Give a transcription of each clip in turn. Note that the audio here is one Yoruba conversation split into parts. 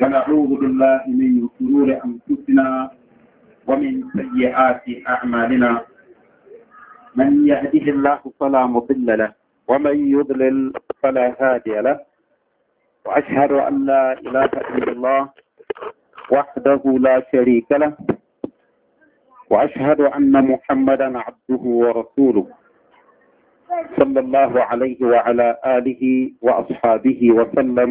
ونعوذ بالله من شرور أنفسنا ومن سيئات أعمالنا من يهده الله فلا مضل له ومن يضلل فلا هادي له وأشهد أن لا إله إلا الله وحده لا شريك له وأشهد أن محمدا عبده ورسوله صلى الله عليه وعلى آله وأصحابه وسلم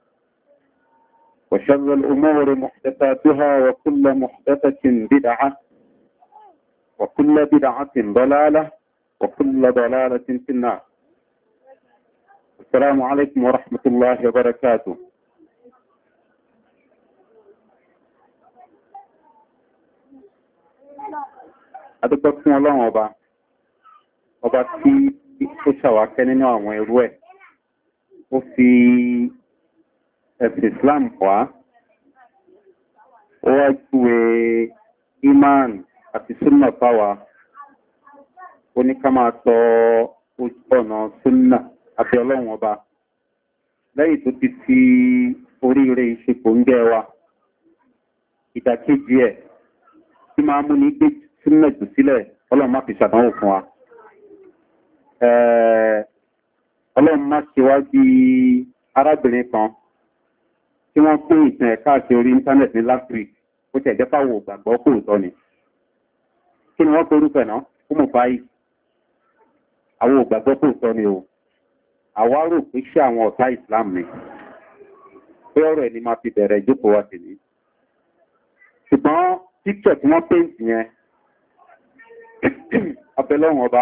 وشر الأمور محدثاتها وكل محدثة بدعة وكل بدعة ضلالة وكل ضلالة في النار السلام عليكم ورحمة الله وبركاته adúpẹ́ fún ọlọ́run ọba ọba tí ó ṣàwákẹ́ nínú àwọn ẹ̀sìn Islam wá ó wá júwe iman àti súnà fáwa ó ní ká máa tọ ojú ọ̀nà súnà àti ọlọ́run ọba lẹ́yìn tó ti fi oríire ìṣepò ń gẹ́ wa ìdàkejì ẹ̀ tí máa mú ní gbé súnà jù sílẹ̀ ọlọ́run má fi ṣàdánwò fún wa ọlọ́run má ṣe wá bí arábìnrin kan tí wọ́n pé ìtàn ẹ̀ka àti orí íńtánẹ̀tì ní last week ó tẹ̀ jẹ́ fáwọn ògbàgbọ́ kò tọ́ ni kí ni wọ́n pe orúkọ náà ó mọ̀ fáyì àwọn ògbàgbọ́ kò tọ́ ni o àwa rò pé ṣé àwọn ọ̀tá islam ni pé ọ̀rọ̀ ẹ̀ ni máa fi bẹ̀rẹ̀ ìjókòó wa sì ní ṣùgbọ́n píkẹ̀ tí wọ́n péǹtì yẹn abẹ́lọ́run ọba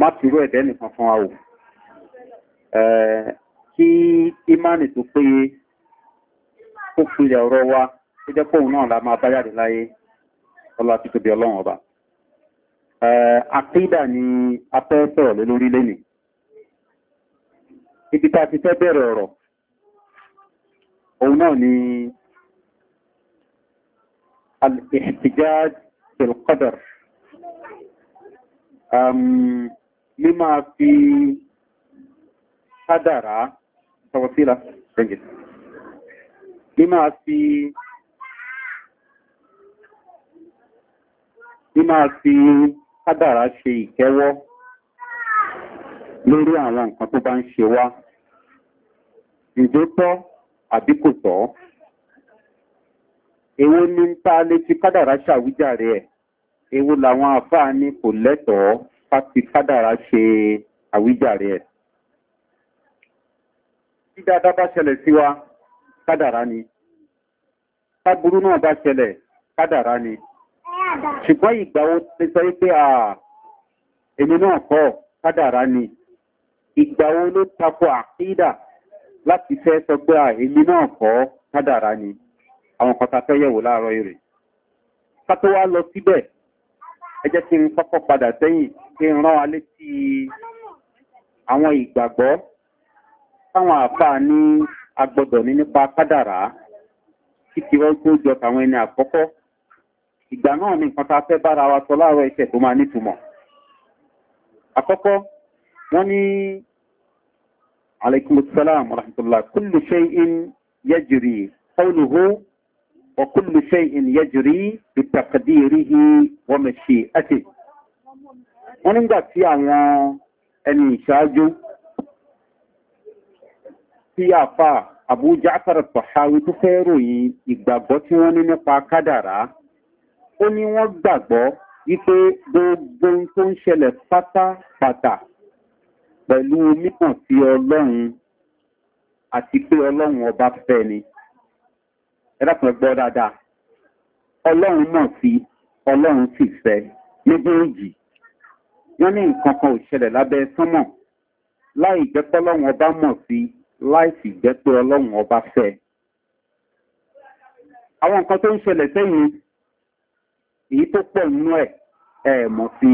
má fi rú ẹ̀dẹ́ nìkan fún wa o kí imani tó péye ó pilẹ̀ ọ̀rọ̀ wa tó jẹ́ pòun náà la máa báyàdé láyé ọlá ti tóbi ọlọ́run ọba àkídà ni a lé lórí lẹ́nì ibi tá ti fẹ́ bẹ̀rẹ̀ ọ̀rọ̀ òun náà ni mímá fi kádàrá ta lima rage mímá fi kádàrá ṣe ìkẹ́wọ́ lórí àwọn nǹkan tó bá ń ṣe wá ìjó tọ́ àbí kò tọ́ èwo ni ń ta lè fi kádàrá ṣàwíjàre ẹ̀ èwo làwọn àfáà ní kò lẹ́tọ̀ọ́ ká fi kádàrá ṣe àwíjàre ẹ̀ tí dáadáa bá ṣẹlẹ̀ sí wa kádàrá ni táburú náà bá ṣẹlẹ̀ kádàrá ni ṣùgbọ́n ìgbà wo ti sọ pé à èmi náà kọ́ kádàrá ni ìgbà wo ló tako àkídà láti fẹ́ sọ pé à èmi náà kọ́ kádàrá ni àwọn kan ta fẹ́ yẹ̀wò láàárọ̀ èrè ká tó wá lọ síbẹ̀ ẹ kí n kọ́kọ́ padà sẹ́yìn kí n rán wa létí àwọn ìgbàgbọ́ táwọn àfáà ní agbọ́dọ̀ ní nípa kádàrá kíkí wọ́n tó jọ tàwọn ẹni àkọ́kọ́ ìgbà náà ni nǹkan ta fẹ́ bára wa sọ láàárọ̀ iṣẹ́ tó máa nítumọ̀ àkọ́kọ́ wọ́n ní alaikumussalam rahmatullah kullu shay'in yajri qawluhu wa kullu shay'in yajri bi taqdirihi wa mashi'atihi wọ́n nígbà tí àwọn ẹni ìṣáájú tí àfà àbújá àtàràtọ̀ hawi tó fẹ́ ròyìn ìgbàgbọ́ tí wọ́n ní nípa kádàrá ó ní wọ́n gbàgbọ́ wípé gbogbo ohun tó ń ṣẹlẹ̀ pátápátá pẹ̀lú mímọ̀ sí ọlọ́run àti pé ọlọ́run ọba fẹ́ ni ẹ dákun ẹ gbọ́ dáadáa ọlọ́run mọ̀ sí ọlọ́run sì fẹ́ méjèèjì wọ́n ní nǹkan kan ò ṣẹlẹ̀ lábẹ́ sánmọ̀ láì jẹ́ pọ́lọ́run ọba mọ̀ sí láìsì jẹ́ pé ọlọ́run ọba fẹ́ àwọn nǹkan tó ń ṣẹlẹ̀ sẹ́yìn èyí tó pọ̀ nínú ẹ̀ ẹ̀ mọ̀ sí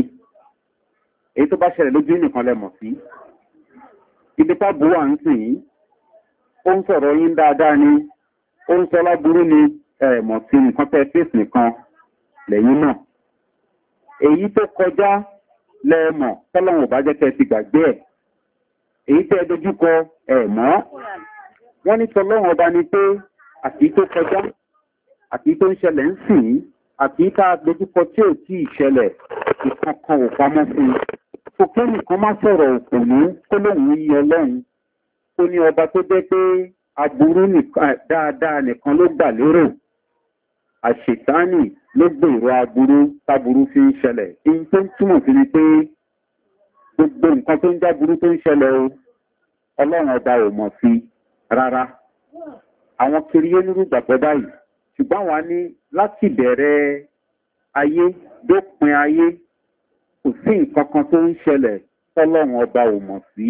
èyí tó bá ṣẹlẹ̀ lójú nìkan lẹ́mọ̀ sí ibi tábù wà ń sìn yìí ó ń sọ̀rọ̀ yín ni ó ń sọ ni ẹ̀ sí nǹkan tẹ́ nìkan lẹ́yìn náà èyí tó kọjá tọ́lọ́run ò bá jẹ́ ti èyí tẹ́ ẹdójúkọ ẹ̀mọ́ wọ́n ní tọlọ́run ọba ni pé àti tó kọjá àti tó ń ṣẹlẹ̀ ń sìn àti tá a dojúkọ tí ò tí ì ṣẹlẹ̀ ìkankan ò pamọ́ fún un fòpé nìkan má sọ̀rọ̀ òpònú kó lóun yí ọlọ́run ó ní ọba tó jẹ́ pé aburú dáadáa nìkan ló gbà lérò àṣetánì ló gbèrò aburú táburú fi ń ṣẹlẹ̀ èyí tó ń túmọ̀ sí ni pé gbogbo nǹkan tó ń já burú tó ń ṣẹlẹ̀ o ọlọ́run ọba ò mọ̀ sí rárá àwọn kiri onírú gbàgbọ́ báyìí ṣùgbọ́n wa ní láti bẹ̀rẹ̀ ayé dópin ayé kò sí nǹkan kan tó ń ṣẹlẹ̀ tọ́lọ́run ọba ò mọ̀ sí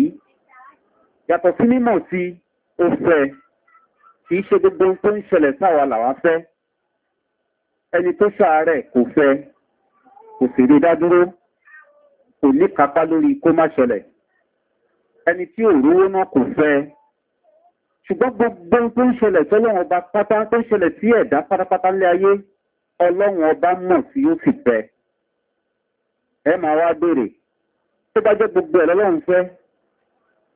yàtọ̀ sí mímọ̀ sí ó fẹ́ kì í ṣe gbogbo ohun tó ń ṣẹlẹ̀ sáwa làwa fẹ́ ẹni tó ṣàárẹ̀ kò fẹ́ kò sì rí dádúró kò ní kápá lórí kó má ṣẹlẹ̀ ẹni tí ò rówó náà kò fẹ́ ṣùgbọ́n gbogbo tó ń ṣẹlẹ̀ tọ́lọ́wọ́n ọba pátá tó ń ṣẹlẹ̀ sí ẹ̀dá pátápátá ńlẹ̀ ayé ọlọ́wọ́n ọba mọ̀ tí ó sì fẹ́ ẹ máa wá béèrè tó bá jẹ́ gbogbo ẹ̀ lọ́lọ́run fẹ́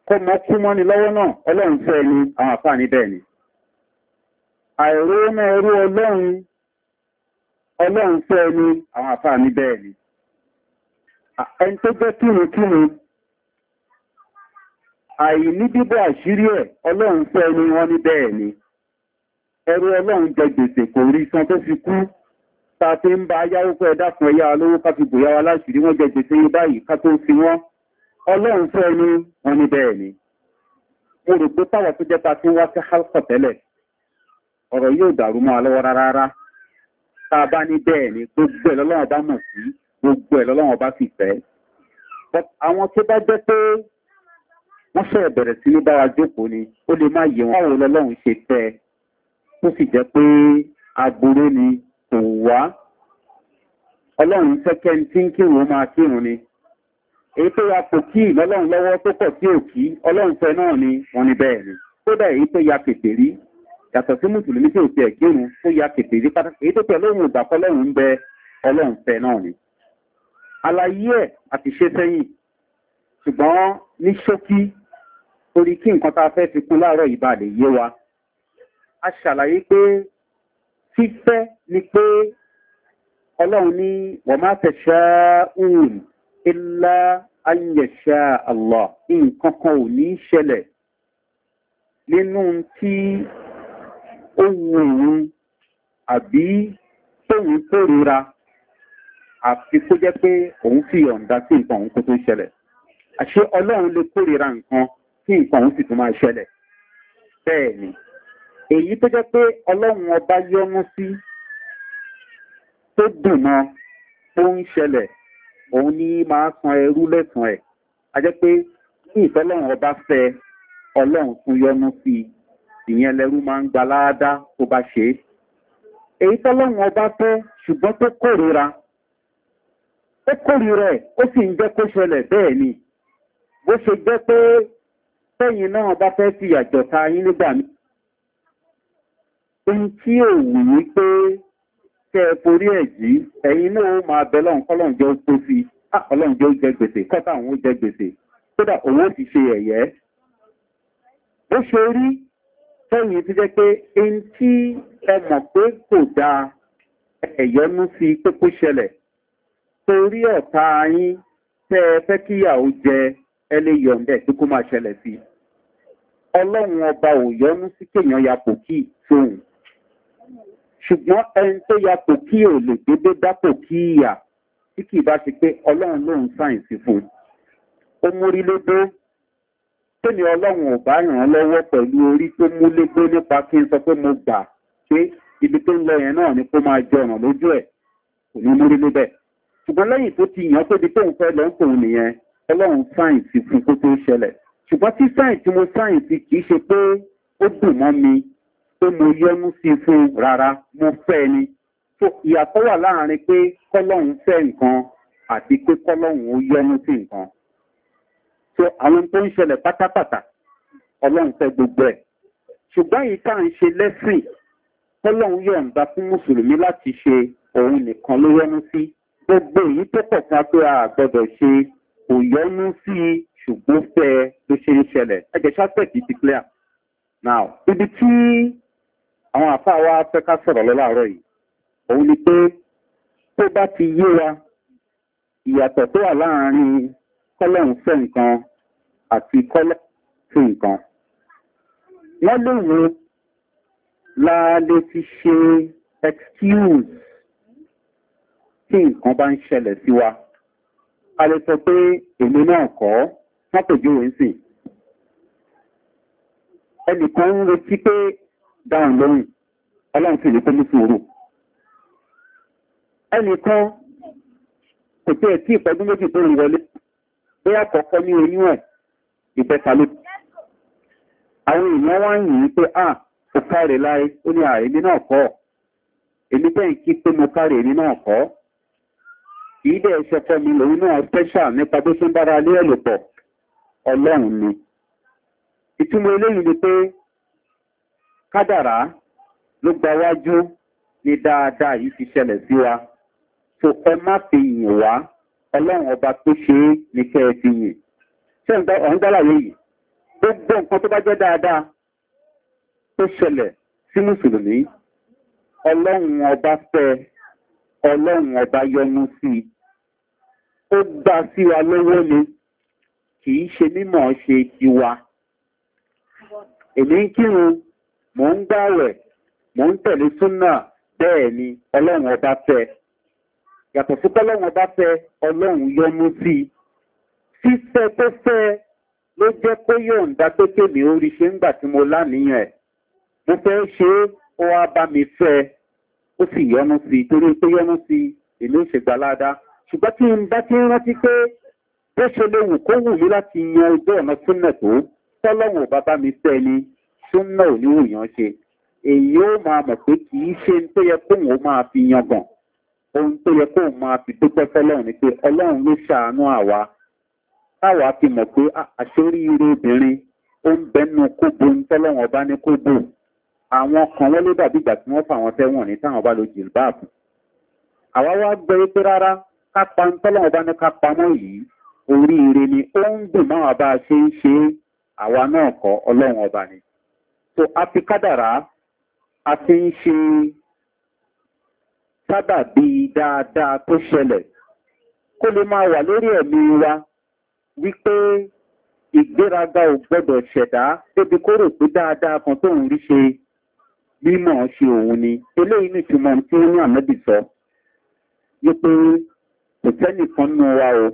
kọ́ mọ́ kú mọ́ni lọ́wọ́ náà ọlọ́run fẹ́ ni àwọn àfáàní bẹ́ẹ̀ ni àìrówó náà rú ọlọ́run ọlọ́run fẹ́ ni àwọn àfáàní bẹ́ẹ̀ ni. ẹni tó jẹ́ kírùnkírùn àì ní bíbọ́ àṣírí ẹ̀ ọlọ́run fẹ́ ẹni wọ́n ní bẹ́ẹ̀ ni ẹrú ọlọ́run jẹ gbèsè kò rí san tó fi kú ta fi ń bá yáwó pé ẹdákun ẹyá olówó ká fi bòyá wa láṣìírí wọ́n jẹ gbèsè yí báyìí ká tó fi wọ́n ọlọ́run fẹ́ ẹni wọ́n ní bẹ́ẹ̀ ni mo rò pé táwọn tó jẹ́ ta tí wá sí hálkọ̀ tẹ́lẹ̀ ọ̀rọ̀ yóò dàrú mọ́ wa lọ́wọ́ rárá tá bá ní bẹ́ẹ̀ ni gbogbo ẹ̀ lọ́lọ́run bá mọ̀ sí gbogbo ẹ̀ lọ́lọ́wọ́n bá sì fẹ́. àwọn tó bá jẹ́ pé wọ́n fẹ́ bẹ̀rẹ̀ sí ní bára jókòó ni ó lè má yẹ wọn. báwo lọ́lọ́run ṣe fẹ́ tó sì jẹ́ pé aburú ni kò wá. ọlọ́run fẹ́ kẹ́ni tí ń kírun ó máa kírun ni. èyí tó ya kò kí ìlọ́lọ́run lọ́wọ́ tó pọ̀ sí òkí ọlọ́run fẹ́ náà ni wọ́n ní bẹ́ẹ̀ ni. kódà èyí tó ya kètè rí yàtọ̀ sí mùsùlùmí tí ò tiẹ̀ kírun tó ya kètè rí pátákì èyí tó tẹ̀ lóhùn ìgbà fọlọ́run ń bẹ ọlọ́run fẹ́ náà ni àlàyé ẹ̀ àti ṣe sẹ́yìn ṣùgbọ́n ní ṣókí torí kí nǹkan tá a fẹ́ fi kún láàárọ̀ ìbá lè yé wa a ṣàlàyé pé fífẹ́ ni pé ọlọ́run ní wọ́n máa tẹ̀ṣẹ́ òun ilá ayẹ̀ṣẹ́ àlọ́ nǹkan kan ò ní ṣẹlẹ̀ nínú tí ó wù àbí tóun tó rira àfi kó jẹ́ pé òun fi yọ̀ǹda sí nǹkan òun kó tó ṣẹlẹ̀ àṣé ọlọ́run lè kórìíra nǹkan tí nǹkan òun sì tún máa ṣẹlẹ̀ bẹ́ẹ̀ ni èyí tó jẹ́ pé ọlọ́run ọba yọ́nú sí tó dùn mọ́ tó ń ṣẹlẹ̀ òun ní máa san ẹrú lẹ́sàn ẹ̀ a jẹ́ pé ní ìfẹ́lọ́run ọba fẹ́ ọlọ́run tún yọ́nú sí ìyẹn lẹ́rú máa ń gba láádá tó bá ṣe é èyí tọ́lọ́run ọba fẹ́ ṣùgbọ́n tó kórìíra ó kórì rẹ̀ ó sì ń jẹ́ kó ṣẹlẹ̀ bẹ́ẹ̀ ni bó ṣe jẹ́ pé tẹ́yìn náà bá fẹ́ fi àjọta yín nígbà mi ohun tí ò wù ní pé kẹ́ ẹ forí ẹ̀ jí ẹ̀yin náà ó máa bẹ lọ́n jẹ́ ó fi àkọ́lọ́n ah, ṣẹlẹ̀ torí ọ̀tá yín tẹ́ ẹ fẹ́ kíyàwó jẹ ẹlẹ́ yọ̀ǹdẹ̀ tí kó máa ṣẹlẹ̀ sí ọlọ́run ọba ò yọnú sí kéèyàn ya pòkí tóun ṣùgbọ́n ẹni tó ya pòkí ò lè dédé dá pòkí ìyà tí kì bá ṣe pé ọlọ́run ló sáyìn sí fún ó mórí lódó tó ní ọlọ́run ò bá ràn án lọ́wọ́ pẹ̀lú orí tó mú légbó nípa kí n sọ pé mo gbà pé ibi tó ń lọ yẹn náà ni kó máa jẹ ọ̀nà lójú ẹ̀ kò ní mórí lóbẹ̀ ṣùgbọ́n lẹ́yìn tó ti yàn pé bí tóun fẹ́ lọ ń tòun nìyẹn ọlọ́run sáyìn sí fún kó tó ṣẹlẹ̀ ṣùgbọ́n tí sáyìn tí mo sáyìn sí kì í ṣe pé ó dùn mọ́ mi pé mo yọnu sí fún rárá mo fẹ́ ni tó ìyàtọ̀ wà láàrin pé kọ́lọ́hún fẹ́ nǹkan àti pé kọ́lọ́hún ó yọnu sí nǹkan tó àwọn tó ń ṣẹlẹ̀ pátápátá ọlọ́run fẹ́ gbogbo ẹ̀ ṣùgbọ́n yìí tá à ń ṣe lẹ́sìn kọ́lọ́hún yọ̀ǹda fún mùsùlùmí láti ṣe òun nìkan ló yọnu sí gbogbo èyí tó kọ̀ọ̀kan pé a gbọ́dọ̀ ṣe kò yọnú sí i ṣùgbọ́n fẹ́ ló ṣe ń ṣẹlẹ̀ ẹ̀jẹ̀ ṣàpẹ̀kì ti clear. now ibi tí àwọn àfáà wa fẹ́ ká sọ̀rọ̀ lọ́láàárọ̀ yìí òun ni pé tó bá ti yé wa ìyàtọ̀ tó wà láàárín kọ́lọ́hún fẹ́ nǹkan àti kọ́lọ́hún fún nǹkan. wọ́n lóun la lè fi ṣe excuse tí nǹkan bá ń ṣẹlẹ̀ sí wa a lè sọ pé èmi náà kọ́ lápèjúwe ń sìn ẹnìkan ń retí pé dáhùn lóhùn ọlọ́run sì ní pé ní sùúrù ẹnìkan kò tí ẹ̀ tí ìpẹ́jú méjì tó ń wọlé bóyá kọ̀ọ̀kan ní oyún ẹ̀ ìbẹ́ta ló àwọn èèyàn wá ń yìí pé à ó kárẹ̀ láyé ó ní ààrẹ mi náà kọ́ èmi bẹ́ẹ̀ kí pé mo kárẹ̀ èmi náà kọ́ kì í bẹ̀rẹ̀ ṣọkọ mi lòun náà tẹ́ṣà nípa tó tún bára lé ẹ̀lòpọ̀ ọlọ́run ni ìtumọ̀ eléyìí ni pé kádàrá ló gba wájú ní dáadáa yìí ti ṣẹlẹ̀ sí wa so ẹ má fi yìn wá ọlọ́run ọba tó ṣe é ní kẹ́ ẹ fi yìn ṣé ọ̀hún dálàyé yìí gbogbo nǹkan tó bá jẹ́ dáadáa tó ṣẹlẹ̀ sí mùsùlùmí ọlọ́run ọba fẹ́ ọlọ́run ọba yọnu sí i ó gbá sí wa lọ́wọ́ ni kì ṣe mímọ̀ ṣe di èmi kírun mò ń gbàwẹ̀ mò ń tẹ̀lé súnà bẹ́ẹ̀ ni ọlọ́run ọba fẹ́ yàtọ̀ sí pọ́lọ́run ọba fẹ́ ọlọ́run yọnú sí i fífẹ́ tó fẹ́ ló jẹ́ pé yọ̀ǹda tó tèmi orí ṣe ń gbà tí mo láníyàn ẹ̀ mo fẹ́ ṣe é ó wá bá mi fẹ́ ó sì yọnú sí i torí pé yọnú sí i èmi ò ṣègbà ládàá ṣùgbọ́n tí n bá ti rántí pé bó ṣe lè wù kó wù mí láti yan ojú ọ̀nà súnà tó tọ́lọ́wọ̀ bàbá mi fẹ́ ni súnà ò ní wùyàn ṣe èyí ó máa mọ̀ pé kì í ṣe tó yẹ kóun ó máa fi yan gàn ohun tó yẹ kóun máa fi dúpẹ́ fọlọ́run ni pé ọlọ́run ló ṣàánú àwa táwa fi mọ̀ pé ah, àṣoríire obìnrin ó ń bẹnu kóbo ń tọ́lọ́run ọba ní kóbo àwọn kan wọ́n ló dàbí ìgbà tí wọ́n fà wọ́n fẹ́ wọ̀n ní táwọn bá lo jìlbáàbù àwa wá gbọ́ pé rárá kápá ń tọ́lọ̀ ọba ní kápá mọ́ yìí oríire ni ó ń dùn máa bá a ṣe ń ṣe àwa náà kọ́ ọlọ́run ọba ni. so a fi kádàrá a fi ń ṣe sábà bíi dáadáa tó ṣẹlẹ̀ kó lè máa wà lórí ẹ̀mí wa wípé ìgbéraga ò gbọdọ̀ ṣẹ̀dá débi kó rò pé dáadáa kan tó ń rí ṣe mímọ̀ ṣe òun ni eléyìí nìtumọ̀ tí ó ní àmẹ́bì sọ wípé kò sẹ́nìkan nù wa o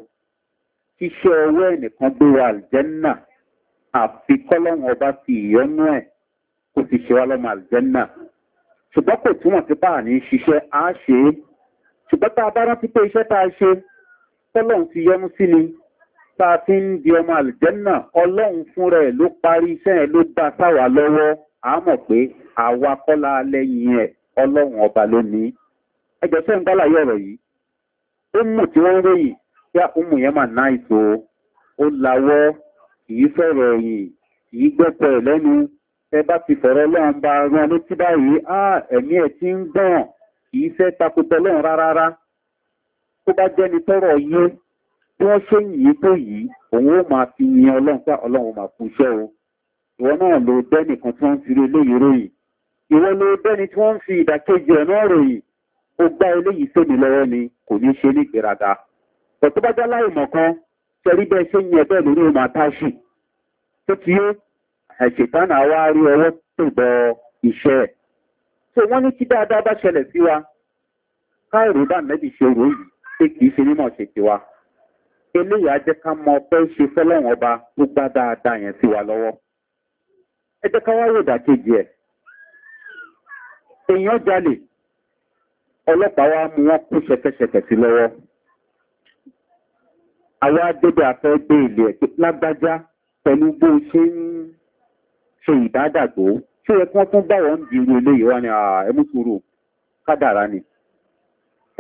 iṣẹ́ ọwọ́ ẹnìkan gbé wa àlùjẹ́nà àfi kọ́lọ́hún ọba fi ìyọnú ẹ̀ kó sì ṣe wá lọ́mọ àlùjẹ́nà ṣùgbọ́n kò túmọ̀ sí bá à ní ṣiṣẹ́ á ṣe é ṣùgbọ́n tá a bá rántí pé iṣẹ́ tá a ṣe kọ́lọ́hún ti yọnú sí ni tá a fi ń di ọmọ àlùjẹ́nà ọlọ́run fúnra ẹ̀ ló parí iṣẹ́ ẹ̀ ló dá sáwà lọ́wọ́ àmọ̀ pé àwa kọ́lá lẹ́yìn ẹ̀ ọlọ́run ọba ló ní ẹjọ́ sẹ́ńgbálà yọ̀rọ̀ yìí ọmọ tí wọ́n ń ròyìn pé ọmọ yẹn ma náà ìtò ó lawọ́ kìí sọ̀rọ̀ ẹ̀yìn kìí gbẹ́pẹ̀ lẹ́nu ẹ bá ti fọ̀rọ̀ lọ́run bá rán létí báyìí á ẹ̀mí ẹ̀ ti ń gbọ̀n kìí fẹ́ rárá tó bá jẹ́ni tọ́rọ̀ yé bí wọ́n ṣe yìí tó yìí òun ó máa fi yin ọlọ́run pé ọlọ́run máa iṣẹ́ o ìwọ náà ló dẹ́nìkan tí wọ́n ń fi eléyìí ròyìn ìwọ fi ìdàkejì ẹ̀ náà ròyìn ó gbá eléyìí sèmi lọ́wọ́ ni kò ní ṣe ní ìgbéraga ọ̀tọ́ bá já láì mọ̀ kan ṣẹ̀rí bẹ́ẹ̀ ṣe ń yẹ bẹ́ẹ̀ lórí ọmọ àtàṣì tó ti yé àìṣètánà wá rí ọwọ́ tó bọ iṣẹ́ ẹ̀ tó wọ́n ní tí dáadáa bá ṣẹlẹ̀ sí wa káìrò bá mẹ́bí ṣe rò yìí pé kì í ṣe mímọ̀ ṣe ti wa eléyìí á jẹ́ ká mọ pé ṣe fẹ́lẹ́wọ̀n ọba tó gbá dáadáa yẹn sí wa lọ́wọ́ ẹ jẹ́ ká wá wò dàkejì ẹ̀ èèyàn jalè ọlọ́pàá wá mú wọ́n kú ṣẹ̀kẹ̀ṣẹ̀kẹ̀ sí lọ́wọ́ àwọn adébẹ̀ afẹ́ gbé ilẹ̀ lágbájá pẹ̀lú bó ṣe ń ṣe ìdádàgbò ṣé ẹ kí wọ́n tún báwọn ń di irú ilé ìwá ni ẹmú sùúrù kádàrá ni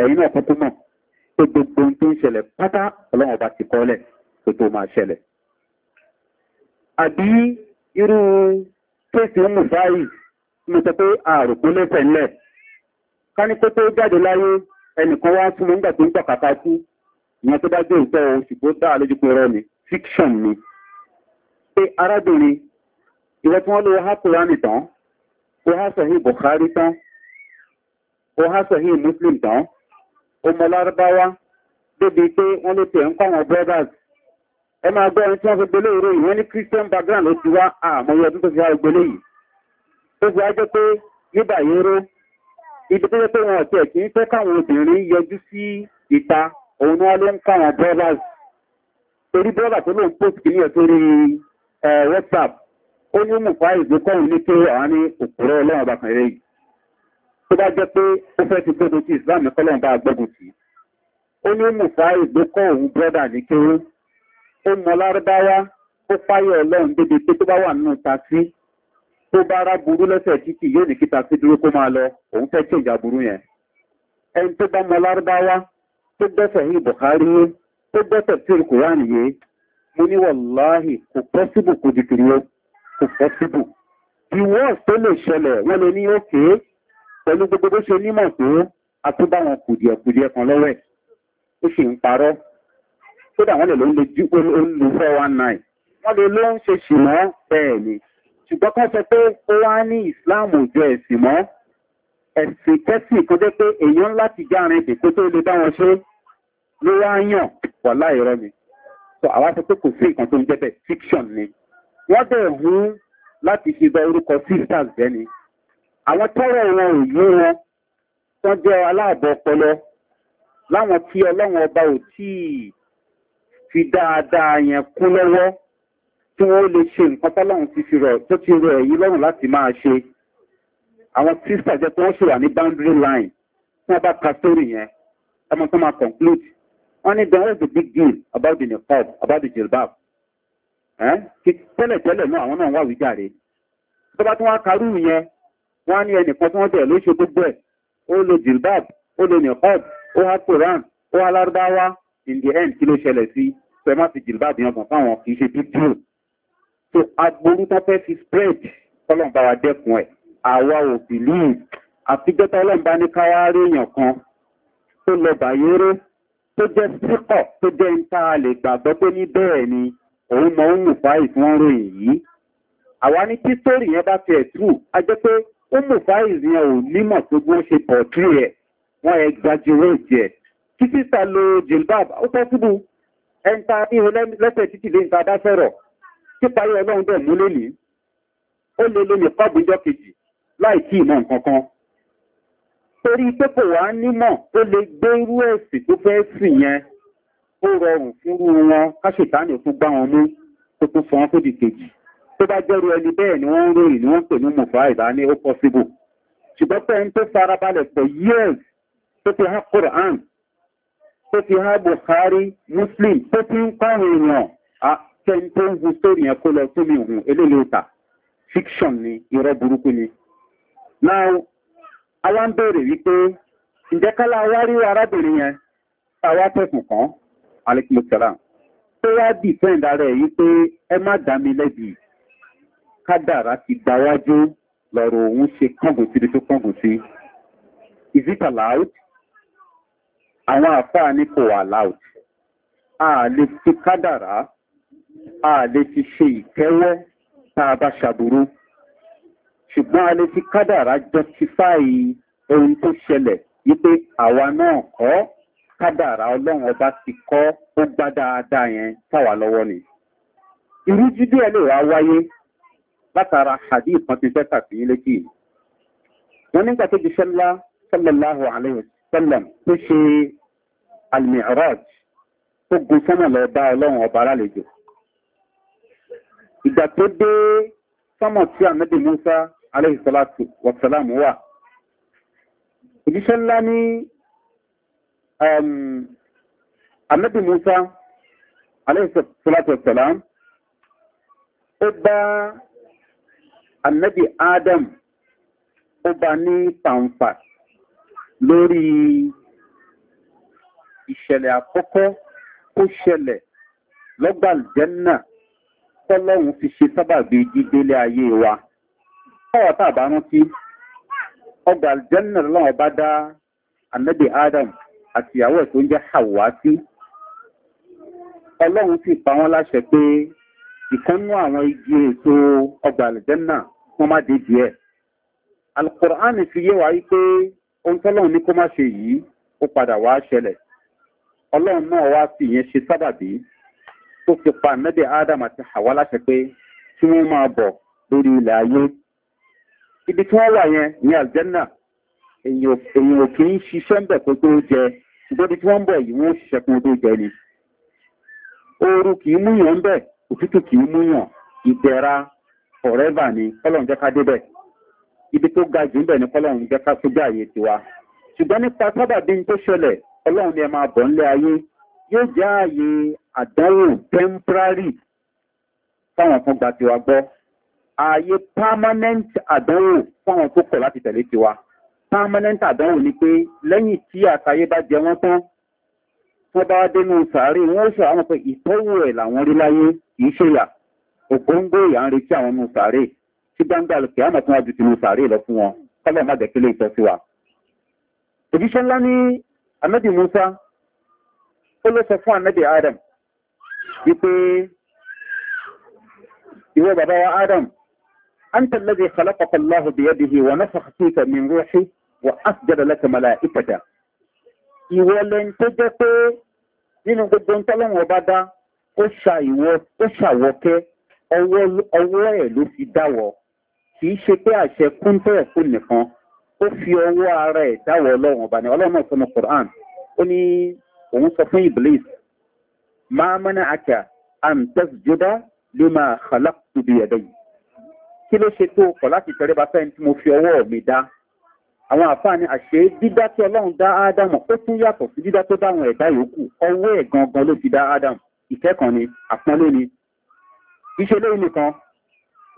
ẹ̀yìn náà kúkú mọ̀ pé gbogbo ohun tó ń ṣẹlẹ̀ pátá ọlọ́run ọba ti kọ́lẹ̀ tó tó máa ṣẹlẹ̀ àbí irú kéèsì ń mú fáyì mo sọ pé àròpó lẹ́sẹ̀ ńlẹ̀ ká ní kókó jáde láyé ẹnìkan wá fún mi nígbà tó ń gbàkàtà kú ìyẹn tó bá jẹ́ ìtọ́ oṣù dá lójú pé rọ́ ni fiction ni pé arábìnrin ìwọ tí wọ́n lè ha kúránì tán ó há sọ̀hí buhari tán ó há sọ̀hí muslim tán ó mọ lárúbáwá débi pé wọ́n lè tẹ̀ ń kọ́ àwọn brothers ẹ máa gbọ́ ẹni tí wọ́n fi gbélé ìró ìwọ́n ní christian background ló ti wá àmọ́ tó fi wá gbélé yìí tó fi wá jẹ́ pé nígbà yìí ró ibi tó yẹ wọn ọ̀tẹ̀ kì fẹ́ káwọn obìnrin yọjú sí ìta òun ni wọn ló ń káwọn brothers torí brother tó lóun post kìíní ẹ̀ torí whatsapp ó ní mùfá ìgbókọ̀rùn ní pé àwọn ní òkúrọ̀ ọlọ́run ọba kan eré yìí tó bá jẹ́ pé ó fẹ́ ti gbógun tí islam kọ́lọ́run bá gbógun tì ó ní mùfá ìgbókọ̀rùn brọ́dà ní kéré ó mọ lárúbáwá ó fáyọ̀ ọlọ́run débi pé tó bá wà nínú ta sí tó bá rá burú lẹ́sẹ̀ títì yóò ní kíta sí dúró kó máa lọ òun fẹ́ tí ìjà burú yẹn ẹni tó bá mọ lárúbáwá tó gbẹ́sẹ̀ yìí buhari yé tó gbẹ́sẹ̀ tí ìrù kùrán yé mo ní wàláhì kò pọ́síbù kò di kiri kò pọ́síbù the worst tó lè ṣẹlẹ̀ wọ́n lè ní òkè pẹ̀lú gbogbo bó ṣe nímọ̀ tó a tún bá kan lọ́wọ́ ó sì ń parọ́ kódà wọ́n lè ló ń lo fẹ́ one nine wọ́n lè ló ń ṣe ṣìmọ́ bẹ́ẹ̀ ni ṣùgbọ́n ká sọ pé ó wá ní ìsìláàmù òjò ẹ̀sìn mọ́ ẹ̀sìn kẹ́sì kan jẹ́ pé èèyàn láti jáàrin èdè kó tó lè bá wọn ṣe ló wá yàn wà láìrọ́ mi so àwa sọ pé kò sí nǹkan tó ń jẹ́ bẹ́ẹ̀ fiction ni wọ́n bẹ̀ hún láti fi gba orúkọ sisters bẹ́ni àwọn tọ́rọ̀ wọn ò yí wọn wọ́n jẹ́ aláàbọ̀ ọpọlọ láwọn tí ọlọ́run ọba ò tíì fi dáadáa yẹn kún lọ́wọ́ tí wọ́n lè ṣe nǹkan tọ́lọ́run ti fi rẹ̀ tó ti rẹ̀ èyí lọ́rùn láti máa ṣe àwọn sísà jẹ́ pé wọ́n ṣì wà ní boundary line tí wọ́n bá ka story yẹn ọmọ tó máa conclude wọ́n ní then what's the big deal about the niqab about the jilbab tẹ́lẹ̀ tẹ́lẹ̀ náà àwọn náà wà wíjàre tó bá tún wá karú yẹn wọ́n á ní ẹnìkan tí wọ́n bẹ̀rẹ̀ ló ṣe gbogbo ẹ̀ ó lo jilbab ó lo niqab ó ha quran ó ha lárúbáwá in the end kí ló ṣẹlẹ̀ sí pẹ̀lú àti jilbab yẹn kàn fáwọn kì í ṣe big deal so agborí tó fẹ́ fi spread ọlọ́mbà wa dẹ́kun ẹ̀ àwa ò bìlú àfijọ́ta ọlọ́mbà ní káwá rí èèyàn kan tó lọ bàyéré tó jẹ́ síkọ̀ tó jẹ́ ń tá a lè gbàgbọ́ pé ní bẹ́ẹ̀ ni òun mọ ń mú fáì fún ọ̀rọ̀ èyí àwa ní tí sórí yẹn bá ti ẹ̀tù a jẹ́ pé ó mú fáì yẹn ò nímọ̀ tó bí wọ́n ṣe pọ̀ tú ẹ̀ wọ́n exaggerate ẹ̀ kí sísà lo jilbab ó fẹ́ síbu ẹ̀ ń ta ihò lẹ́sẹ̀ títì lè ń ta dá fẹ́rọ̀ píparí ọlọ́run bẹ̀ mú lónìí ó lè lónìí pọ́bùjọ́ kejì láì tí ìmọ̀ nǹkan kan torí pé kò wá nímọ̀ ó lè gbé irú ẹ̀sìn tó fẹ́ sìn yẹn ó rọrùn fúnrú wọn káṣetánì fún gbá wọn mú tó tún sọ wọn tó di kejì tó bá jẹ́rú ẹni bẹ́ẹ̀ ni wọ́n ń ròyìn ni wọ́n ń pè ní mùfà ìdání ó pọ́síbù ṣùgbọ́n pé ẹni tó farabalẹ̀ pọ̀ years tó fi há quran tó fi há buhari muslim tó fi ń kọrin èèyàn tẹ́ni tó ń gun sórí yẹn lọ tó lè hùn eléyìí ta fiction ni irọ́ burúkú ni. now àwa ń béèrè wípé ǹjẹ́ kálá wá rí arábìnrin yẹn táwa tẹ̀sùn kan alekumutara tó wá dìfẹ́ǹdà rẹ̀ yìí pé ẹ má dá mi lẹ́bi kádàrá ti gbáwájú lọ́rọ̀ òun ṣe kángun síbi tó kángun sí is it allowed? àwọn àfáà ní kò allowed a lè fi kádàrá ààlè ti ṣe ìkẹ́wọ́ tàà bá ṣàbúrú ṣùgbọ́n a lè fi kádàrá justifáì ohun tó ṣẹlẹ̀ wípé àwa náà kọ́ kádàrá ọlọ́run ọba ti kọ́ ó gbá dáadáa yẹn táwa lọ́wọ́ ni irú jídé ẹ lè wá wáyé látara hadith kan ti fẹ́ tàbí létí wọn nígbà tó jíṣẹ́ ńlá sallallahu alayhi wa tó ṣe almiraj tó gun sọ́nà lọ bá ọlọ́run ọba alálejò ìgbà tó dé sọ́mọ̀ tí ànábì musa aláìsọ́láàtì wàsálàmù wà òjíṣẹ́ ńlá ní um, ànábì musa aláìsọ́láàtì wàsálàmù ó bá ànábì adam ó bá ní pàǹfà lórí ìṣẹ̀lẹ̀ àkọ́kọ́ ó ṣẹlẹ̀ lọ́gbà jẹ́nà tọ́lọ́hun fi ṣe sábàbí dídélé ayé wa ọwọ́ tá àbá rántí ọgbà aljanna lọ́wọ́ bá dá anabi adam àti ìyàwó ẹ̀ tó ń jẹ́ hawa sí ọlọ́run sì pa wọ́n láṣẹ pé ìkannú àwọn igi ètò ọgbà aljanna wọ́n má dé díẹ̀ alukur'an fi yé wa wípé ohun tọ́lọ́run ní kó má ṣe yìí ó padà wá ṣẹlẹ̀ ọlọ́run náà wá sí ìyẹn ṣe sábàbí tó fi pa nẹ́bẹ̀ adam àti hawa láṣẹ pé kí wọ́n máa bọ̀ lórí ilẹ̀ ayé ibi tí wọ́n wà yẹn ní aljanna èyàn ò kì í ṣiṣẹ́ ń bẹ̀ pé tó jẹ ṣùgbọ́n ibi tí wọ́n ń bọ̀ yìí wọ́n ṣiṣẹ́ kún tó jẹ ni ooru kì í múyàn ń bẹ̀ òtútù kì í múyàn ìdẹ̀ra forever ni kọ́lọ̀n jẹ́ ká débẹ̀ ibi tó ga jù ń bẹ̀ ni kọ́lọ̀n jẹ́ ká tó gbé àyè tiwa ṣùgbọ́n nípa sábàbí tó ṣẹlẹ̀ ọlọ́run ni ẹ máa bọ̀ ńlẹ̀ ayé yóò jẹ́ ààyè àdánwò temporary fáwọn kan gba tiwa gbọ́ ààyè permanent àdánwò fáwọn tó kọ̀ láti tẹ̀lé tiwa permanent àdánwò ni pé lẹ́yìn tí àtayé bá jẹ wọ́n tán wọ́n bá dénú sàárè wọ́n sọ àwọn pé ìtọ́wò ẹ̀ làwọn rí láyé kì í ṣe yà ògbóngbò ìyà ń retí àwọn nù sàárè tí gbangba lòkè àmọ̀ tí wọ́n ju tinú sàárè lọ fún wọn kọ́lọ̀ má jẹ́ kí lè tọ́ sí wa. òjíṣẹ́ ńlá ní amẹ́bí musa ó ló sọ fún ànábì adam wípé ìwọ bàbá wa adam أنت الذي خلقك الله بيده ونفخ فيك من روحي وأسجد لك ملائكته ìwọ lẹ́n tó jẹ́ pé nínú gbogbo ntọ́lọ́wọ̀n bá dá ó ṣàwọ́kẹ́ ọwọ́ ẹ̀ ló fi dáwọ́ kì í ṣe pé àṣẹ kúńtọ́ ẹ̀kú nìkan ó fi ọwọ́ ara ẹ̀ dáwọ́ ọlọ́wọ̀n ọba ni ọlọ́run náà sọnù òun sọ fún iblis máa mọ́nà àkà àǹtẹ́s jódá ló máa kàlá tóbi ẹ̀dẹ́ yìí kí ló ṣe tó kọ̀ láti tẹ̀rẹ́bà fẹ́ tí mo fi ọwọ́ mi dá àwọn àfáàní àṣẹ dídá tí ọlọ́run dá ádámù ó tún yàtọ̀ sí dídá tó dáhùn ẹ̀dá yòókù ọwọ́ ẹ̀ gangan ló ti dá ádámù ìkẹ́kọ̀ọ́ ni àpọ́nlé ni iṣẹ́ lóyún nìkan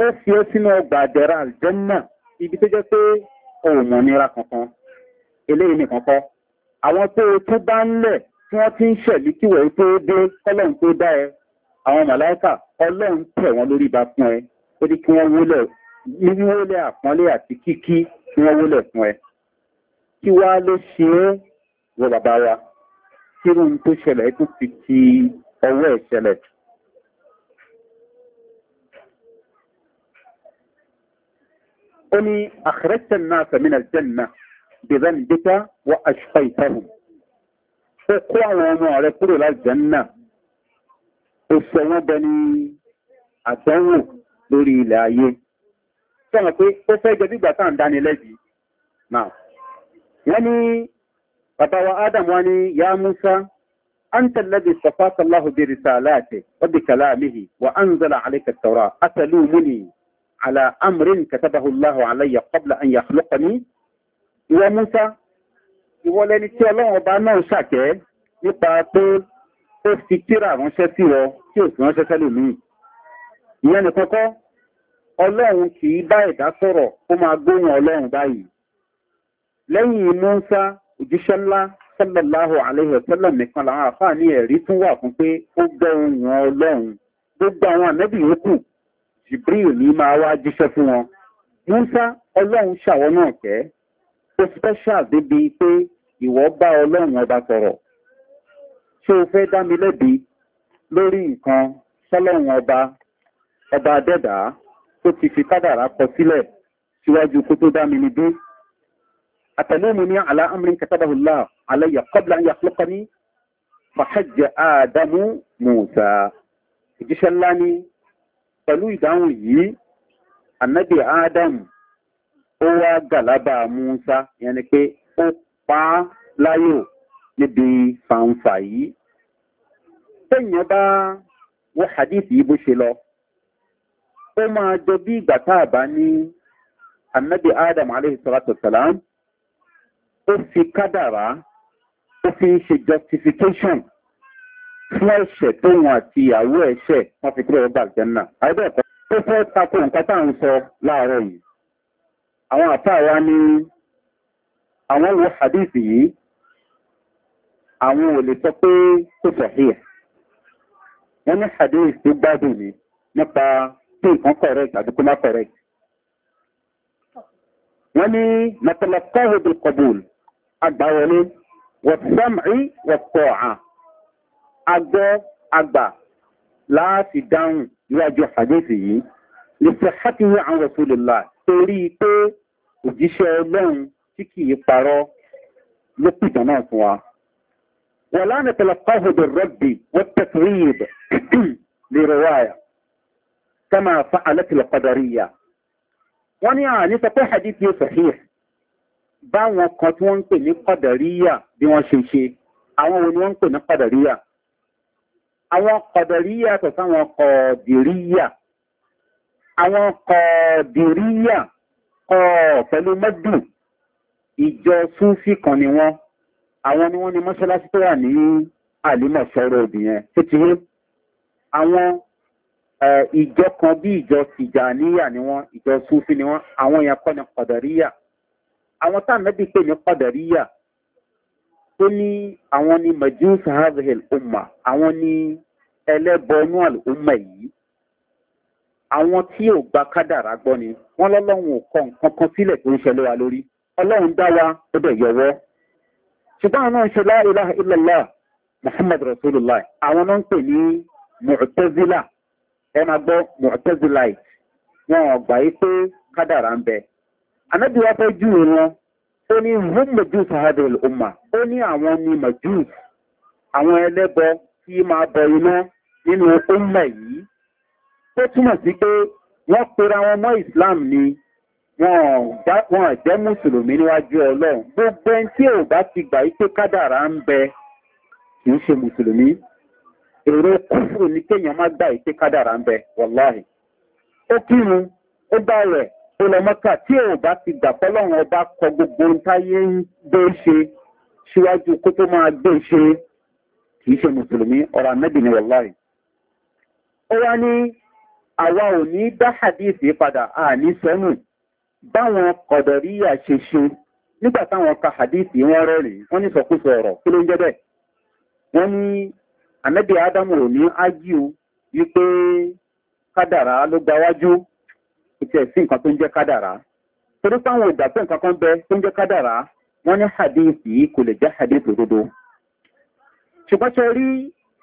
ó fi ó sínú ọgbà àdẹ̀rà àlùjẹ́nà ibi tó jẹ́ pé òun nira kankan eléyìí nìkan kọ́ àwọn tó o tún bá ń lẹ̀ tí wọ́n ti ń ṣẹ̀lí kí wẹ̀ tó dé kọ́lọ́n tó dá ẹ àwọn màláìkà ọlọ́run tẹ̀ wọ́n lórí ba fún ẹ ó ní kí wọ́n wólẹ̀ ní wíwólẹ̀ àpọ́nlé àti kíkí kí wọ́n wólẹ̀ fún ẹ kí wá ló ṣe é wọ bàbá wa kí irú tó ṣẹlẹ̀ tó fi ti ọwọ́ ẹ̀ ṣẹlẹ̀. ó ní àkẹrẹ́tẹ̀ náà fẹ̀mí náà jẹ́ nà bẹ̀rẹ̀ nígbẹ́ta wọ́n aṣọ ìtẹ́hùn. يعني فتاوى آدم واني يا موسى أنت الذي صفاك الله برسالاته وبكلامه وأنزل عليك التوراة أتلومني على أمر كتبه الله علي قبل أن يخلقني يا موسى ìwọlẹ́ni tí ọlọ́run ọba náà ṣàkẹ́ nípa pé ó fi tíra ránṣẹ́ sí wọ tí ò fi ránṣẹ́ sẹ́lòmíì ìyẹn nìkan kọ́ ọlọ́run kì í bá ẹ̀dá sọ̀rọ̀ ó máa gbóhùn ọlọ́run báyìí lẹ́yìn mọ́ńsá òjíṣẹ́ ńlá sọ́lọ́láhùn àlẹ́hẹ̀ẹ́sẹ́lẹ̀ nìkan làwọn àfáàní ẹ̀rí tún wà fún pé ó gbọ́ ohun ọlọ́run gbogbo àwọn ànẹ́bì yòókù jibril ní máa wá jíṣẹ́ fún wọn mọ́ńsá ọlọ́run ṣàwọn náà kẹ́ ó special débi pé ìwọ bá ọlọ́run ọba sọ̀rọ̀ ṣé o fẹ́ dá mi lẹ́bi lórí nǹkan sọ́lọ́run ọba ọba adẹ́dà tó ti fi kádàrá kọ sílẹ̀ síwájú kó tó dá mi ní dé àtẹ̀lẹ́mu ní àlá amúrin kẹtàbàhùlá àlẹ́yà kọ́bla ń ní fàájẹ àdámú mùsà ìjíṣẹ́ ńlá ní pẹ̀lú ìdáhùn yìí ànábì ádámù ó wá gàlábà musa yẹn ni pé ó pa á láyò níbi fàǹfà yìí tẹ́yìn bá wọ́n hadith yìí bó ṣe lọ ó máa jọ bí ìgbà bá ní anabi adam alayhi salatu salam ó fi kádàrá ó fi ṣe justification fún ẹ̀ṣẹ̀ tóun àti ìyàwó ẹ̀ṣẹ̀ wọ́n fi kúrò ọgbà àjẹ́nà àìbẹ̀ẹ̀kọ́ ó fẹ́ tako nǹkan tá à ń sọ láàárọ̀ yìí àwọn àtàwa ní àwọn wo hadith yìí àwọn ò lè sọ pé kò sọ̀hí ẹ̀ wọ́n ní hadith tó gbádùn ni nípa tí nǹkan correct àti kó má correct wọ́n ní matalakahu bil qabul agbawọlé wọ̀sámì wọ̀pọ̀ọ̀à agbọ́ àgbà láti dáhùn níwájú hadith yìí lè sọ àwọn rasulillah torí pé òjíṣẹ́ ọlọ́run tí kì í parọ́ ló pìtàn náà fún wa. wọ́n lánà tẹlifáhùn bẹ̀ rọ́bì wọ́n tẹ̀síwìd lè rọwọ́ àyà kama fa alẹ́tìlẹ̀ kọ́dọ̀ríyà. wọ́n ní àní sọ pé hadith yóò sọ̀hí báwọn kan tí wọ́n ń pè ní kọ́dọ̀ríyà bí wọ́n ṣe ṣe àwọn wo ni wọ́n ń pè ní kọ́dọ̀ríyà. àwọn kọ́dọ̀ríyà tọ̀ sáwọn kọ́dìríyà àwọn kọ̀ọ̀dìríyà kọ̀ pẹ̀lú mẹ́dùn ìjọ súnfì kan ni wọ́n àwọn ni wọ́n ni mọ́ṣáláṣí tó wà ní àlímọ̀ sọ́rọ̀ obìnrin tó ti rí àwọn ìjọ kan bí ìjọ tìjàníyà ni wọ́n ìjọ súnfì ni wọ́n àwọn èèyàn kọ́ ni kọ̀dọ̀ríyà àwọn táàmẹ́bí pè ní kọ̀dọ̀ríyà tó ní àwọn ni majus hazel umma àwọn ni ẹlẹ́bọnú àlùmọ̀ yìí àwọn tí ò gba kádàrá gbọ́ ni wọ́n lọ́lọ́run ò kọ nǹkan kan sílẹ̀ tó ń ṣẹlẹ̀ wa lórí ọlọ́run dá wa ó dẹ̀ yọwọ́ ṣùgbọ́n àwọn ṣe láìlá ilẹ̀lá muhammad rasulullah àwọn na ń pè ní mọ̀tẹ́zílà ẹ gbọ́ wọn yí pé kádàrà ń bẹ fẹ́ jù wọn ó ní hum majus hadil umma ó ní àwọn ní àwọn bọ iná nínú tó túmọ̀ sí pé wọ́n pera islam ni wọn wọn jẹ́ mùsùlùmí níwájú ọlọ́run gbogbo ẹni tí ò bá ti gbà wípé kádàrá ń bẹ kì í ṣe mùsùlùmí èrò kúfùrù ní kéèyàn má gbà wípé kádàrá ń bẹ wàláhì ó kírun ó bá rẹ̀ ó lọ mọ́kà tí ò bá ti gbà fọlọ́run ọba kọ gbogbo ohun ń gbé ṣe síwájú kó tó máa gbé ṣe kì í ṣe mùsùlùmí ọ̀rọ̀ àmẹ́bì ni wàláhì ó wá ní àwa ò ní dá hadithi padà àní sẹ́nu báwọn kọ̀dọ̀ríyà ṣe ṣe nígbà táwọn ka hadithi wọ́n rẹ́rìn wọ́n ní sọkúsọ ọ̀rọ̀ kí ló ń jẹ́ bẹ́ẹ̀ wọ́n ní ànẹ́bí ádámù ò ní ágíù wípé kádàrá ló gbáwájú ìtẹ̀ sí nǹkan tó ń jẹ́ kádàrá torí táwọn ìgbà pé nǹkan kan bẹ tó ń jẹ́ kádàrá wọ́n ní hadithi kò lè jẹ́ hadith òdodo ṣùgbọ́n ṣe rí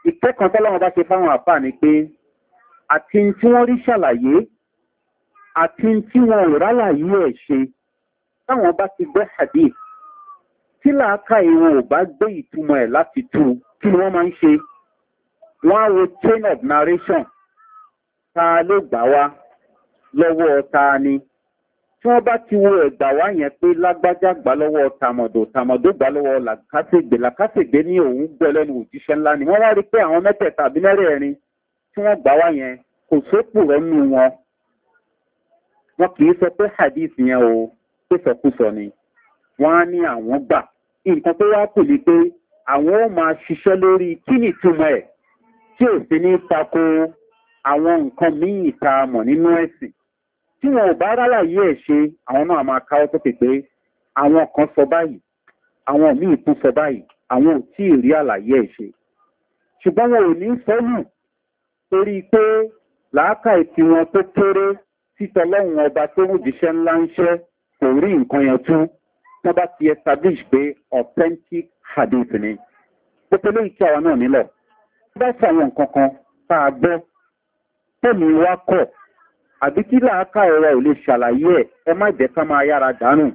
ìkẹ́kọ̀ọ́ tọ́lọ́wọ́n bá ṣe fáwọn àfáà ni pé àti tí wọ́n rí ṣàlàyé àti tí wọn ò rálà yí ẹ̀ ṣe táwọn bá ti gbẹ́ hadith tí làákà ìwọ̀n ò bá gbé ìtumọ̀ ẹ̀ láti tú kí ni wọ́n máa ń ṣe wọ́n á wo chain of narration ta ló gbà wá lọ́wọ́ ta ni tí wọ́n bá ti wo ẹ̀gbà wá yẹn pé lágbájá gbà lọ́wọ́ tàmọ̀dò tàmọ̀dò gbà lọ́wọ́ làkàṣègbè làkàṣègbè ní òun gbọ́ lẹ́nu òjíṣẹ́ ńlá ni wọ́n wá rí pé àwọn mẹ́tẹ̀ẹ̀ta àbí tí wọ́n gbà wá yẹn kò sópò rẹ́nu wọn wọn kì í sọ pé hadith yẹn o pé sọkúsọ ni wọn á ní àwọn gbà nǹkan tó wá kù ni pé àwọn ó máa ṣiṣẹ́ lórí kí ni ìtumọ̀ ẹ̀ tí ò sí ní tako àwọn nǹkan míì ta mọ̀ nínú ẹ̀sìn tí wọn ò bá rálàyé ẹ̀ ṣe àwọn náà máa káwọ́ sókè pé àwọn kan sọ báyìí àwọn míì tún sọ báyìí àwọn ò tí ì rí àlàyé ẹ̀ ṣe ṣùgbọ́n wọn ò ní sọ́nù torí pé làákàì tí tó kéré títọ́ lọ́hùn ọba tó ń jíṣẹ́ ńlá ń ṣẹ́ kò rí nǹkan yẹn tú wọ́n bá ti establish pé authentic hadith ni gbogbo lóyún tí àwa náà nílọ̀ bá ṣàwọn nǹkan kan tá a gbọ́ tẹ̀mí wa kọ̀ àbí kí làákà ọ̀rọ̀ ò lè ṣàlàyé ẹ̀ ẹ má jẹ́ ká máa yára dànù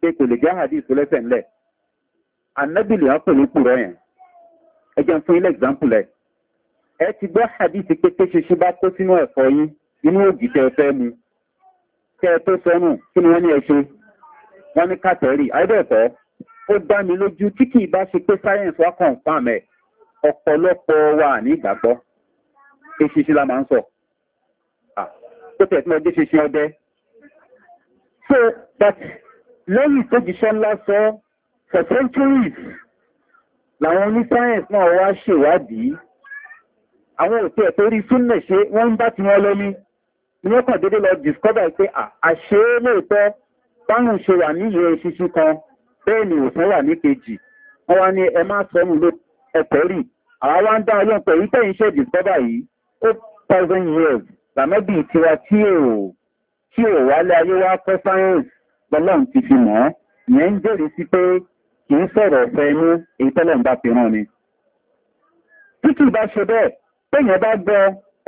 pé kò lè jẹ́ hadith lẹ́sẹ̀ ńlẹ̀ anábìlì á pè ní yẹn ẹ jẹun fún ilé example ẹ ẹ ti gbọ́ hadith pé kéṣeṣe bá kó sínú ẹ̀fọ́ yín inú ògì tẹ fẹ́ mu kẹ́ tó sọ́nù kí ni wọ́n ní ẹṣe wọ́n ní kàtẹ́rì àìbẹ̀ẹ̀kọ́ ó dá mi lójú tí kì í bá ṣe pé sáyẹ̀nsì wá kàn fún àmẹ́ ọ̀pọ̀lọpọ̀ wà ní ìgbàgbọ́ eṣinṣin la máa ń sọ tó tẹ̀ tí wọ́n dé ṣinṣin ọdẹ so that lẹ́yìn tó jíṣẹ́ ńlá sọ for centuries làwọn oní sáyẹ̀nsì náà wá ṣèwádìí àwọn òtẹ́ tó rí súnnẹ̀ ṣe wọ́n ń bá ti wọ́n lọ ní ọkàn dédé lọ discover pé àṣẹ lóòótọ́ báhùn ṣe wà ní ìrẹ́ ṣíṣí kan bẹ́ẹ̀ ni òsán wà ní kejì wọ́n wá ní ẹ má sọ́mù ló ẹ̀kọ́ rí àwa wá ń dá ọlọ́run pẹ̀lú tẹ̀yìn ṣe discover yìí ó thousand years làmẹ́bí tiwa tí ò tí ò wálé ayé wá kọ́ science lọ́lọ́run ti fi mọ́ ìyẹn ń jèrè sí pé kì í sọ̀rọ̀ ọ̀fẹ́ inú èyí tọ́lọ̀ ń bá fi rán ni títí bá ṣe bẹ́ẹ̀ téèyàn bá gbọ́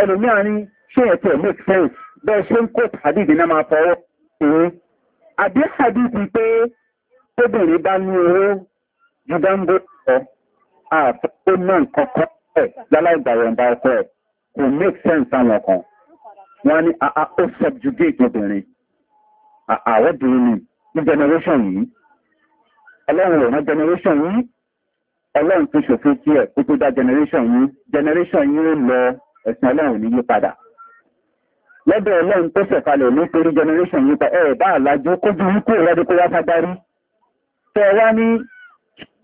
ẹlòmíràn ní ṣé ẹ̀ make sense bẹ́ẹ̀ ṣe ń kó hadith náà máa fọwọ́ òun hmm. àbí hadith pé tóbìnrin bá ní owó ju dáńbó lọ àfọwọ́ náà nǹkan kan ẹ̀ láláì gbàyọ̀ǹda ọkọ ẹ̀ kò make sense àwọn kan wọ́n ní ah, ah, ó subjugate obìnrin àwọ́bìnrin ah, ni ní generation yìí ọlọ́run rẹ̀ generation yìí ọlọ́run tó ṣòfin kí ẹ̀ kó tó dá generation yìí generation yìí ó lọ ẹ̀sìn ọlọ́run ní yípadà lọ́dọ̀ ọlọ́run tó sẹ̀kalẹ̀ nítorí generation yípa ẹ̀ bá àlájú kójú ikú ìrọ́dún kó wá sádarí tẹ wá ní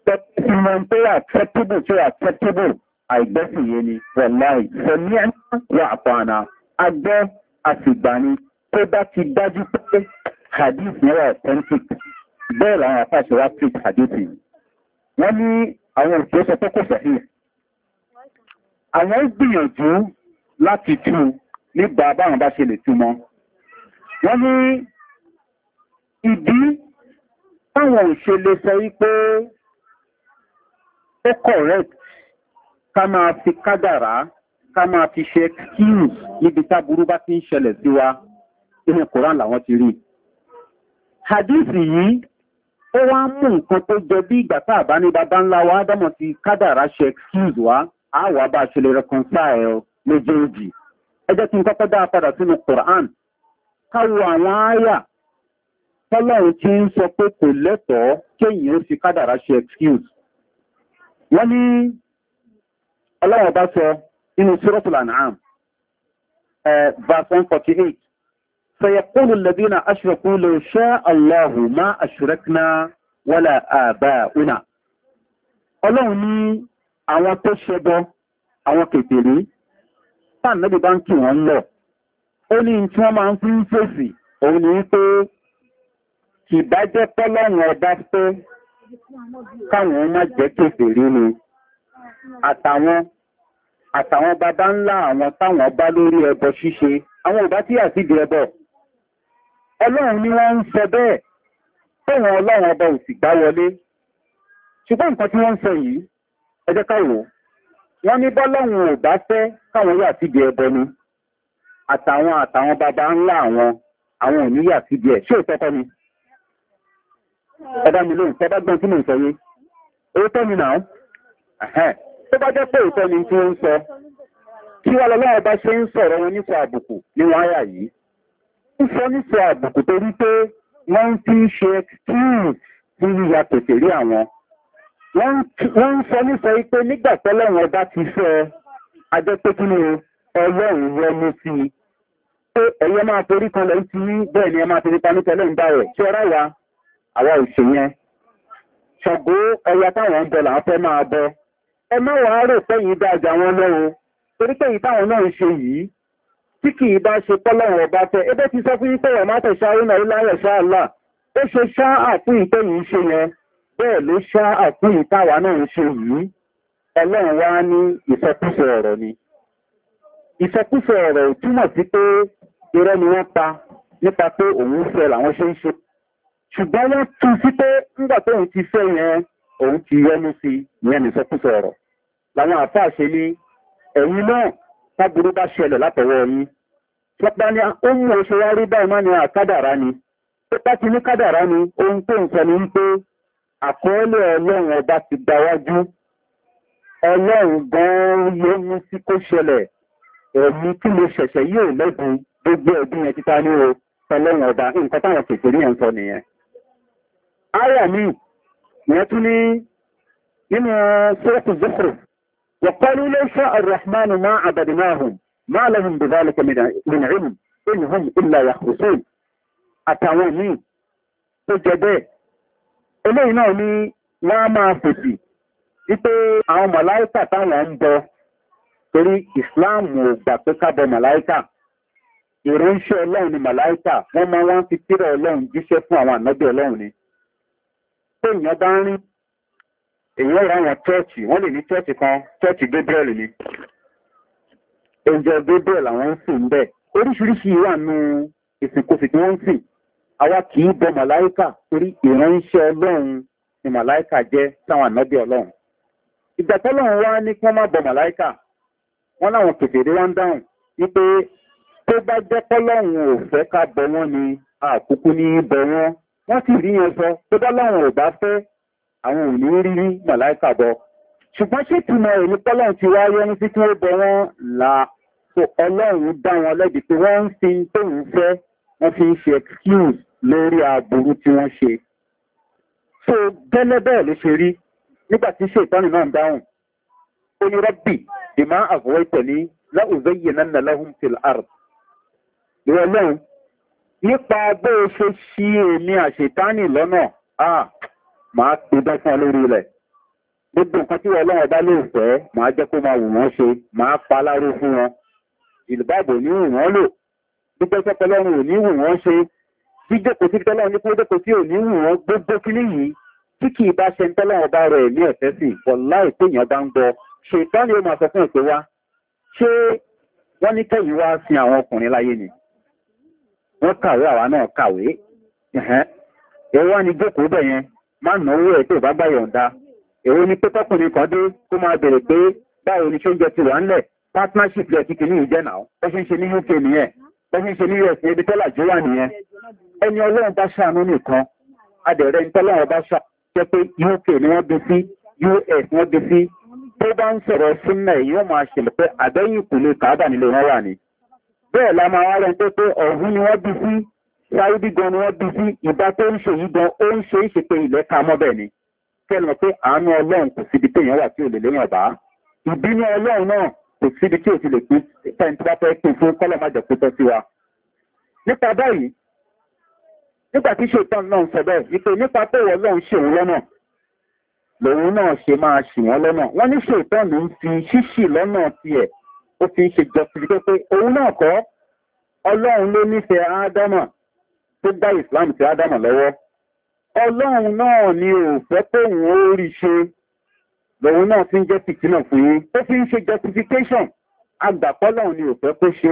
tẹ́tìmọ̀n tó acceptable tó acceptable àìgbẹ́sìn yé ni wọ̀láì sẹ́ni ẹ̀ wà àpàànà agbẹ́ àsìgbàni tó bá ti dájú pé hadith yẹn wà authentic bẹ́ẹ̀ làwọn àpàṣẹ wá treat hadith yìí wọ́n ní àwọn òṣèṣẹ́ tó kò sẹ́yìn àwọn gbìyànjú láti tú nígbà báwọn bá ṣe lè túmọ̀. Wọ́n ní ìdí táwọn òṣè lè sọ wípé ó correct ká máa fi kádàrá ká máa fi ṣe excuse níbi táburú bá ti ń ṣẹlẹ̀ sí wa inú koran làwọn ti rí. Hadith yìí ó wá mú nǹkan tó jẹ bí ìgbà tá àbá ní bàbá ńlá wa Ádámọ̀ ti kádàrá ṣe excuse wa á wà bá ṣe lè reconcile méjèèjì ẹjẹ́ kí n kọ́kọ́ dá padà sínú Quran káwọ àwọn áyà tọ́lọ́run tí ń sọ pé kò lẹ́tọ̀ọ́ kéyìn ó fi kádàrá ṣe excuse wọ́n ní ọlọ́wọ̀n bá sọ inú suratul an'am verse 148 sayaqulu alladhina ashraku law sha'a Allahu ma ashrakna àwọn tó ṣẹbọ àwọn kèfèrí tànàbí bá ń kì wọ́n lọ ó ní tí wọ́n máa ń fi ń fèsì òun ní pé ìbájẹ́ pọ́lọ́run ọba pé káwọn má jẹ́ kéfèrí ni àtàwọn àtàwọn baba ńlá àwọn táwọn bá lórí ẹbọ ṣíṣe àwọn òbá tí àtìdì ẹbọ ọlọ́run ni wọ́n ń sọ bẹ́ẹ̀ tóun ọlọ́run ọba ò sì gbá wọlé ṣùgbọ́n nǹkan tí wọ́n ń sọ yìí ẹjẹ́ káwòó wọ́n ní bọ́lọ́hun ò bá fẹ́ káwọn yà síbi ẹbọ ni àtàwọn àtàwọn baba ńlá àwọn àwọn òní yà síbi ẹ̀ ṣé òtọ́tọ́ ni ẹ̀dá mi lóhùn tẹ́bá gbọ́n tí mò ń sọ yé òótọ́ ni náà tó bá jẹ́ pé òótọ́ ni tí wọ́n ń sọ kí wọ́n lọ́wọ́ bá ṣe ń sọ̀rọ̀ wọn nípa àbùkù ní wọ́n áyà yìí ń sọ nípa àbùkù torí pé wọ́n ti ń ṣe excuse sí yíya tòṣèrí àwọn wọ́n ń sọ nísọ ipé nígbà ọba ti fẹ́ ajẹ́ ọlọ́run wọnú sí i pé ẹ̀yẹ máa torí kan lọ sí bẹ́ẹ̀ ni ẹ máa torí pa ní tọ́lọ́run bá tí ọ̀rá wa àwa ò ṣe yẹn ṣàgbó ẹ̀yà táwọn ń bọ̀ fẹ́ máa bọ ẹ má wàá rò pé yìí wọn torí pé yìí táwọn náà ọba fẹ́ ebe ti sọ fún yín pé náà ṣáà bẹ́ẹ̀ ló ṣá àpín ìtawà náà ń ṣe yìí ọlọ́run wá ní ìsọkúsọ ọ̀rọ̀ ni ìsọkúsọ ọ̀rọ̀ ò túmọ̀ sí pé irọ́ ni wọ́n pa nípa pé òun fẹ́ làwọn ṣe ń ṣe ṣùgbọ́n wọ́n tún sí pé nígbà tó òun ti fẹ́ yẹn òun ti yọnu sí ìyẹn ìsọkúsọ ọ̀rọ̀ làwọn àfáà ṣe ní ẹ̀yìn náà tábúrú bá ṣẹlẹ̀ látọwọ́ yín lọ́pàá ni ó mú oṣù wá rí báyìí má ni àkádàrá ni tó bá ti ní kádàrá ni ohun tó ń sọ ni wípé àkọọ́lẹ̀ ọlọ́run ọba ti gbáwájú ọlọ́run gan-an ló mú sí kó ṣẹlẹ̀ ẹ̀mí tí mo ṣẹ̀ṣẹ̀ yóò lẹ́bùn gbogbo ẹ̀dùn yẹn títa ní o ọlọ́run ọba nǹkan táwọn kèfè ní ẹ̀ sọ nìyẹn áyà mi ìyẹn tún ní nínú sọ́ọ̀kù zọ́kùrù وقالوا لو شاء الرحمن ما عبدناهم ما لهم بذلك من علم إن هم إلا يخرصون أتعوني تجدي eléyìí náà ni wọ́n á máa fèsì wípé àwọn màláìkà táwọn ń bọ torí islam ò gbà pé ká bọ màláìkà ìránṣẹ́ ọlọ́run ni màláìkà wọ́n máa wọ́n fi tírẹ̀ ọlọ́run jíṣẹ́ fún àwọn ànábì ọlọ́run ni pé èèyàn bá ń rí èèyàn ra àwọn chọ́ọ̀chì wọ́n lè ní chọ́ọ̀chì kan chọ́ọ̀chì gabriel ni angel gabriel àwọn ń sìn bẹ́ẹ̀ oríṣiríṣi ìwà nu ìsìnkú fi tí wọ́n ń sìn awa kì í bọ màláìkà torí ìránṣẹ́ ọlọ́run ni màláìkà jẹ́ sáwọn ànábì ọlọ́run ìgbà tọ́lọ́run wá ní kí wọ́n má bọ màláìkà wọ́n láwọn kèfèrè wọ́n dáhùn wípé tó bá jẹ́ kọ́lọ́run ò fẹ́ ká bọ wọ́n ni àkókò ní bọ wọ́n wọ́n sì rí yẹn sọ tó bá láwọn ò bá fẹ́ àwọn ò ní rí rí màláìkà bọ ṣùgbọ́n ṣètìmọ̀ èmi kọ́lọ́run ti wá yẹnu sí kí wọ́n bọ wọ́n là so dá wọn lẹ́bi pé wọ́n ń fi tóun fẹ́ wọ́n fi ń ṣe excuse lórí aburú tí wọ́n ṣe so gẹ́lẹ́ bẹ́ẹ̀ ló ṣe rí nígbà tí ṣètọ́nì náà dáhùn ó ní rọ́bì ìmọ̀ àfọwọ́ ìtẹ̀lé láwùjọ yìí náà nà lọ́hùn fìlà àrùn ìwọ lẹ́hùn nípa bó o ṣe ṣí èmi àṣetánì lọ́nà a máa pe dákan lórí rẹ̀ gbogbo nǹkan tí wọn lọ́wọ́ bá lè fẹ́ máa jẹ́ kó máa wù wọ́n ṣe máa pa aláró fún wọn ìlú bàbò ní wù wọ́n lò gbígbẹ́sẹ́pẹ́lọ́run ò ní wù wọ́n ṣe jíjókòó síbi tọ́lá ní kó jókòó tí ò ní wù wọ́n gbogbo kíní yìí tí kì í bá ṣe ń tọ́lá ọba rẹ̀ ní ẹ̀fẹ́ sí wọ̀lá ìpéyàn bá ń gbọ́ ṣètọ́ ni ó máa sọ fún ìpè wá ṣé wọ́n ní kẹ́yìn wá sin àwọn ọkùnrin láyé ni wọ́n kàwé àwa náà kàwé ẹ̀wọ́ ni jókòó bẹ̀ yẹn má náwó ẹ̀ tó bá gbà yọ̀ǹda èwo ni pé tọkùnrin kan dé kó máa bèrè pé báwo ni ṣóúnjẹ ti wà ńlẹ̀ partnership rẹ̀ ti kìíní ìjẹ́ ṣe ń ṣe ní uk nìyẹn bó ṣe ń ṣe ní us ní ibi tọ́lá jó wà nìyẹn ẹni ọlọ́run bá ṣàánú nìkan adẹ̀rẹ́ ìtọ́lọ́run bá ṣà jẹ́ pé uk ni wọ́n gbé sí us wọ́n gbé sí tó bá ń sọ̀rọ̀ súnmọ̀ èyí ó máa ṣèlú pé àbẹ́yìn ìpìlẹ̀ kàádà nílé wọn wà ní bẹ́ẹ̀ la máa wá rẹ pé pé ọ̀hún ni wọ́n bí sí sáyébí gan ni wọ́n bí sí ìbá tó ń ṣe yìí gan ó ń ṣe é ṣe pé ilẹ̀ ka mọ́ bẹ́ẹ̀ ni kẹ́lọ̀ pé àánú ọlọ́run kò síbi téèyàn wà tí ò lè léyìn ọ̀bá ìbínú ọlọ́run náà kò síbi tí ò ti lè pín tẹ́ni tí fẹ́ pín fún kọ́lọ́ má sí wa nípa báyìí nígbà tí ṣètàn náà sọ bẹ́ẹ̀ wípé nípa pé wọ́n lọ́n ṣe òun lọ́nà lòun náà ṣe máa ṣì wọ́n lọ́nà wọ́n ní ṣètàn ló ń fi ṣíṣì lọ́nà tiẹ̀ ó fi ṣe jọsìlẹ̀ pé òun náà kọ́ ọlọ́run ló nífẹ̀ẹ́ ádámà tó gbá ìsìláàmù sí ádámà lọ́wọ́ ọlọ́run náà ni ò fẹ́ tóun ó rí ṣe lòun náà fi ń jẹ́ fìtínà fún yín ó fi ń ṣe justification àgbàpọ́lọ́run ni ò fẹ́ kó ṣe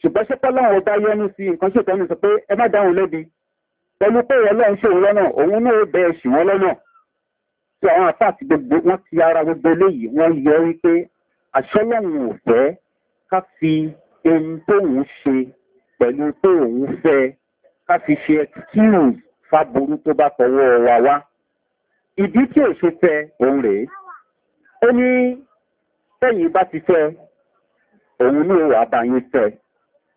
ṣùgbọ́n ṣẹ́pọ́lọ́run ọba yọnu sí nǹkan ṣètọ́nù sọ pé ẹ má dáhùn lẹ́bi pẹ̀lú pé ọlọ́run ṣòro lọ́nà òun náà bẹ ẹ̀sìn wọn lọ́nà tí àwọn àtàkì gbogbo wọn ti ara gbogbo eléyìí wọn yọ wípé àṣọlọ́run ò fẹ́ ká fi ohun tóun ṣe pẹ̀lú pé òun fẹ́ ká fi ṣe excuse fáború tó bá tọwọ́ wa wá ìdí tí ò ṣe fẹ́ òun rèé ó ní tẹ́yìn bá ti fẹ́ òun ní òwà bá fẹ́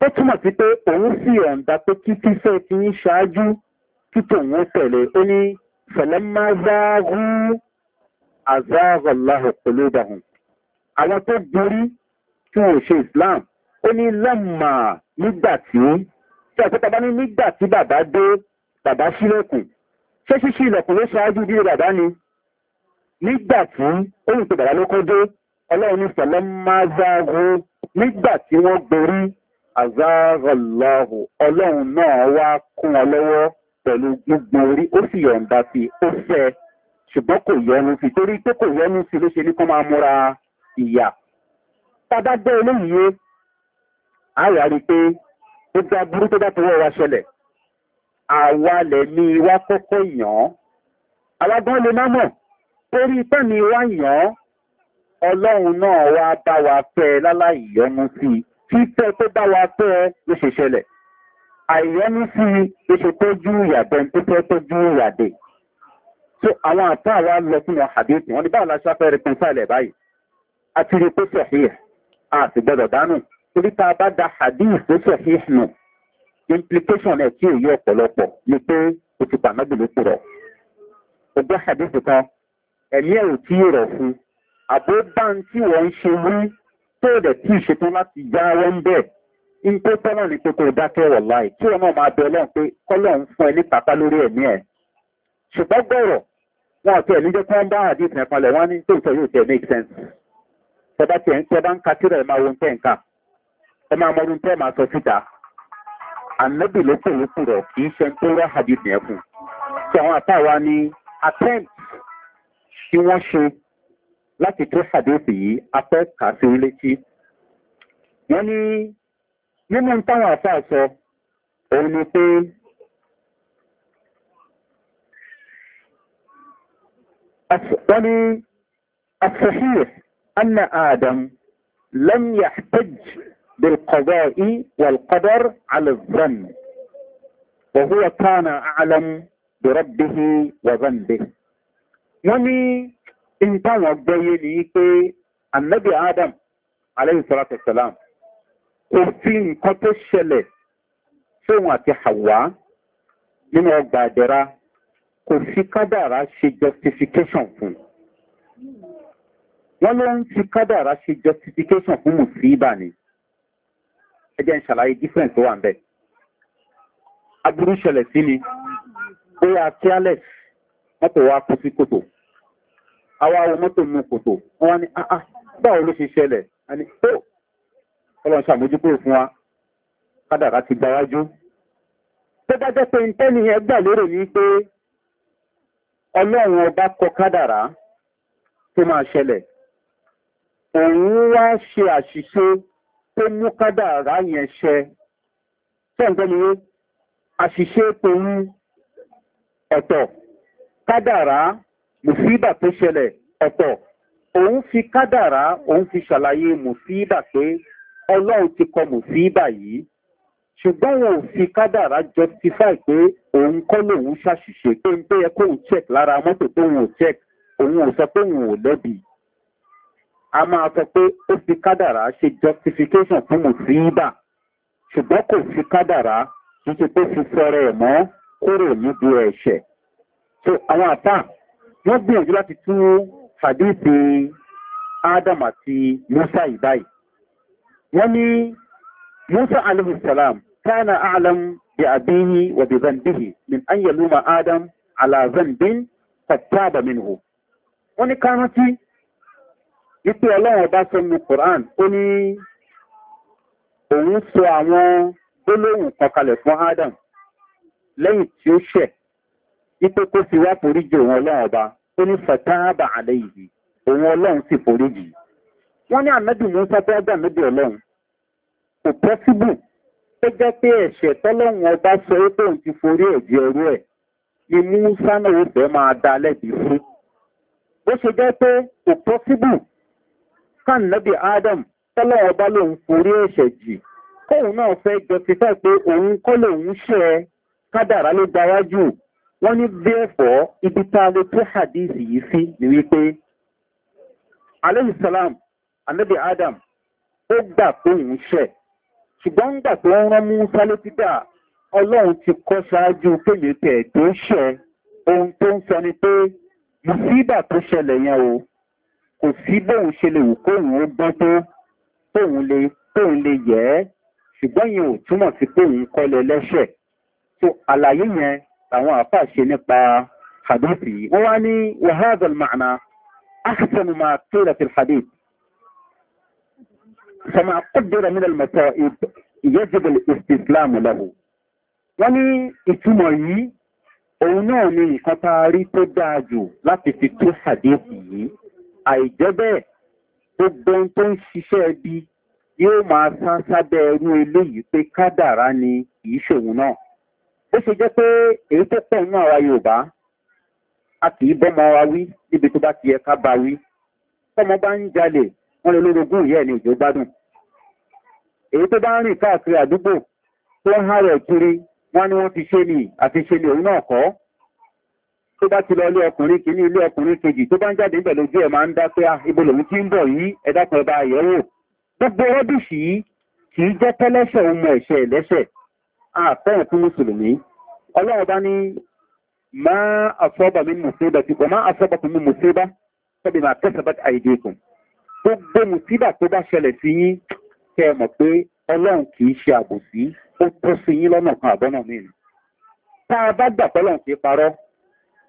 ó túmọ̀ sí pé òun sì ọ̀ǹda pé kí fífẹ́ ti ń ṣáájú títò wọn tẹ̀lé ó ní fẹ̀lẹ́mà záágú àzáàgọ̀láhù pẹ̀lú ìdáhùn àwọn tó borí tí wọ́n ṣe islam ó ní lẹ́mà nígbà tí tí àpótá bá ní nígbà tí bàbá dé bàbá sílẹ̀kùn ṣé ṣíṣí ilẹ̀kùn ló ṣáájú bí bàbá ni nígbà tí ó ń pe bàbá ló kó ọlọ́run ní fẹ̀lẹ́mà záágú nígbà tí wọ́n borí àzáàgọ̀láhù ọlọ́run náà wá kún ọ lọ́wọ́ pẹ̀lú gbogbo orí ó sì yọ̀ǹda sí ó fẹ́ ṣùgbọ́n kò yọnu sí torí pé kò yọnu sí ló ṣe ní kó máa múra ìyà tàbá gbẹ́ eléyìí yé àyà rí pé ó dá burú tó bá tọwọ́ wa ṣẹlẹ̀ àwa lẹ̀ wá kọ́kọ́ yàn án àwa lè má mọ̀ torí tẹ́mi wá yàn án ọlọ́run náà wá bá wa pẹ́ láláì yọnu sí i fífẹ́ tó bá wa pẹ́ ló ṣe ṣẹlẹ̀ àìyọ́nú sí iṣẹ́ tó jú ìyàbẹ̀ tó fẹ́ tó jú ìyàdẹ̀. tó àwọn àtà wa lọ sínú àbíyèsí wọn ni báwo la ṣáfẹ́ rẹ̀ pín sáìlẹ̀ báyìí àti rí pé sẹ̀hí ẹ̀ a sì gbọ́dọ̀ dánù torí tá a bá da hadith tó sẹ̀hí nù implication ẹ̀ tí èyí ọ̀pọ̀lọpọ̀ ni pé o ti pàmẹ́bì ló purọ̀ o gbé hadith kan ẹ̀mí ẹ̀ ò tí rọ̀ fún àbó bá ń tí wọ́n ń ṣe wí tó rẹ̀ tí ì ṣetán láti já wọ́n ipe tọ́nà ní kókó dákẹ́ wọ̀ láì tí wọn náà máa bẹ ọlọ́run pé kọ́lọ̀ ń fún ẹ ní pàpá lórí ẹ̀mí ẹ̀ ṣùgbọ́n gbọ̀rọ̀ wọn àti ẹ̀mí jẹ́ kí wọ́n bá àdìsí ẹ̀ palẹ̀ wọ́n ní tó yóò tẹ̀ make sense tẹ́bá tiẹ̀ ń tẹ́bá ń ka kíra ẹ̀ máa wo tẹ́ nǹkan ẹ máa mọrun tẹ́ máa sọ síta ànábì ló kò ló kùrọ̀ kì í ṣe tó rá àdìsí ẹ̀ fún tí àwọn àtàwa ní attempt tí wọ́n ṣe láti tó àdìsí yìí afẹ́ kà sí létí wọ́n ní nínú táwọn àfáà sọ òun ni pé wọ́n ní asahir anna adam lam yahtaj بالقضاء والقدر على الظن وهو كان أعلم بربه وذنبه wọ́n ní in táwọn gbọ́yé ní pé annabi adam alayhi salatu wasalam òfin nǹkan tó ṣẹlẹ̀ sóhun àti hàwá nínú ọgbà àdẹ́ra kò fi kádàrá ṣe justification fún wọ́n ló ń fi kádàrá ṣe justification fún mùsíbà ni ẹ ń ṣàlàyé different tó wà ń bẹ̀ aburú ṣẹlẹ̀ sí ni bóyá careless mọ́tò wa kú sí kòtò àwa wo mọ́tò mu kòtò wọ́n wá ní ah, ah, báwo ló ṣe ṣẹlẹ̀ àní tó oh, ọlọ́run ṣàmójúkú fún wa kádàrá ti gbáwájú tó bá jẹ́ pé ìtẹ́ni yẹn gbà lérò ní pé ọlọ́run ọba kọ kádàrá tó máa ṣẹlẹ̀ òun wá ṣe àṣìṣe tó mú kádàrá yẹn ṣẹ tẹ́ǹtẹ́ni àṣìṣe tòun ọ̀tọ̀ kádàrá mùsíbà tó ṣẹlẹ̀ ọ̀tọ̀ òun fi kádàrá òun fi ṣàlàyé mùsíbà pé ọlọ́run ti kọ mùsíbà yìí ṣùgbọ́n wọn ò fi kádàrá justify pé òun kọ́ lòun ṣàṣìṣe pé n tó yẹ kóun check lára mọ́tò tóun ò check òun ò sọ pé òun ò lẹ́bi a máa sọ pé ó fi kádàrá ṣe justification fún mùsíbà ṣùgbọ́n kò fi kádàrá títí pé fi sọ̀rọ̀ ẹ̀ mọ́ kúrò níbi ẹ̀ṣẹ̀ so àwọn àtà wọ́n gbìyànjú láti tún fàdíìsì adam àti musa ìbáyìí wọ́n ní musa alayhi salam kana alam bi abihi wa bi zambihi min an yaluma adam ala zambin fattaba minhu wọ́n ní káràntí wípé ọlọ́run ọba sọ ní quran ó ní òun sọ àwọn gbólóhùn kan fún adam lẹ́yìn tí ó ṣẹ̀ wípé kó fi wá foríjì òun ọlọ́run ọba ó ní fattaba alayhi òun ọlọ́run sì foríjì yìí wọ́n ní àmẹ́dù mú sábẹ́ àgbàmẹ́dù ọlọ́run kò pọ́síbù tó jẹ́ pé ẹ̀ṣẹ̀ tọ́lọ́run ọba sọ pé òun ti forí ẹ̀jẹ̀ ẹrú ẹ̀ ni musa náà ó fẹ́ máa da lẹ́bi fún bó ṣe jẹ́ pé kò pọ́síbù kánàbì adam tọ́lọ́run ọba lòun forí ẹ̀ṣẹ̀ jì kóun náà fẹ́ justify pé òun kọ́ lòun ṣe é kádàrá ló gbáwájú wọ́n ní bẹ́ẹ̀fọ́ ibi tá a lè tó hadith yìí sí ni wípé salam anabi adam ó gbà pé òun ṣẹ̀ ṣùgbọ́n ń gbà pé wọ́n rán musa létí dà ọlọ́run ti kọ́ ṣáájú péye tẹ̀ tó ṣẹ̀ ohun tó ń sọ ni pé mùsíbà tó ṣẹlẹ̀ yẹn o kò sí bóun ṣe lè wù kóun ó gbọ́n tó tóun lè tóun lè yẹ̀ ẹ́ ṣùgbọ́n yẹn ò túmọ̀ sí péun kọ́lẹ̀ lẹ́ṣẹ̀ tó àlàyé yẹn làwọn àáfà ṣe nípa hadith yìí wọ́n wá ní wàhálà màánà àṣìṣẹ́ mi máa kéèrè fi hadith. فما قدر من المتائب يجب الاستسلام له wọ́n ní ìtumọ̀ yìí òun تداجو لا nǹkan tá a rí tó dáa jù láti fi tú àdéhùn yìí àìjẹ́ bẹ́ẹ̀ gbogbo ohun tó ń ṣiṣẹ́ bí yóò máa sá sábẹ́ ẹrú eléyìí pé kádàrá ni kìí ṣòun náà ó ṣe jẹ́ pé èyí tó pọ̀ nínú àwa yorùbá a kìí bọ́mọ wa wí níbi tó bá ti yẹ ká ba wí tọ́mọ bá ń jalè wọ́n lè lórogún ìyẹ́ ní òjò gbádùn èyí tó bá ń rìn káàkiri àdúgbò tó ń hárẹ̀ kiri wọ́n ní wọ́n ti ṣe ní àti ṣe ní òun náà kọ́ tó bá ti lọ ilé ọkùnrin kìíní ilé ọkùnrin kejì tó bá ń jáde níbẹ̀ lójú ẹ̀ máa ń dá pé ah, ibo lòun ti ń bọ̀ yìí ẹ̀dákan ẹ̀bá àyẹ̀wò gbogbo rọ́bìṣì yìí kì í jẹ́ tẹ́lẹ́ṣẹ̀ ohun ẹ̀ṣẹ̀ ẹ̀lẹ́ṣẹ̀ àfẹ́ẹ̀ fún mùsùlùmí ọlọ́run bá ní máa àfọ́bà mi mùsíbà tí kò máa àfọ́bà mi mùsíbà tẹ́bí máa tẹ́sàbà àìdíkùn gbogbo mùsíbà tó bá ṣẹlẹ̀ sí yín kẹ́ ẹ mọ̀ pé ọlọ́run kì í ṣe àbòsí ó tó sí yín lọ́nà kan àbọ́nà mìíràn tá a bá gbà pọ́lọ́run kì í parọ́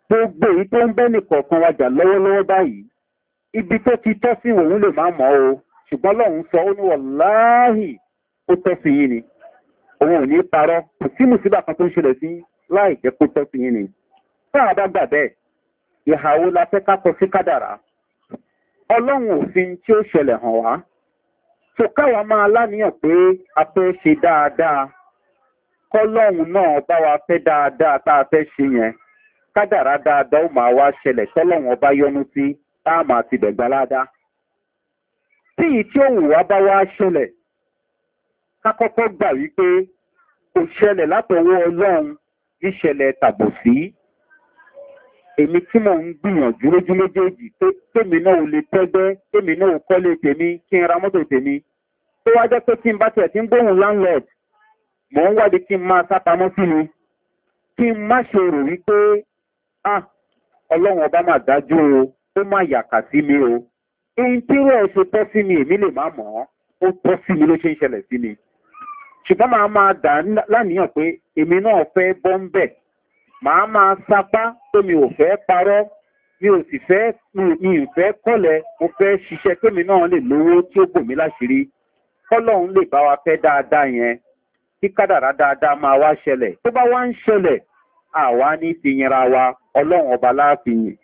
gbogbo èyí tó ń bẹ́ nìkọ̀ọ̀kan wájà lọ́wọ́lọ́wọ́ báyìí ibi tó ti tọ́ sí òun lè má mọ́ o ṣùgbọ́n lọ́run sọ ó ní wọ̀láhì ó tọ́ sí yín ni òun ò ní parọ́ kò sí mùsíbà kan tó ń ṣẹlẹ̀ sí láì jẹ́ kó tọ́ sí yín ni tá a bá gbà bẹ́ẹ̀ ìhàwó la fẹ́ ká tọ́ sí kádàrá ọlọ́run òfin tí ó ṣẹlẹ̀ hàn wá so káwa máa láníyàn pé a fẹ́ ṣe dáadáa kọ́lọ́run náà bá wa fẹ́ dáadáa tá a fẹ́ ṣe yẹn kádàrá dáadáa ó máa wá ṣẹlẹ̀ kọ́lọ́run ọba yọnu sí tá a máa ti bẹ̀gbá ládàá tí ì tí òun wá bá wá ṣẹlẹ̀ ká kọ́kọ́ gbà wípé kò ṣẹlẹ̀ látọwọ́ ọlọ́run níṣẹlẹ̀ tàbòsí èmi tí mò ń gbìyànjú lójú méjèèjì tèmi náà ò lè tẹ́gbẹ́ tèmi náà ò tèmi kí n ra mọ́tò tèmi tó wá jẹ́ pé kí n bá tiẹ̀ tí ń gbóhùn landlord mò ń wádìí kí n máa sápamọ́ sí mi kí n má ṣe rò wípé ah, ọlọ́run ọba dájú o ó yàkà sí mi o ohun tí rẹ̀ ṣe tọ́ sí mi èmi lè má mọ̀ ọ́ ó tọ́ sí mi ló ṣe ń ṣẹlẹ̀ sí mi màá máa sapá pé mi ò fẹ́ parọ́ mi ò sì fẹ́ mi ì fẹ́ kọ́lẹ̀ mo fẹ́ ṣiṣẹ́ pé mi náà lè lówó tí ó bò mí láṣìírí kọ́lọ́hún lè bá wa fẹ́ dáadáa yẹn kí kádàrá dáadáa máa wá ṣẹlẹ̀ tó bá wá ń ṣẹlẹ̀ àwa ní fi yẹra wa ọlọ́run ọba láàfin yìí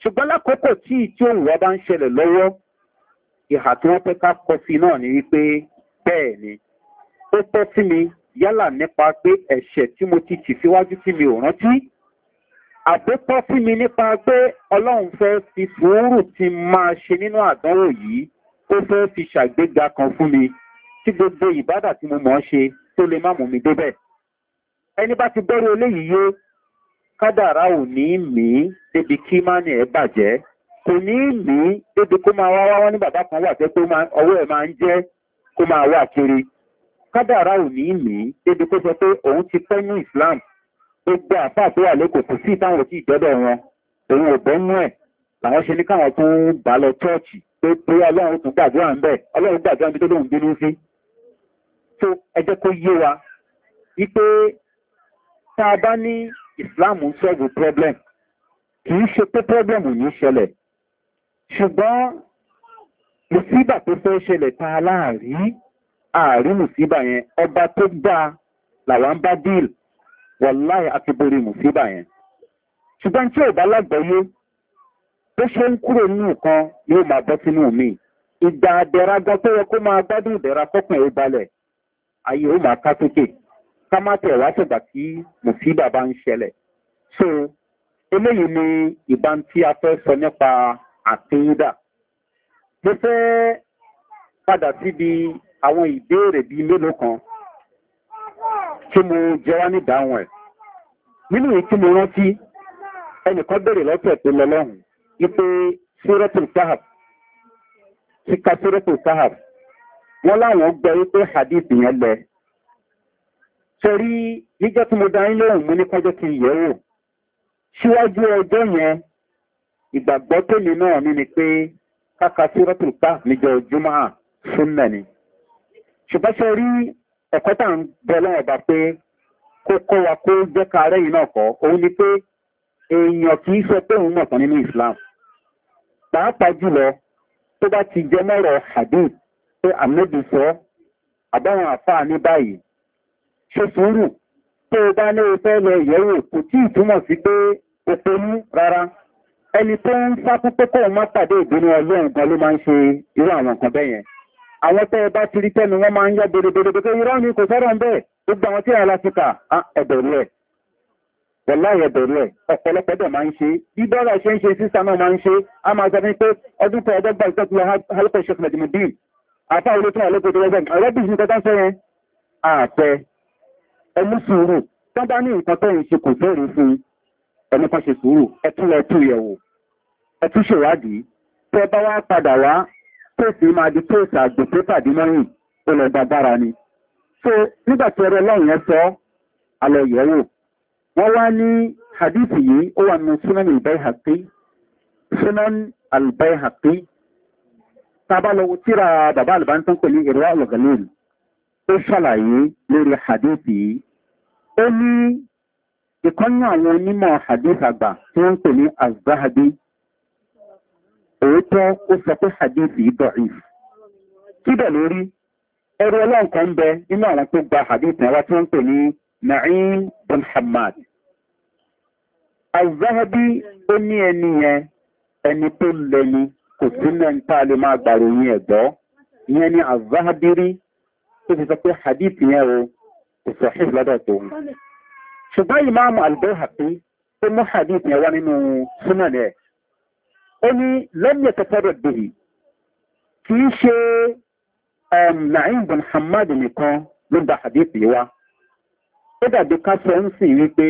ṣùgbọ́n lákòókò tí tí òun wa bá ń ṣẹlẹ̀ lọ́wọ́ ìhà tí wọ́n fẹ́ ká kọ náà ni wípé bẹ́ẹ̀ ni ó tọ́ sí mi yálà nípa pé ẹ̀ṣẹ̀ tí mo ti tì síwájú tí mi ò rántí àbótọ́ sí mi nípa pé ọlọ́run fẹ́ fi sùúrù ti máa ṣe nínú àdánwò yìí ó fẹ́ fi ṣàgbéga kan fún mi tí gbogbo ìbádà tí mo mọ̀ ọ́ ṣe tó lè má mú mi débẹ̀ ẹni bá ti gbẹ́rù eléyìí yó kádàrá ò ní mí débi kí mánì ẹ̀ bàjẹ́ kò ní mí débi kó máa wá wá wọn ní bàbá kan wà tẹ́ pé ọwọ́ ẹ̀ máa ń jẹ́ kó máa wà kiri kádàrá ò ní ìlú débi pé sọ pé òun ti pẹ́ ní islam gbogbo àpá tó wà lẹ́kọ̀ọ́ kò sí ìtàwọn òtí ìjọ́dọ̀ wọn òun ò bọ́nú ẹ̀ làwọn ṣe ní káwọn tó ń bá lọ chọ́ọ̀chì pé pé ọlọ́run tún gbàdúrà ń bẹ̀ ọlọ́run gbàdúrà bí tó lóun bínú sí tó ẹjẹ́ kó yé wa wípé tá a bá ní islam ń sọ́ọ̀bù problem kì í ṣe pé problem ò ní ṣẹlẹ̀ ṣùgbọ́n mùsíbà tó fẹ́ ṣẹlẹ̀ ta láàrí ààrí mùsíbà yẹn ọba tó dáa làwọn bá díìl wọláì àti borí mùsíbà yẹn ṣùgbọ́n tí ò bá lágbọ́yé bó ṣe ń kúrò nínú kan yóò máa bọ́ sínú mi ìgbà àdẹ̀ra gan tó yẹ kó máa gbádùn ìdẹ̀ra tọkàn ẹ̀ balẹ̀ ayé ó máa ká sókè ká má tẹ̀ wá ṣègbà tí mùsíbà bá ń ṣẹlẹ̀ so eléyìí ni ìbọn tí a fẹ́ sọ nípa àtẹ́yídà mo fẹ́ padà síbi àwọn ìbéèrè bíi mélòó kan tí mo jẹ wá nídàáwọn ẹ̀ nínú èyí tí mo rántí ẹnìkan béèrè lọ́tọ̀ tó lọ lọ́hùn wípé sírẹ́tù tahab síka sírẹ́tù tahab wọ́n láwọn gbọ́ wípé hadith yẹn lẹ torí níjọ́ tí mo darí lóhùn mo ní kọjọ́ kí n yẹ̀ wò síwájú ọjọ́ yẹn ìgbàgbọ́ tèmi náà ní ni pé káka sírẹ́tù tahab níjọ́ jùmọ̀ súnmẹ̀ ni ṣùgbọ́n ṣe rí ẹ̀kọ́ tà ń bẹ lọ́wọ́ ọba pé kó kọ́ wa kó jẹ́ ká rẹ́ yìí náà kọ́ òun ni pé èèyàn kì sọ pé òun mọ̀tàn nínú islam pàápàá jùlọ tó bá ti jẹ mọ́rọ̀ hadith pé àmẹ́bí sọ àbáwọn àfáà ní báyìí ṣe sùúrù tó o bá ní o fẹ́ lọ ìyẹ́wò kò tí ì túmọ̀ sí pé òpó mú rárá ẹni tó ń sá púpẹ́ kóun má pàdé ìbínú ọlọ́run gan ló máa ń ṣe irú àwọn nǹkan bẹ́yẹn àwọn tẹ́ ẹ bá ti rí tẹ́nu wọ́n máa ń yá bèrèbèrè pé irọ́ ni kò sọ́rọ̀ ń bẹ́ẹ̀ gbogbo àwọn tí a láfíkà ẹ̀bẹ̀rẹ̀ pẹ̀lá ẹ̀bẹ̀rẹ̀ ọ̀pọ̀lọpọ̀ dẹ̀ máa ń ṣe bí bọ́ọ̀rọ̀ ṣe ń ṣe sísá náà máa ń ṣe a máa sọ pé ọdún tó ọjọ́ gbà ìtọ́jú halifẹ̀ sheikh medimudin àfa kéèsì máa di kéèsì àgbègbè pàdé mọ́yìn ó lọ gbàgbára ni so nígbà tí ẹrọ ọlọ́run yẹn sọ alọ yẹ̀wò wọ́n wá ní hadith yìí ó wà nínú sunan albayhaqi sunan albayhaqi tábàlọ́wọ́ tíra bàbá àlùbáńtán pẹ̀lú ìrọ̀ ọ̀lọ́gàlẹ́l ó ṣàlàyé lórí hadith yìí ó ní ìkọ́nyà àwọn onímọ̀ hadith àgbà tí wọ́n ń pè ní azahabi òótọ́ ó sọ pé hadith yìí dọ̀rí síbẹ̀ lórí ẹrú ọlọ́run kan bẹ nínú àwọn tó gba hadith náà wá tí wọ́n ń pè ní naim bin hamad azahabi ó ní ẹni yẹn ẹni tó lẹni kò sí náà ń tá a lè máa gbàròyìn ẹ̀gbọ́ ìyẹn ni azahabi rí tó fi sọ pé hadith yẹn o kò sọ ṣì lọ́dọ̀ tó ṣùgbọ́n ìmáàmù albert hapi tó mú hadith yẹn wá nínú súnmọ̀ ó ní lẹ́yìn bèèrè kì í ṣe um, na'im bin hamad nìkan ló gba àdéhùn yìí ó dàbí ń wípé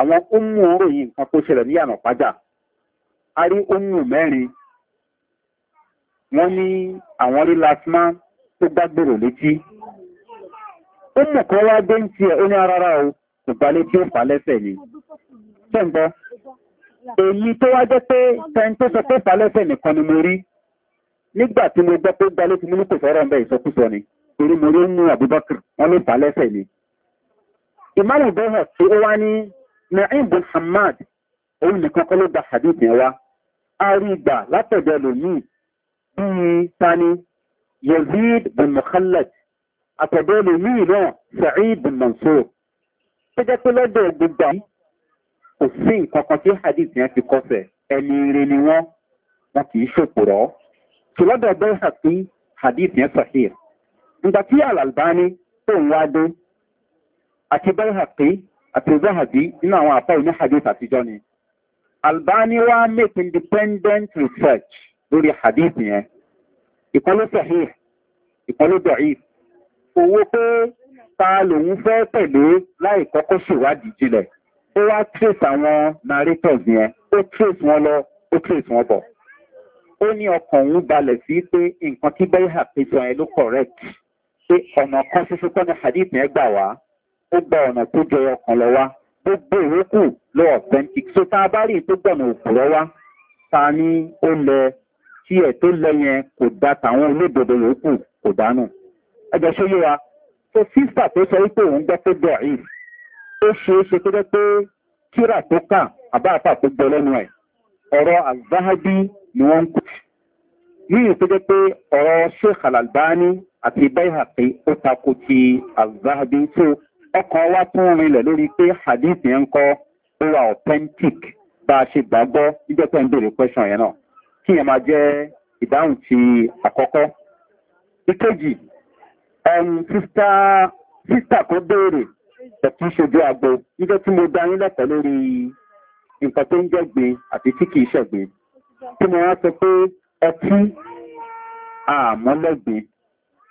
àwọn nǹkan kó ṣẹlẹ̀ ní ànà pàjá a rí ọmọ mẹ́rin wọ́n ní àwọn rí lasma tó gbàgbèrò létí wá gbé ń tiẹ̀ ó o kò gbà létí ó fà èyí tó wá jẹ́ pé tẹ́ni tó sọ pé ìfàlẹ́sẹ̀ nìkan ni mo rí nígbà tí mo gbọ́ pé gba ló ti mú ní kò sọ̀rọ̀ ọ̀bẹ ìsọkúsọ ni torí mo rí ń mú abubakar wọn ló ìfàlẹ́sẹ̀ ni. ìmáàmù bẹ́ẹ̀ tí ó wá ní naim bin hamad òun nìkan kọ́ ló gba hadith yẹn wá a rí ìgbà látọ̀dọ̀ lòmíì bíi tani yazid bin muhammad àtọ̀dọ̀ lòmíì náà sa'id bin mansour. ó pé lọ́dọ̀ gbogbo kò sí hadith yẹn fi kọsẹ̀ ẹni ire ni wọ́n kì í ṣòpò rọ́ tòlọ́dọ̀ bẹ́ẹ̀ hà hadith yẹn sahih nígbà tí alalbani tó ń wá àti bẹ́ẹ̀ hà sí àti zahabi nínú àwọn àpá ìní hadith àtijọ́ ni albani wa make independent research lórí hadith yẹn ìkọlù sahih ìkọlù dọ̀if owó pé ta lòun fẹ́ tẹ̀lé láì kọ́kọ́ ṣèwádìí jinlẹ̀ ó wá trace àwọn narrators yẹn ó trace wọn lọ ó trace wọn bọ̀ ó ní ọkàn òun balẹ̀ sí pé nǹkan tí bẹ́yà pèsè ọ̀hún ló correct pé ọ̀nà kan ṣoṣo kọ́ ni hadith yẹn gbà wá ó gba ọ̀nà tó jẹyọ kan lọ wá gbogbo ìrókù ló authentic so tá a bá rí tó gbọ̀nà òpùrọ̀ wá ta ni ó lẹ tí ẹ̀ tó lẹ yẹn kò da tàwọn olódodo yòókù kò dánù ẹ jẹ́ ṣó yé wa so sísà tó sọ wípé òun gbọ́ pé bẹ́ẹ̀ yìí ó ṣeé ṣe tó jẹ́ pé tíra tó kà àbá tó gbọ́ lẹ́nu ẹ̀ ọ̀rọ̀ azahabi ni wọ́n ń kú ní ìpínlẹ̀ pé ọ̀rọ̀ sheikh alalbani àti bayhaqi ó takò ti azahabi tó ọkàn wa tún rinlẹ̀ lórí pé hadith yẹn ń kọ́ ó wà authentic bá a ṣe gbàgbọ́ níjọ́ tó ń béèrè question yẹn náà kí yẹn máa jẹ́ ìdáhùn ti àkọ́kọ́. ìkejì sísá kan béèrè ẹ̀kún ṣojú agbo níjọ́ tí mo dá yín lẹ́kọ̀ọ́ lórí nǹkan tó ń jẹ́gbe àti tí kìí ṣẹ̀gbe tí mo wá sọ pé ọtí àmọ́lẹ́gbe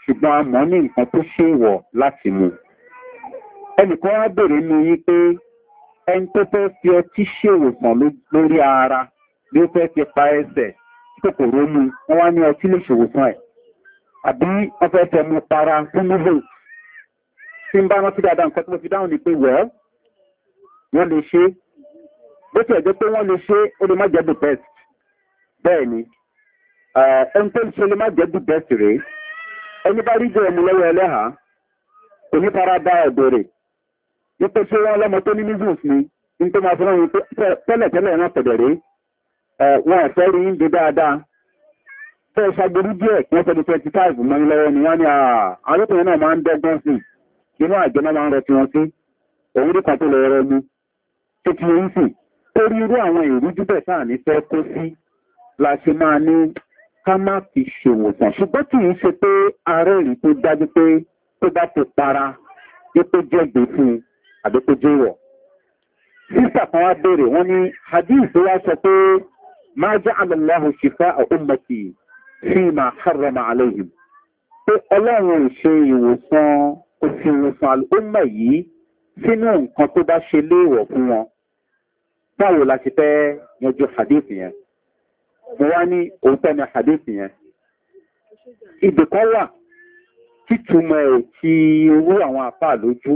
ṣùgbọ́n a mọ̀ ní nǹkan tó ṣe wọ̀ láti mu ẹnìkan wá bèrè nu yín pé ẹni tó fẹ́ fi ọtí ṣèwòsàn lórí ara bí ó fẹ́ fi pa ẹsẹ̀ tí kòkòrò mu wọ́n wá ní ọtí lè ṣòwòsàn ẹ̀ àbí wọ́n fẹ́ fẹ́ mu para fún nuvate tí ń bá rántí dáadáa nǹkan tí mo fi dáhùn ni pé wẹ́ẹ́ wọ́n lè ṣe bó tiẹ̀ jẹ́ pé wọ́n lè ṣe ó lè má jẹ́ the best bẹ́ẹ̀ ni ẹni tó ń ṣe lè má jẹ́ the best rèé ẹni bá rí jẹ́ ẹ̀mú lọ́wọ́ ẹlẹ́hàá kò ní fara dá ẹ̀bẹ̀rẹ̀ wípé ṣé wọ́n lọ́mọ tó ní measles ni ní tó máa fi rán tẹ́lẹ̀tẹ́lẹ̀ náà pẹ̀dẹ̀ rí wọn ò fẹ́ rí ń de dáadáa fẹ́ ṣàgbérí díẹ̀ kí wọ́n fẹ́ di twenty five mọ́ni lọ́wọ́ ni wọ́n ní àwọn tó yẹn náà máa ń dẹ́gbọ́n sí i inú àjẹmọ́ máa ń rọ tiwọn sí òun rí kan tó lọ rọ lu tó ti ń sìn torí irú àwọn ìrújú bẹ̀ sáà ní fẹ́ kó sí la ṣe máa ní ká má fi ṣèwòsàn ṣùgbọ́n kì í ṣe pé ààrẹ rí tó dájú pé tó bá ti para dípò jẹ́gbé fún un àbí tó jẹ́ wọ̀. sísà kan wá béèrè wọ́n ní hadith wá sọ pé máa jẹ́ àlọ́láhùn ṣìfà ọ̀húnmọ̀tì sí máa kárọ̀mà àlẹ́yìn pé ọlọ́run ò ṣe ìwòsàn kò fi ìwòsàn àlùkòmọ yìí sínú nǹkan tó bá ṣe léèwọ̀ fún wọn báwo la ṣe fẹ́ yanjú hadith yẹn mo wá ní òótọ́ ni hadith yẹn ibì kan wà títúmọ̀ ẹ̀ ti owó àwọn àpá lójú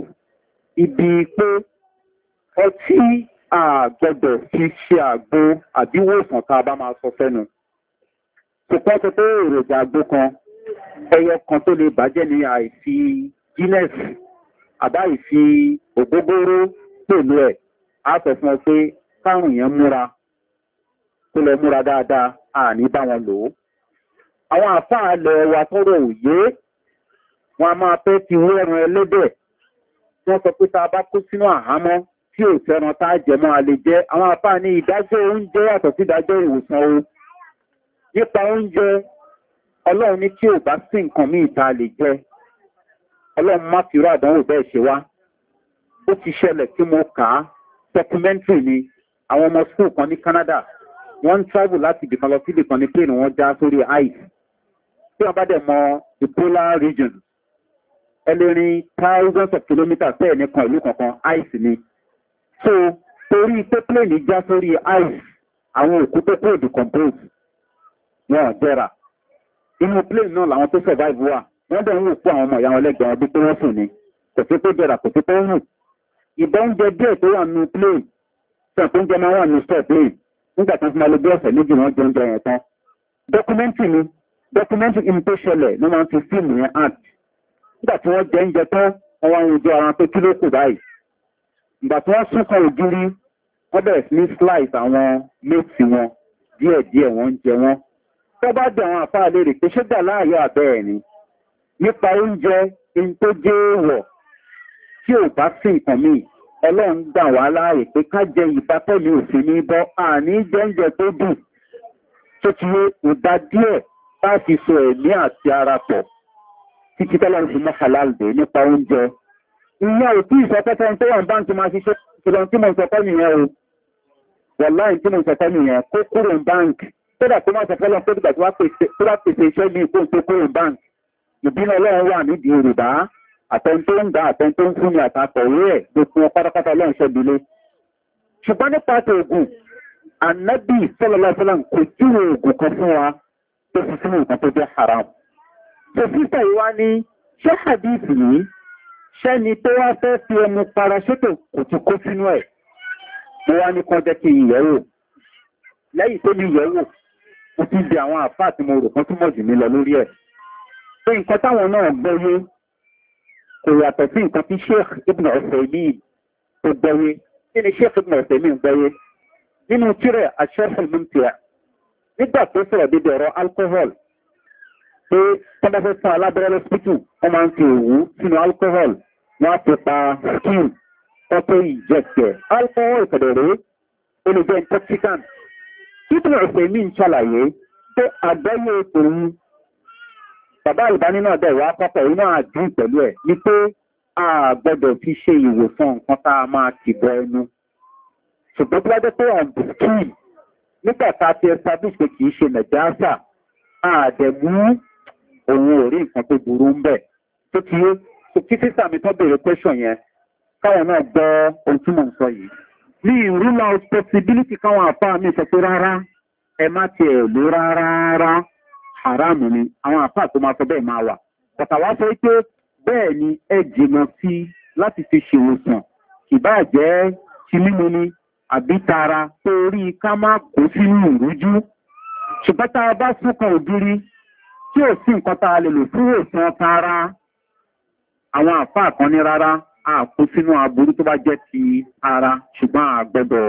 ibi pé ọtí àgbọ̀dọ̀ fi ṣe àgbo àbíwòsàn tá a bá máa sọ fẹ́nu kò pọ́ sọ pé èròjà àgbo kan ẹyọ kan tó lè bàjẹ́ ní àìfi guinness àbá ìfi ògógóró pẹ̀lú ẹ̀ á sọ fún ọ pé káàrùn yẹn múra tó lọ múra dáadáa àní bá wọn lò ó àwọn àfáà lẹ wa tọrọ òye wọn a máa fẹ́ ti wú ẹran ẹlẹ́dẹ̀ wọ́n sọ pé tá a bá kó sínú àhámọ́ tí ò tẹran tá a a lè jẹ́ àwọn àfáà ní ìdájọ́ oúnjẹ yàtọ̀ sí ìdájọ́ ìwòsàn o nípa oúnjẹ ọlọ́run ní tí ò bá sí nǹkan míì tá lè jẹ ọlọ́run má fi rú àdánwò bẹ́ẹ̀ ṣe wá ó ti ṣẹlẹ̀ tí mo kà á documentary ni àwọn ọmọ school kan ní canada wọ́n ń travel láti ibìkan lọ sí ibìkan ní plane wọ́n já sórí ice tí wọ́n bá dẹ̀ mọ the polar region ẹlẹ́rìn thousands of kilometres bẹ́ẹ̀ nìkan ìlú kankan ice ni so torí pé plane já sórí ice àwọn òkú tó kó decompose wọn jẹrà inú plane náà làwọn tó survive wà wọ́n dẹ̀ ń wò pọ̀ àwọn ọmọ ìyá wọn lẹ́gbẹ̀ẹ́ wọn bí pé wọ́n sùn ni kò sí pé jẹrà kò sí pé rùn ìbọn oúnjẹ díẹ̀ tó wà nù plane sọ̀rọ̀ tó ń jẹ máa wà nù sọ̀rọ̀ plane nígbà tí wọ́n fi máa lo bí ọ̀sẹ̀ méjì wọ́n jẹ oúnjẹ yẹn tán dọ́kúmẹ́ntì ni dọ́kúmẹ́ntì in ló máa ń fi fíìmù yẹn act nígbà tí wọ́n jẹ oúnjẹ tán wọ́n wá oúnjẹ ara pé kí ló kù báyìí ìgbà tí wọ́n sún kan ògiri wọ́n bẹ̀rẹ̀ sí ní slice àwọn méètì wọn díẹ̀díẹ̀ wọ́n jẹ wọ́n tó bá dẹ̀ àwọn àfáà lè pé ṣé dà láàyò àbẹ́ ni nípa oúnjẹ in tó jẹ́ èèwọ̀ tí ò bá sí nǹkan míì ọlọ́run gbà wá láàyè pé ká jẹ ìbátẹ́mi òfin ní bọ́ àní jẹ́ǹjẹ tó dùn tó ti yé ìdá díẹ̀ bá fi so ẹ̀mí àti ara pọ̀ títí tọ́lá fi mọ́ halal dé nípa oúnjẹ ìyá ò tí ìsọpẹ́tẹ́ tó wà ń báńkì máa ṣiṣẹ́ ìlọ tí mo sọpẹ́ nìyẹn o wọ̀láì tí mo sọpẹ́ nìyẹn kó kúrò ń báńkì tó dà tó má sọpẹ́ lọ pé tó bá pèsè iṣẹ́ ní ìkóhùn tó kúrò ń báńkì ìbínú ọlọ́run wà nídìí yorùbá àtẹn tó ń gbà àtẹn tó ń fún ni àtàkọ̀wé ẹ̀ gbogbo pátápátá ọlọ́run ṣẹ́bilé ṣùgbọ́n nípa ti oògùn ànábì sọlọlọsọlọ kò júwe oògùn kan fún wa tó fi sínú nǹkan tó jẹ́ haram tó sísè yìí wá ní ṣé hadith yìí ṣẹ́ni tó wá fẹ́ fi ẹnu para ṣètò kò ti kó sínú ẹ̀ mo wá ní kan jẹ́ kí ìyẹ̀wò lẹ́yìn tó ní ìyẹ̀wò mo ti di àwọn àfáà tí mo rò kan túmọ̀ jù mí lọ lórí ẹ̀ so nǹkan táwọn náà gbọ́yé kò yàtọ̀ sí nǹkan tí sheikh ibn ọ̀sẹ̀mìn tó gbọ́yé kí ni sheikh ibn ọ̀sẹ̀mìn gbọ́yé nínú tirẹ̀ àṣẹ́fẹ̀ mìtìrà nígbà tó sọ̀rọ̀ dídẹ̀ ọ̀rọ̀ alcohol pé tọ́lá fẹ́ fún alábẹ́rẹ́ lọ́sítù wọ́n máa ń fi òwú sínú alcohol wọ́n á fi pa skin wọ́n tó ìjẹ̀kẹ̀ alcohol kẹ̀dẹ̀rẹ́ olùjẹ́ intoxicant ibn ọ̀sẹ̀mìn ṣàlàyé pé àgbáyé òun bàbá àlùbáni náà dẹ̀ wá pápọ̀ inú àdún pẹ̀lú ẹ̀ ni pé a gbọ́dọ̀ fi ṣe ìwòsàn nǹkan tá a máa kìbọ ẹnu ṣùgbọ́n tó bá jẹ́ pé àǹbùkì nígbà tá a ti establish pé kì í ṣe nàìjíríà àdẹ̀mú òun ò rí nǹkan tó burú ń bẹ̀ tó ti yé kí sísà mi tán béèrè question yẹn káwọn náà gbọ́ ohun tí mò ń sọ yìí ní ìrúlọ possibility káwọn àpá mi sọ pé rárá ẹ má tiẹ̀ lò rárá. haram ni àwọn àpá tó máa sọ bẹ́ẹ̀ máa wà bàtà wá sọ pé bẹ́ẹ̀ ni ẹ jìnà sí láti fi ṣèwòsàn ìbá jẹ́ ti mímu ni àbí tara torí ká má kó sínú ìrújú ṣùgbọ́n tá a bá súnkan ògiri tí ò sí nǹkan tá a lè lò fún òsàn tara àwọn àpá kan ní rárá àpò sínú aburú tó bá jẹ́ ti ara ṣùgbọ́n àgbẹ̀dọ̀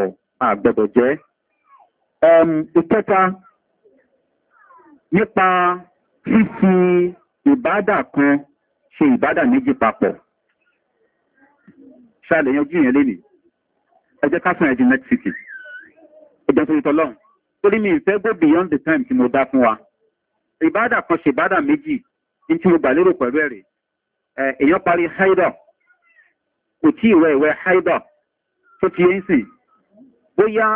àgbẹ̀dọ̀ jẹ́ ìkẹta nípa fífi ìbádà kan ṣe ìbádà méjì papọ̀ ṣáàlẹ̀ yanjú yẹn lé ní ẹjẹ́ káfíń ẹ̀jì next city ẹjọ́ tó tọ́ lọ́hùn torí mi ìfẹ́ go beyond the time tí mo dá fún wa ìbádà kan ṣe ìbádà méjì ní tí mo gbà lérò pẹ̀lú ẹ̀rẹ̀ èèyàn parí haida kò tí ìwẹ̀ ìwẹ̀ haida tó ti yẹn sìn bóyá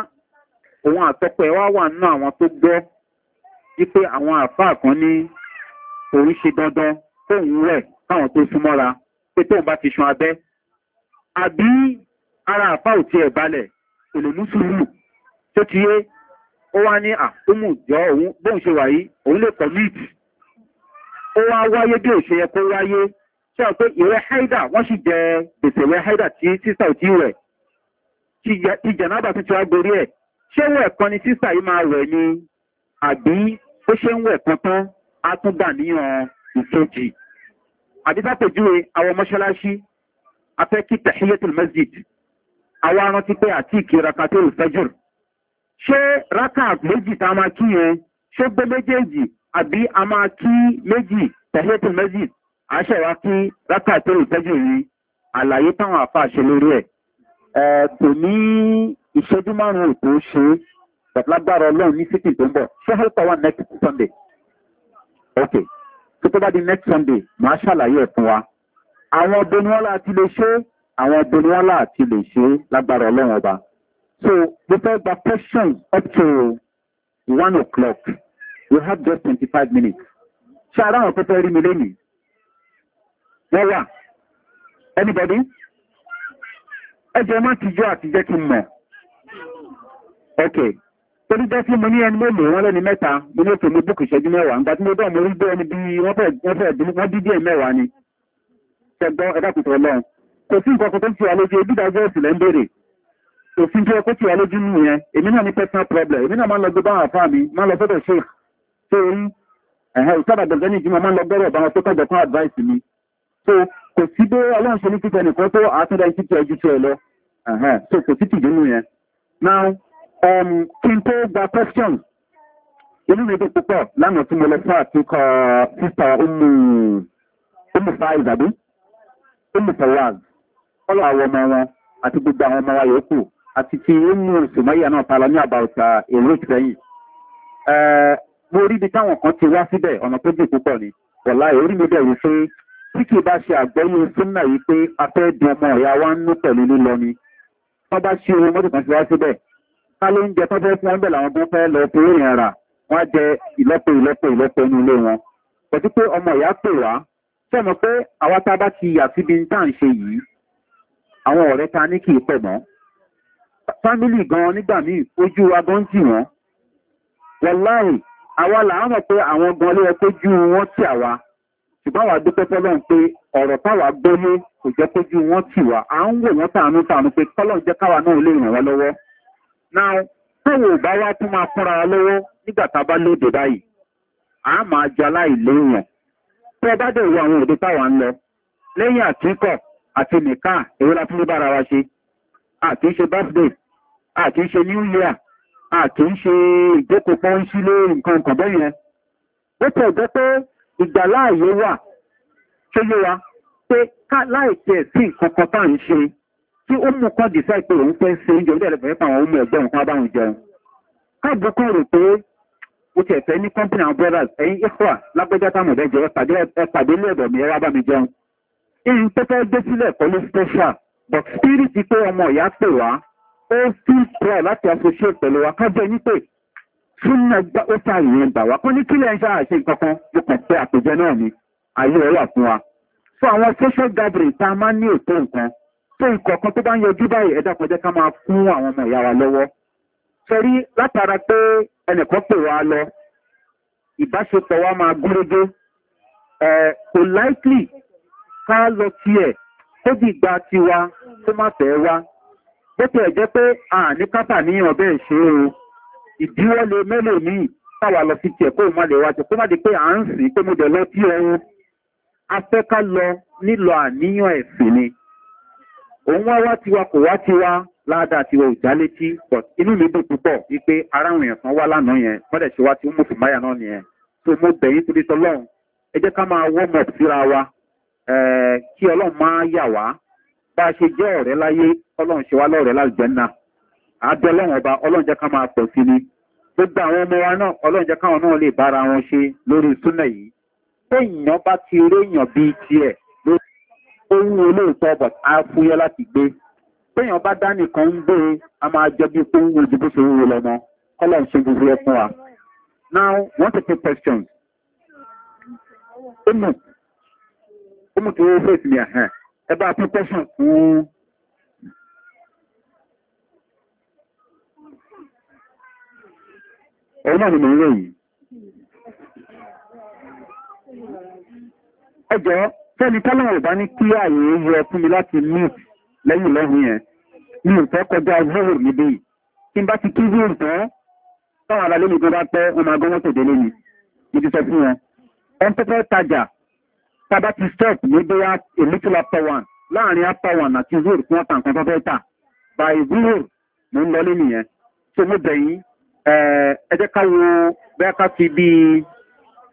òun àtọ́pọ̀ wá wà nínú àwọn tó gbọ́ wípé àwọn àfáà kan ní òun ṣe dandan tóun rẹ̀ káwọn tó súnmọ́ra pé tóun bá ti sun abẹ́ àbí ara àfáà ò tiẹ̀ balẹ̀ kò lè mú sùúrù tó ti yé ó wá ní àkómù jọ òun bóun ṣe wà yìí òun lè commit ó wá wáyé bí òṣè yẹ kó wáyé ṣe pé ìwé haida wọ́n sì jẹ gbèsè ìwé haida tí sísà ò tí rẹ̀ tí jẹ̀nàbà tó ti wá gorí ẹ̀ ṣé wọ́n ẹ̀kan ni sísà yìí máa rẹ̀ ni àbí ó ṣe ń wẹ̀ kan tán á tún dà níyàn ìkejì àbí sápèjúwe àwọn mọ́ṣáláṣí afẹ́ kí tẹ̀híyẹ́tìl masjid àwọn arántí pé àti ìkírakatẹ́rù fẹ́jùr ṣé rákà méjì tá a máa kí yẹn ṣé gbé méjèèjì àbí a máa kí méjì tẹ̀híyẹ́tìl masjid ìṣẹ́jú márùn-ún tó ṣe bàtìlágbára ọlọ́run ní síkìn tó ń bọ̀ ṣé helper wà next sunday ok tó tó bá di next sunday màá ṣàlàyé ẹ̀ fún wa àwọn ọbẹ̀ ni wọ́n láti lè ṣe àwọn ọbẹ̀ ni wọ́n láti lè ṣe lágbára ọlọ́run ọba so we fẹ́ gba questions up to one o'clock we have just twenty five minutes ṣé ara àwọn pẹpẹ rí mi lónìí wọ́n wà anybody ẹ jẹ́ má tijọ́ àtijẹ́ kí n mọ̀ okay torí jẹ́ sí mo ní ẹni mélòó wọn lẹ́ni mẹ́ta mo ní òkè mo búkù ìṣẹ́jú mẹ́wàá nígbà tí mo bẹ́ẹ̀ mo rí bẹ́ẹ̀ ni bí wọ́n fẹ́ẹ̀ bí díẹ̀ mẹ́wàá ni ṣẹgbọ́n ẹ̀dàkùtọ̀ ọlọ́run kò sí nǹkan tó ń fi wà lójú ebi dájọ́ ìsìlẹ̀ ń béèrè kò sí nǹkan tó ti wà lójú nù yẹn èmi náà ní personal problem èmi náà máa ń lọ gbé báwọn àfáà mi máa ń lọ sọ́dọ̀ ṣe tó rí ẹ̀hẹ́ ìsáàdà gbẹ̀gbẹ́ ní ìjìmọ̀ máa ń lọ gbọ́rọ̀ báwọn tó kọjọ fún advice mi so kò sí bí ọlọ́run ṣe ní títẹ nìkan tó àtúndà ìtìtì ẹjú tiẹ̀ lọ so kò sí tìjú nù yẹn now Um, kí n tó gba question inú mi dùn púpọ̀ lánàá tí mo lọ fún àtúnkọ sísọ ọmọ ọmọfà ìzàbí ọmọfà waz ọlọ àwọn ọmọ wọn àti gbogbo àwọn ọmọ wa yòókù àti ti ọmọ ìsùnmọ́yà náà ta lọ ní àbáwọ̀ta uh, èrò ìtìlẹ́yìn eh, mo rí ibi táwọn kan ti wá síbẹ̀ ọ̀nà tó dùn púpọ̀ ni wọ̀lá orí mi bẹ̀rù pé tí kì í bá ṣe àgbẹ̀yẹ súnà yìí pé a fẹ́ dun ọmọ ìyá wa ń nú pẹ̀lú lílọ ni wọ́n bá ṣe ohun mọ́tò kan ti wá síbẹ̀ ká ló ń jẹ tó fẹ́ fún wọn bẹ̀rẹ̀ àwọn tó fẹ́ lọ pé èèyàn rà wọ́n á jẹ ìlọ́pọ̀ ìlọ́pọ̀ ìlọ́pọ̀ inú ilé wọn pẹ̀lú pé ọmọ ìyá pè wá sẹ́mọ̀ pé àwa tá a bá ti yà síbi tá à ń ṣe yìí àwọn ọ̀rẹ́ ta ní kì í pẹ̀ mọ́ fámílì gan nígbà míì ojú wa gan jì wọ́n wọláì àwa là ń mọ̀ pé àwọn gan ló yẹ pé wọn tì àwa ṣùgbọ́n àwa dúpẹ́ fọlọ́n pé ọ̀rọ̀ táwa gbọ́ kò jẹ́ pé wọn tì wá à ń wò wọ́n tàánú tàánú pé kọ́lọ́n jẹ́ káwa náà lè ràn wá lọ́wọ́ now táwọn ò bá ma tún máa kúnra wa lọ́wọ́ nígbà tá a bá lóde báyìí a máa jọ aláìléèyàn tẹ́ ẹ bá dẹ̀ wo àwọn òde táwa ń lọ lẹ́yìn àtúnkọ̀ àti nìkan èwe la tún lè bára wa ṣe àti ń ṣe birthday àti ń ṣe new year àti ń ṣe ìjókòó pọ́n ń sílé nǹkan kan bẹ́ẹ̀ yẹn ó tẹ̀ pé ìgbàláàyè wà ṣé yé wa pé láì tiẹ̀ sí nǹkan kan tá à ń ṣe tí ó mú kọ́ dìísá ìpè òun fẹ́ ṣe oúnjẹ orílẹ̀ èdè fún àwọn ọmọ ẹgbẹ́ òun kan báwọn jẹun káàbù kan rò pé mo ti ẹ̀fẹ́ ní company and brothers ẹ̀yin ifra lágbẹ́já táwọn ọ̀dẹ́jọ ẹ̀pàdé ilé ẹ̀dọ̀ mi ẹ̀rá bá mi jẹun ìyìn tó fẹ́ dé sílẹ̀ pẹ̀lú special but spirit pé ọmọ ìyá pè wá ó feel proud láti associate pẹ̀lú wa kájọ yín pé súnmọ́ ó sá ìyẹn gbà wá kán ní kílẹ̀ ń ṣáà ṣe nǹkan kan mo kàn pé àpèjẹ náà ni ayé ẹ̀ wà fún wa. fún àwọn social gathering tá a máa ń ní òtó nǹkan tó nǹkan tó bá ń yọjú báyìí ẹ̀dá kan jẹ́ ká máa fún àwọn ọmọ ìyá wa lọ́wọ́ sẹ́rí látara pé ẹnìkan pè wá lọ ìbáṣepọ̀ wa máa gúnrégé kò láìpì ká lọ tiẹ̀ tó di ìgbà tiwa tó má fẹ́ wá bó tiẹ̀ jẹ́ pé àní kápá ní ọ̀bẹ ìṣe o ìdíwọ́ lè mẹ́lò míì táwa lọ sí tiẹ̀ kó má lè wá jẹ kó má di pé à ń sìn pé mo dẹ̀ lọ bí ọ̀hún afẹ́ ká lọ nílò àníyàn ẹ̀sìn ni òun wá wá tiwa kò wá tiwa ládàá tiwa ò já létí but inú mi dùn púpọ̀ wípé aráhùn èèyàn kan wá lánàá yẹn wọ́n dẹ̀ ṣe wá tí ó mú fìmáyà náà nìyẹn tó mo bẹ̀yìn torí tọlọ́run ẹ jẹ́ ká máa warm up síra wa kí ọlọ́run máa yà wá bá a ṣe jẹ́ ọ̀rẹ́ láyé ọlọ́run ṣe wá lọ́rẹ̀ẹ́ láàjẹ́ náà àbẹ ọlọ́run ọba ọlọ́run jẹ́ ká máa pọ̀ sí ni gbogbo àwọn ọmọ wa náà ọlọ́run oyún olóòótọ́ but a fúyẹ́ láti gbé péyàn bá dání kan ń gbé a máa jẹ bí pé ń wo ju bó ṣe wúwo lọmọ kọ́lọ̀ ń ṣe gbogbo ẹ fún wa now one take questions ọmọ ọmọ tí ó fẹ́ ìsinmi ẹ̀hẹ́ ẹ bá pín question fún ẹ̀rọ náà ni mo ń rẹ̀ yìí ẹjọ́ fẹ́ni tọ́lọ́wọ̀ bá ní kí ààyè yọ fún mi láti meet lẹ́yìn lẹ́yìn yẹn mi ò fẹ́ kọjá zuhur níbí tí n bá ti kí zuhur tán táwọn alálé mi gan bá pẹ́ wọn máa gbọ́n tòde lé mi mo ti sọ fún wọn ẹn tó fẹ́ tajà tá a bá ti stop ní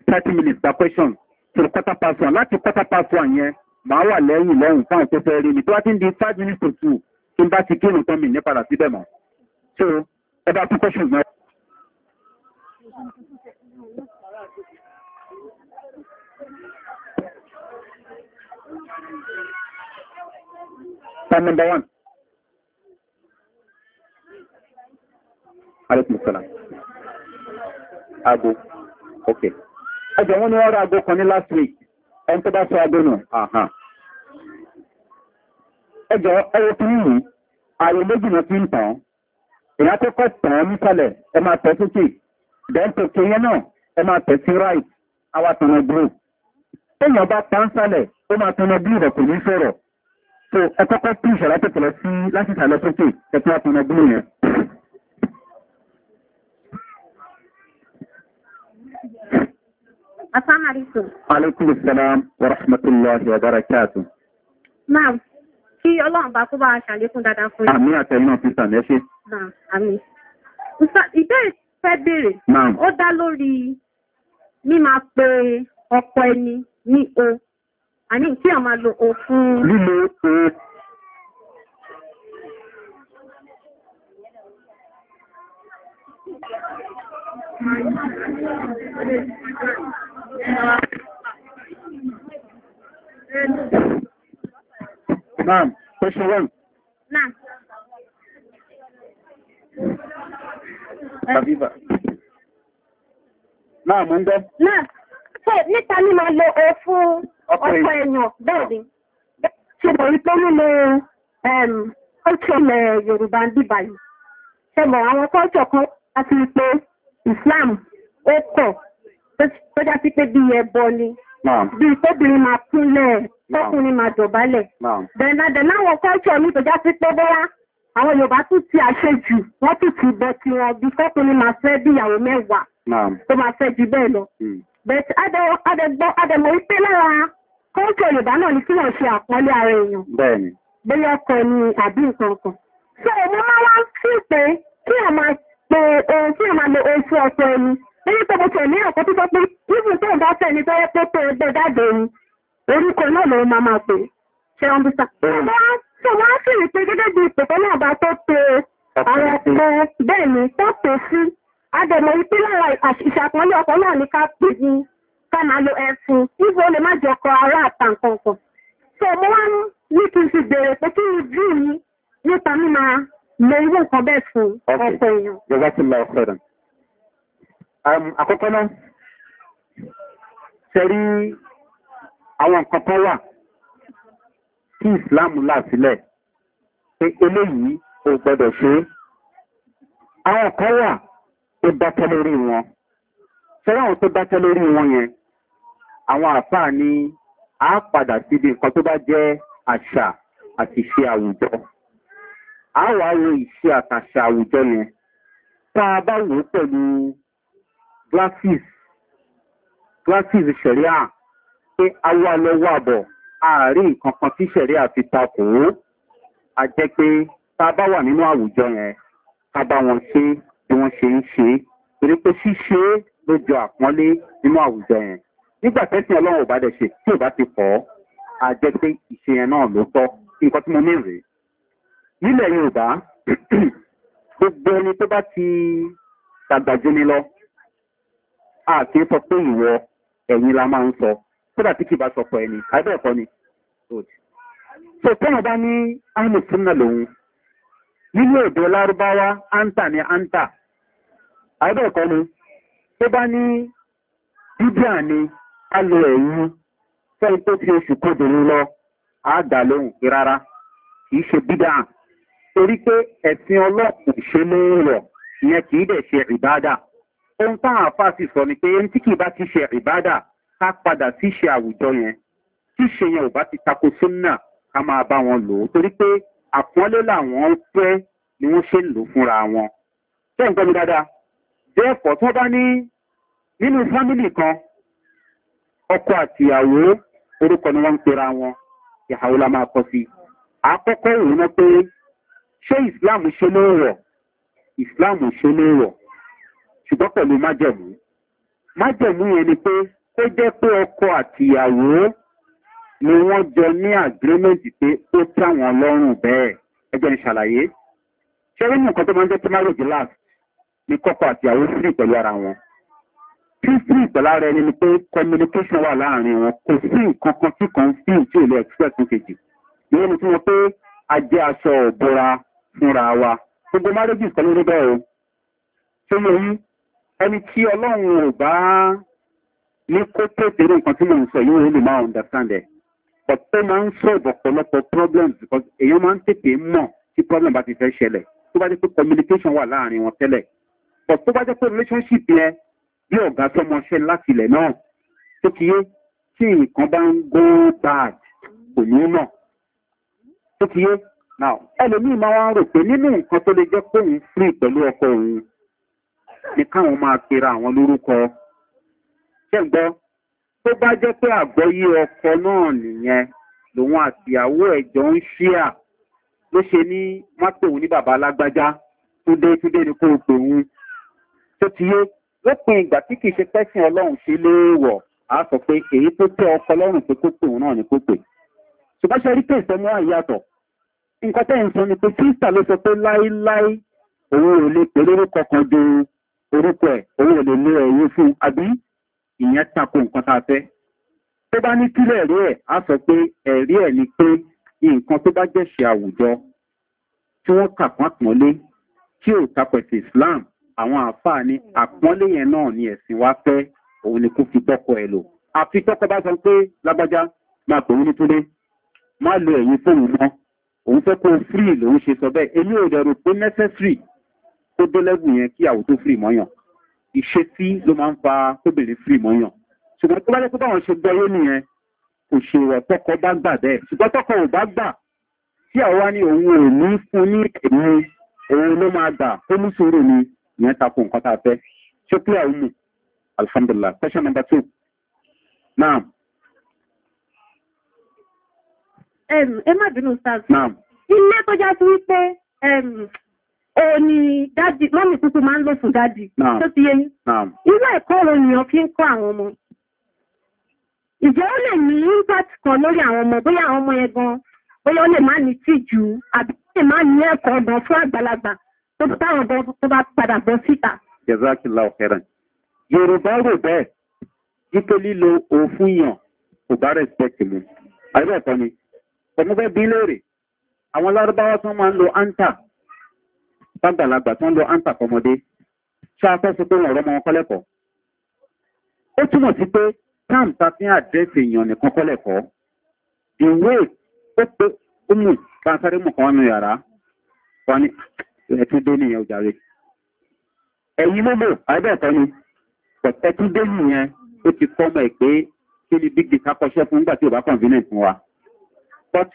thirty minutes per question to quarter past one láti quarter past one yẹn màá wà lẹ́yìn lọ́hùn fáwọn tó fẹ́ rí mi tó bá ti ń di five minutes to two tó ń bá ti kírun tán mi ní padà síbẹ̀ mọ́ so ẹ bá tún questions náà. Time number one. Alaikum salam. Ago. Okay ẹgbẹ̀ wọ́n ni wọ́n rà agbó kan ní last week ẹn tó bá sọ agbó nù àhàn ẹjọ́ ẹwọ́ tí nìyí ààrẹ méjì náà fi ń tàn ìyá tó kọ́ tàn án nísàlẹ̀ ẹ máa tẹ̀ sókè dẹ́ńtò kéyẹ náà ẹ máa tẹ̀ sí right àwa tàn án blue téèyàn bá pa ń sàlẹ̀ ó máa tàn án blue rẹ̀ kò ní sọ̀rọ̀ so ẹ kọ́kọ́ tún ìṣẹ̀lá tẹ̀tẹ̀ lọ sí láti ìsàlẹ̀ sókè ẹ tún wá tàn án blue السلام عليكم وعليكم السلام ورحمة الله وبركاته نعم kí ọlọ́run bá kó bá aṣà lékún dáadáa fún yín. àmì àtẹ̀yìn náà fi sàmì amị àmì ìbéèrè fẹ́ béèrè. ó dá lórí mímá pe ọkọ eni ní o àní nke ọ ma lo o fun. Ma'am, question one. Ma'am. Ma'am, ń Ma'am, ṣe níta ní máa lo ẹ fún ọ̀pọ̀ èèyàn bẹ́ẹ̀ ni. Ṣé mo rí pé nínú ọ̀tún Yorùbá ń bíbá yìí? Ṣé mo Islam ó tó já sí pé bí ẹbọ ni bí tóbìnrin máa kúnlẹ̀ tọkùnrin máa dọ̀bálẹ̀ bẹ̀rẹ̀dẹ̀ láwọn kọ́ńtọ̀ mi tó já sí pé bọ́lá àwọn yorùbá tún ti àṣẹ jù wọ́n tún ti bọ̀ tiwọn bí tọkùnrin máa fẹ́ bí ìyàwó mẹ́wàá tó máa fẹ́ ju bẹ́ẹ̀ lọ hmm. but adẹ̀mọ̀ wípé lára kọ́ńtọ̀ yorùbá náà ni kí wọ́n ṣe àpọ́nlé ara èèyàn bóyá ọkọ ni àbí nǹkan kan so mo máa wá sí pé kí wọ́n máa pe ohun tí wọ́n torí pé mo tẹ̀ ní ọ̀pọ̀ tó sọ pé níbi tó ń bá tẹ̀ ní tọ́wọ́ pé tó ẹgbẹ́ jáde ni orúkọ náà ló máa máa pè ṣe ọ́n bí sá. tó wá sì rí pé gẹ́gẹ́ bí ìpèkọ́ náà bá tó pe àwọn ọkọ̀ bẹ́ẹ̀ ni tó pè sí adẹ̀mọ̀ yìí pé lára ìṣàpọ̀lẹ̀ ọkọ̀ náà ní ká pè ní ká máa lo ẹfun níbo lè má jọ kọ ará àtà nǹkan kan. tó mo wá ní àkọ́kọ́ náà ṣe àwọn nǹkan kan wà tí islam là sílẹ̀ pé eléyìí o gbọ́dọ̀ ṣe àwọn kan wà tó dákẹ́ lórí wọn ṣẹ́rẹ́ àwọn tó dákẹ́ lórí wọn yẹn àwọn àfáà ni a padà síbi nǹkan tó bá jẹ́ àṣà àti ṣe àwùjọ a wàá wo ìṣe àtàṣà àwùjọ yẹn tá a bá wò ó pẹ̀lú glasses glasses sẹ̀ríà pé awa lọ́wọ́ àbọ̀ ààrí nǹkan kan tí sẹ̀ríà fi takò ó a jẹ́ pé tá a bá wà nínú àwùjọ yẹn ká bá wọn ṣe bí wọ́n ṣe ń ṣe torí pé ṣíṣe ló jọ àpọ́nlé nínú àwùjọ yẹn nígbà tẹ́sìn ọlọ́run ò bá dẹ̀ ṣe tí ò bá ti pọ̀ a jẹ́ pé ìṣe yẹn náà ló tọ́ nǹkan tí mo ní rèé nílẹ̀ yorùbá gbogbo ẹni tó bá ti dàgbàjú ni lọ àti sọ pé ìwọ la máa ń sọ kódà tí kì bá sọ pọ̀ ẹni ẹ̀kọ́ ni. bá ní ahmed sunna lòun nínú èdè lárúbáwá anta ni anta abẹ́ ẹ̀kọ́ ni tó bá ní bíbíà ni a lo fẹ́ẹ́ tó lọ rárá kìí ṣe torí pé ẹ̀sìn ṣe ìyẹn dẹ̀ ṣe ìbádà. ohun táwọn àfáà sì sọ ni pé ẹni tí kì í bá ti ṣe ìbádà ká padà sí ṣe àwùjọ yẹn tí ṣe yẹn ò bá ti tako súnà ká máa bá wọn lò ó torí pé àpọ́nlé làwọn fẹ́ ni wọ́n ṣe ń lò fúnra wọn. bẹ́ẹ̀ ń gbọ́ mi dáadáa dẹ́ẹ̀fọ̀ tó bá ní nínú fámìlì kan ọkọ àtìyàwó orúkọ ni wọ́n ń pera wọn ìyàwó la máa kọ sí. àkọ́kọ́ òun náà pé ṣé ìsìláàmù ṣe lóòrọ̀ ìsìláàmù ṣe lóòrọ̀ ṣùgbọ́n pẹ̀lú májẹ̀mú májẹ̀mú yẹn ni pé ó jẹ́ pé ọkọ àtìyàwó ni wọ́n jọ ní àgírímẹ̀ntì pé ó tẹ́ àwọn lọ́rùn bẹ́ẹ̀ ẹgbẹ́ ní ṣàlàyé ṣé rí nǹkan tó máa ń jẹ́ tí marriage last ni kọ́kọ́ àtìyàwó free pẹ̀lú ara wọn fífún ìpẹ̀lá rẹ ni pé communication wà láàrin wọn kò sí nǹkan kan tí kan fi ìtí ìlú express fún kejì ìwé ni tí wọn pé a jẹ aṣọ òbora fúnra wa gbogbo marriages kan ló rí bẹ́ẹ̀ o ṣé mo yí ẹni tí ọlọ́run ò bá ní kó tètè ní nǹkan tí mò ń sọ yìí ó lè máa understand ẹ̀ ọ̀pẹ́ máa ń solve ọ̀pọ̀lọpọ̀ problems because èèyàn máa ń tètè mọ̀ tí problem bá ti fẹ́ ṣẹlẹ̀ tó bá jẹ́ pé communication wà láàrin wọn tẹ́lẹ̀ but tó bá jẹ́ pé relationship yẹn bí ọ̀gá sọmọṣẹ́ láti ilẹ̀ náà tó kí yé tí nǹkan bá ń go bad kò ní mọ̀ tó kí yé now ẹlòmíì máa wá ń rò pé nínú nǹkan tó lè jẹ́ pé òun free pẹ̀lú ọkọ òun ni káwọn máa pera àwọn lórúkọ ṣẹ́gbọ́ tó bá jẹ́ pé àgbọ́yé ọkọ náà nìyẹn lòun àtìyàwó ẹ̀jọ̀ ń ṣíà ló ṣe ní wọ́n ní bàbá alágbájá túndé túndé ni kò pè òun tó ti yé tí kìí ṣe pẹ́sìn ọlọ́run ṣe léèwọ̀ á sọ pé èyí tó tẹ ọkọ lọ́rùn pé kó pè náà ni kó pè ṣùgbọ́n ṣe rí orúkọ ẹ̀ owó ẹ̀ lè lé ẹ̀wọ́ fún àbí ìyẹn tako nǹkan tá a fẹ́. tó bá ní kílẹ̀ ẹ̀rí ẹ̀ á sọ pé ẹ̀rí ẹ̀ ni pé nǹkan tó bá jẹ̀ṣẹ̀ àwùjọ tí wọ́n kà pọ́n àpọ́nlé tí ò tapẹ̀sẹ̀ islam àwọn àáfàá ni àpọ́nlé yẹn náà ni ẹ̀sìn wá fẹ́ òun ni kó fi tọ́kọ ẹ̀ lò. àfi tọ́kọ bá sọ pé lágbájá máa pè wọ́n ní túnlé má lo ẹ̀yìn fóònù mọ́ òun fẹ́ kó fírì lòun ṣe sọ bẹ́ẹ̀ èmi ò dẹ̀rù pé necessary tó dé lẹ́gùn yẹn kí àwò tó fìrì mọ́yàn ìṣe tí ló máa ń fa tóbìnrin fìrì mọ́yàn ṣùgbọ́n tó bá jẹ́ pé báwọn ṣe gbọ́ yóò nìyẹn kò ṣe rọ̀ tọkọ bá gbà bẹ́ẹ̀ ṣùgbọ́n tọkọ ò bá gbà tí àwa ni òun ò ní fún ní èmi òun ló máa gbà tó mú sòrò ni ìyẹn tako nǹkan tá a fẹ́ ṣé pé alhamdulilah question number two naam. ẹ má bínú sáà ilé tó já sí wípé ó ní dádì mọ́mì tuntun máa ń lò fún dádì tó ti yé yín irú ẹ̀kọ́ ènìyàn fi ń kọ́ àwọn ọmọ ìjẹ́ ó lè ní impact kan lórí àwọn ọmọ bóyá àwọn ọmọ yẹn gan bóyá ó lè má ní tìjú àbí ó lè má ní ẹ̀kọ́ ọ̀dàn fún àgbàlagbà tó bá táwọn ọ̀dọ́ tó bá padà bọ́ síta. jẹ́sàkìlá ọ̀kẹ́rẹ̀ yorùbá rò bẹ́ẹ̀ wípé lílo òfin yàn kò bá respect mu àyẹ̀bẹ̀ ẹ̀kọ́ ni ọmọ fẹ́ bí léèrè àwọn lárúbáwá tó máa ń lo anta bàgbàlagbà tó ń lọ áńtà fọmọdé ṣáfẹ́ sí pé wọ́n rọ́mọ wọn kọ́lẹ́kọ̀ọ́. ó túmọ̀ sí pé táàmù ta fi ń àdírẹ́sì èèyàn nìkan kọ́lẹ́kọ̀ọ́ ìwé ó pé ó mú kánsáré mú kan nínú yàrá wọn ni ẹtún dé nìyẹn ojàre. ẹ̀yin ló lò àìbẹ̀ẹ̀kọ́ ni ẹtún dé nìyẹn ó ti kọ́ ọmọ ẹ̀ pé kí ni bíi gíga kọ́ṣẹ́ fún nígbà tí ò bá convenient fún wa. but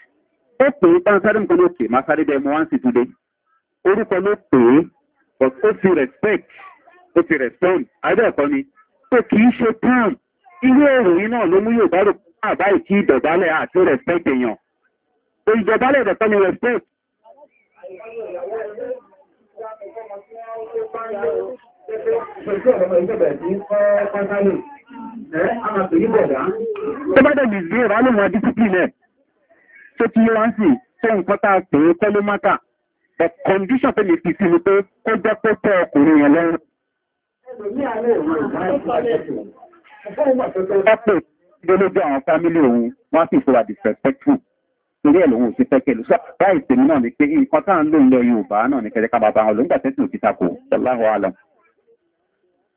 ó pè é kánsáré mú kan ní òkè má sáré bẹ́ẹ̀ mọ́ wá ń sì orúkọ ló pè é but ó fi respect ó fi respond adẹ́ẹ̀kọ́ ni pé kì í ṣe town ilé ìròyìn náà ló mú yorùbá rò pé àbá ìkí ìdọ̀bálẹ̀ àti respect èèyàn pé ìdọ̀bálẹ̀ ìdọ̀kọ́ ni respect. tó bá dẹ̀ gbèsè ìrànlọ́wọ́ discipline ẹ̀ tó ti yẹ wá sí tó nǹkan tá a pè é kọ́ ló mátà but condition tó lè fi sí ni pé kó jẹ́ pé tẹ́ ọkùnrin yẹn lọ́rùn. ọ̀pọ̀ lójú àwọn fámílì òun wọ́n sì fura disrespectful torí ẹ̀ lòun ò sí fẹ́kẹ̀ lù sọ báyìí tèmi náà ni pé nǹkan tá à ń lò ń lọ yorùbá náà ni kẹ̀kẹ́ ká bàbá wọn lòun gbàtẹ́sì ò ti takò ṣọláhùn àlọ́.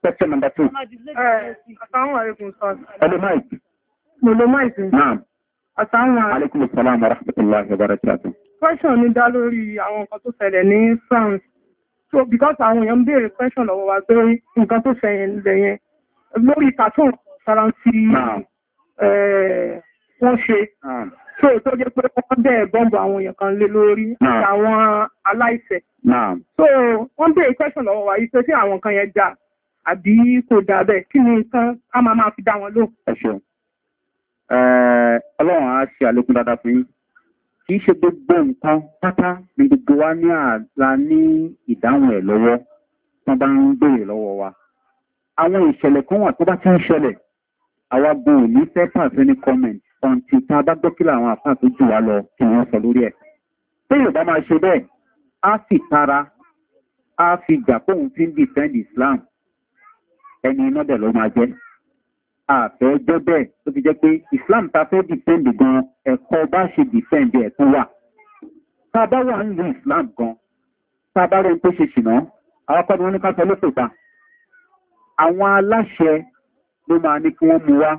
question number two. hello mike. hello mike. naam. asalaamualeykum salaam wa rahmatulahi wa barakatuh question mi dá lórí àwọn nǹkan tó ṣẹlẹ̀ ní France so because àwọn èèyàn ń béèrè question lọ́wọ́ wa pé nǹkan tó ṣẹlẹ̀ yẹn lórí cartoon Saransi wọ́n ṣe so tó jẹ́ pé wọ́n bẹ̀ bọ́ǹbù àwọn èèyàn kan lé lórí àtàwọn aláìṣẹ̀ so wọ́n béèrè question lọ́wọ́ wa yìí pé sí àwọn nǹkan yẹn dà àbí kò dà bẹ́ẹ̀ kí ni nǹkan á máa máa fi dá wọn lóhùn. ẹ ṣeun ọlọ́run á ṣe àlékún dáadáa fún yín kì í ṣe gbogbo nǹkan pátá ní gbogbo wa ní àlá ní ìdáhùn ẹ̀ lọ́wọ́ tó bá ń béèrè lọ́wọ́ wa àwọn ìṣẹ̀lẹ̀ kan wà tó bá ti ń ṣẹlẹ̀ àwa gan ò ní fẹ́ pàṣẹ ní comment ọ̀ǹtì tá a bá gbọ́ kí làwọn àfáà tó jù wá lọ kí wọ́n sọ lórí ẹ̀ téèyàn bá máa ṣe bẹ́ẹ̀ á sì tara á fi gbà póun fi ń dìfẹ́ǹd islam ẹni iná dẹ̀ ló máa jẹ́ àfẹ́ jẹ́ bẹ́ẹ̀ tó fi jẹ́ pé islam ta fẹ́ dìpẹ́ǹdì gan ẹ̀kọ́ bá ṣe dìpẹ́ǹdì ẹ̀ tó wà tá a bá wà ń lu islam gan tá a bá rẹ̀ ń tó ṣe ṣìnà àwọn akọ́ni wọn ní ká sọ lóko ta àwọn aláṣẹ ló máa ní kí wọ́n mu wá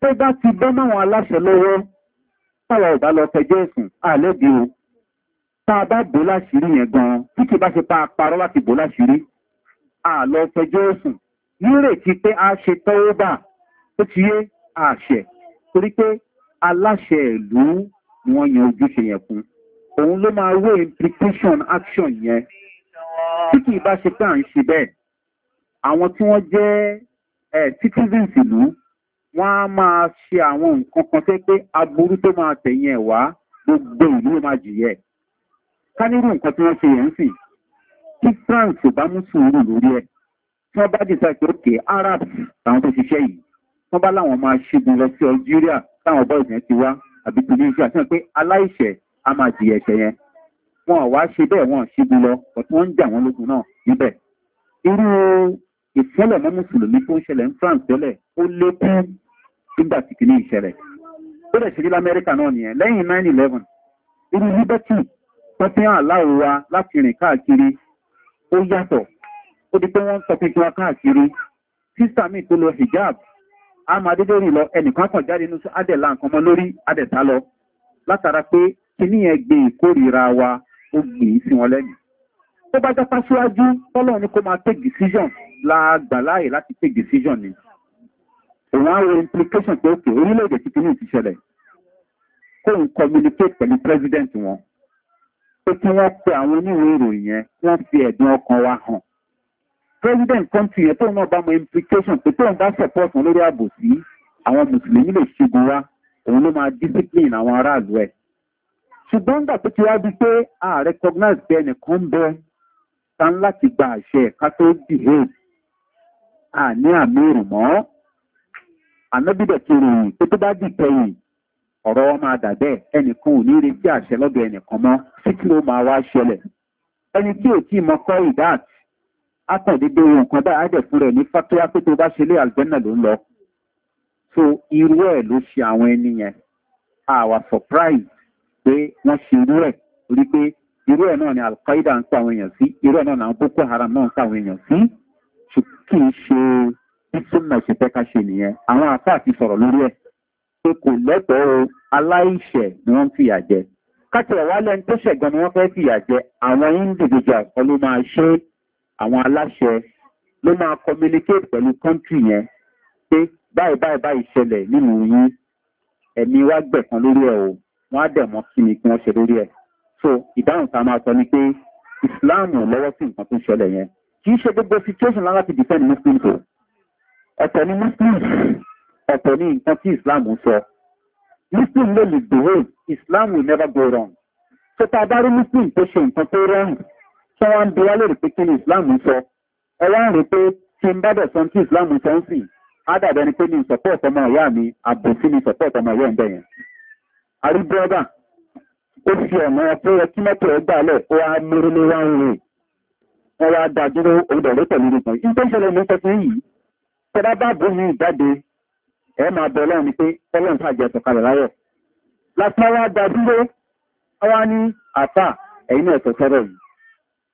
tó bá ti bọ́ máwọn aláṣẹ lọ́wọ́ táwa ò bá lọ fẹjọ́ ẹ̀sùn àlẹ́bí o tá a bá bò láṣìírí yẹn gan tí kì bá ṣe pa àparọ́ láti bò láṣìírí àlọ́ fẹjọ́ ẹ̀sùn nírètí pé a ṣe tọ́wọ́ bá ó ti yé àṣẹ torí pé aláṣẹ ìlú ni wọ́n yan ojúṣe yẹn fún òun ló máa wé implication action yẹn tí kìí bá ṣe pé à ń ṣe bẹ́ẹ̀ àwọn tí wọ́n jẹ́ citizens ìlú wọ́n á máa ṣe àwọn nǹkan kan tẹ́ pé aburú tó máa tẹ̀yìn ẹ̀ wá gbogbo ìlú ló máa jìyẹ ká nírú nǹkan tí wọ́n ṣe yẹn ń sìn france ò bá mú sùúrù lórí ẹ̀ tí wọ́n bá dìsa pé òkè arabs làwọn tó ṣiṣẹ́ yìí tán bá láwọn máa ṣígun lọ sí algeria táwọn bọ́ọ̀sì yẹn ti wá àbí tunisia sí wọn pé aláìṣẹ̀ a máa jìyà ẹ̀ṣẹ̀ yẹn wọn ò wá ṣe bẹ́ẹ̀ wọn ṣígun lọ ọ̀tún wọn ń jà wọn lógun náà níbẹ̀ irú ìfẹ́lẹ̀ mọ́ mùsùlùmí tó ń ṣẹlẹ̀ ní france tẹ́lẹ̀ ó lékún nígbà tí kìíní ìṣẹ̀lẹ̀ ó dẹ̀ ṣe rí lamẹ́ríkà náà nìyẹn lẹ́yìn nine eleven irú liberty tó fi hàn láwọ wa láti rìn káàkiri ó yàtọ̀ ó di pé wọ́n ń sọ pé kí wọ́n káàkiri sísàmì tó lo hijab a máa dédé rìn lọ ẹnìkan kàn jáde inú adẹ̀lá nǹkan mọ́ lórí adẹ̀ta lọ látara pé kíní yẹn gbé ìkórìíra wa ó gbé e sí wọn lẹ́yìn tó bá jápá síwájú tọ́lọ̀ ní kó máa take decision la gbà láàyè láti take decision ni òun á wo implication pé òkè orílẹ̀-èdè tí kíní ti ṣẹlẹ̀ kó n communicate pẹ̀lú president wọn pé kí wọ́n pe àwọn oníwèé ìròyìn yẹn wọ́n fi ẹ̀dùn ọkàn wa hàn president kọ́ntì yẹn tóun náà bá mọ implication pé tóun bá support wọn lórí àbòsí àwọn mùsùlùmí lè ṣègùn wa òun ló máa discipline àwọn aráàlú ẹ̀ ṣùgbọ́n gbà tó ti wá bí pé a recognize pé ẹnìkan bẹ ta láti gba àṣẹ ká tó behave a ní àmì ìrùmọ́ ànábìdẹ̀ ti ròyìn pé tó bá dìtẹ̀yìn ọ̀rọ̀ wọn máa dà bẹ́ẹ̀ ẹnìkan ò ní retí àṣẹ lọ́dọ̀ ẹnìkan mọ́ sí kí máa wá ṣẹlẹ̀ ẹni tí ò tí mọ kọ́ ìdáàtì átàndédé ohun kan báyìí á dẹ̀ fún rẹ̀ ní fátóyá pé tó bá ṣe lé àlùjẹ́nà ló ń lọ so irú ẹ̀ ló ṣe àwọn ẹni yẹn àwa surprise pé wọ́n ṣe irú ẹ̀ rí pé irú ẹ̀ náà ni alqaida ń pa àwọn èèyàn sí irú ẹ̀ náà ni boko haram náà ń pa àwọn èèyàn sí kì í ṣe bísúnà ṣe fẹ́ ká ṣe nìyẹn àwọn àfáà ti sọ̀rọ̀ lórí ẹ̀ pé kò lẹ́tọ̀ọ́ aláìṣẹ̀ ni wọ́n fìyà jẹ káṣẹ̀ wálẹ̀ ń tó ṣẹ̀gbọ́n ni wọ́n fẹ́ fìyà jẹ àwọn individual kan ló máa ṣe é àwọn aláṣẹ ló máa communicate pẹ̀lú country yẹn pé báyìí báyìí báyìí ṣẹlẹ̀ nínú yín ẹ̀mí wá gbẹ̀kan lórí ẹ̀ o wọ́n á dẹ̀ mọ́ kí ni kí wọ́n ṣe lórí ẹ̀ so ìdáhùn tá a máa sọ ni pé islam lọ́wọ́ sí nǹkan tó ń ṣẹlẹ̀ yẹn kì í ṣe gbogbo situation lára ti defend muslims o ọ̀tọ̀ ni muslims ọ̀tọ̀ ni nǹkan tí islam ń sọ muslim lè lè dòwe islam will never go wrong so tá a bá rí muslim tó ṣe nǹkan tó rọrùn tí wọ́n ń bi wá lè rí pé kí ni islam sọ ẹ wá ń rí pé tí n bá dẹ̀ sọ tí islam sọ ń sìn á dàbẹ́ ni pé ní support ọmọ ìyá mi àbòsí ni support ọmọ ìyá ẹ̀ yẹn. àrí brọ́dà ó fi ọ̀nà tó yẹ kí mọ́tò ẹ̀ gbà lẹ̀ ó wá múrú ní wá ń rìn wọ́n wá dá dúró òdò rẹ̀ pẹ̀lú nìkan yìí tó ń ṣẹlẹ̀ ní sọ fún yìí tọ́lá bá bò ní ìjáde ẹ̀ máa bẹ̀ lọ́run pé ọlọ́run fàjẹ́ sọ̀kalẹ̀ láyọ̀ láti wá dá dúró ní àtà ẹ̀yìn náà sọ̀tẹ́rẹ̀ yìí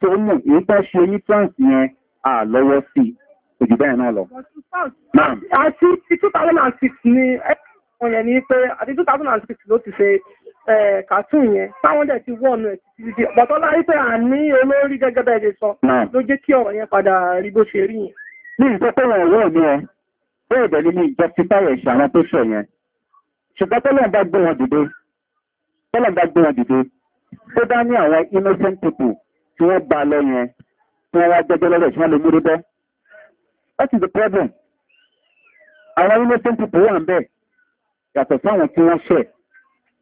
tó mú èyí tó ṣe ní france yẹn àlọ́wọ́ sí òjì bẹ́ẹ̀ náà lọ. àti ti two thousand and six ni ẹ̀kọ́ yẹn ni pé àti two thousand and six ló ti ṣe cartoon yẹn táwọn dẹ̀ ti wọ́ọ̀nù ẹ̀ títí di bọ̀tọ́ láyé pé à ní olórí gẹ́gẹ́ bẹ́ẹ̀ ṣe sọ ló jẹ́ kí ọ̀rọ̀ yẹn padà rí bó ṣe rí yẹn. ní ìfẹ́ tó wọ̀ ọ̀rọ̀ mi ẹ bẹ́ẹ̀ bẹ̀rẹ̀ ní justify ẹ̀ṣẹ̀ àwọn tó ṣọ̀ yẹn ṣùgbọ́n tọ́lọ́n bá gbé wọn dìde tọ́lọ́n bá gbé wọn dìde tó bá ní àwọn innocent people tí wọ́n bá lọ yẹn tí wọ́n wá jẹ́jẹ́ lọ́rẹ̀ tí wọ́n lè múrí bọ́. that is the problem. àwọn innocent people wà ń bẹ̀ yàtọ̀ sáwọn tí wọ́n ṣẹ̀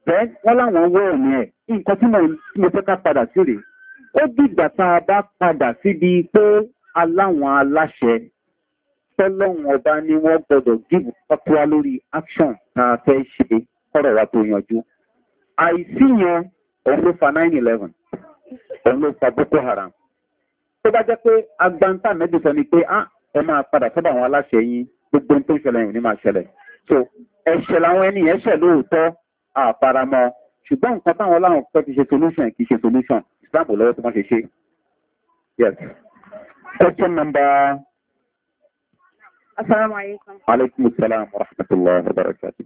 bẹ́ẹ̀ wọ́n láwọn wọ́ ẹ̀mí ẹ̀ nǹkan tí mo fẹ́ ká padà sí rèé ó dìgbà tá a bá padà síbi pé aláwọn aláṣẹ tọ́lọ́wọ̀n ọba ni wọ́n gbọ́dọ̀ gíbù pápá lórí action tá a fẹ́ ṣe kọ́rọ̀ wa tó yanjú àìsí yẹn òun ló fa nine eleven òun ló pa boko haram tó bá jẹ́ pé agbanta mẹ́bí sọ ni pé ah, ẹ máa padà sọ́dọ̀ àwọn aláṣẹ yín gbogbo tó ń ṣẹlẹ̀ yìí ni máa ṣẹlẹ̀ so ẹ̀ṣẹ̀ làwọn ẹni ẹ̀ṣẹ̀ lóòótọ́ àfaramọ́ ṣùgbọ́n nǹkan táwọn láwọn fẹ́ ti ṣe solution kì í ṣe solution islam lọ́wọ́ tí wọ́n ṣe ṣe. yes question number. asalaamualeykum. aleykum salaam wa rahmatulah wa barakatu.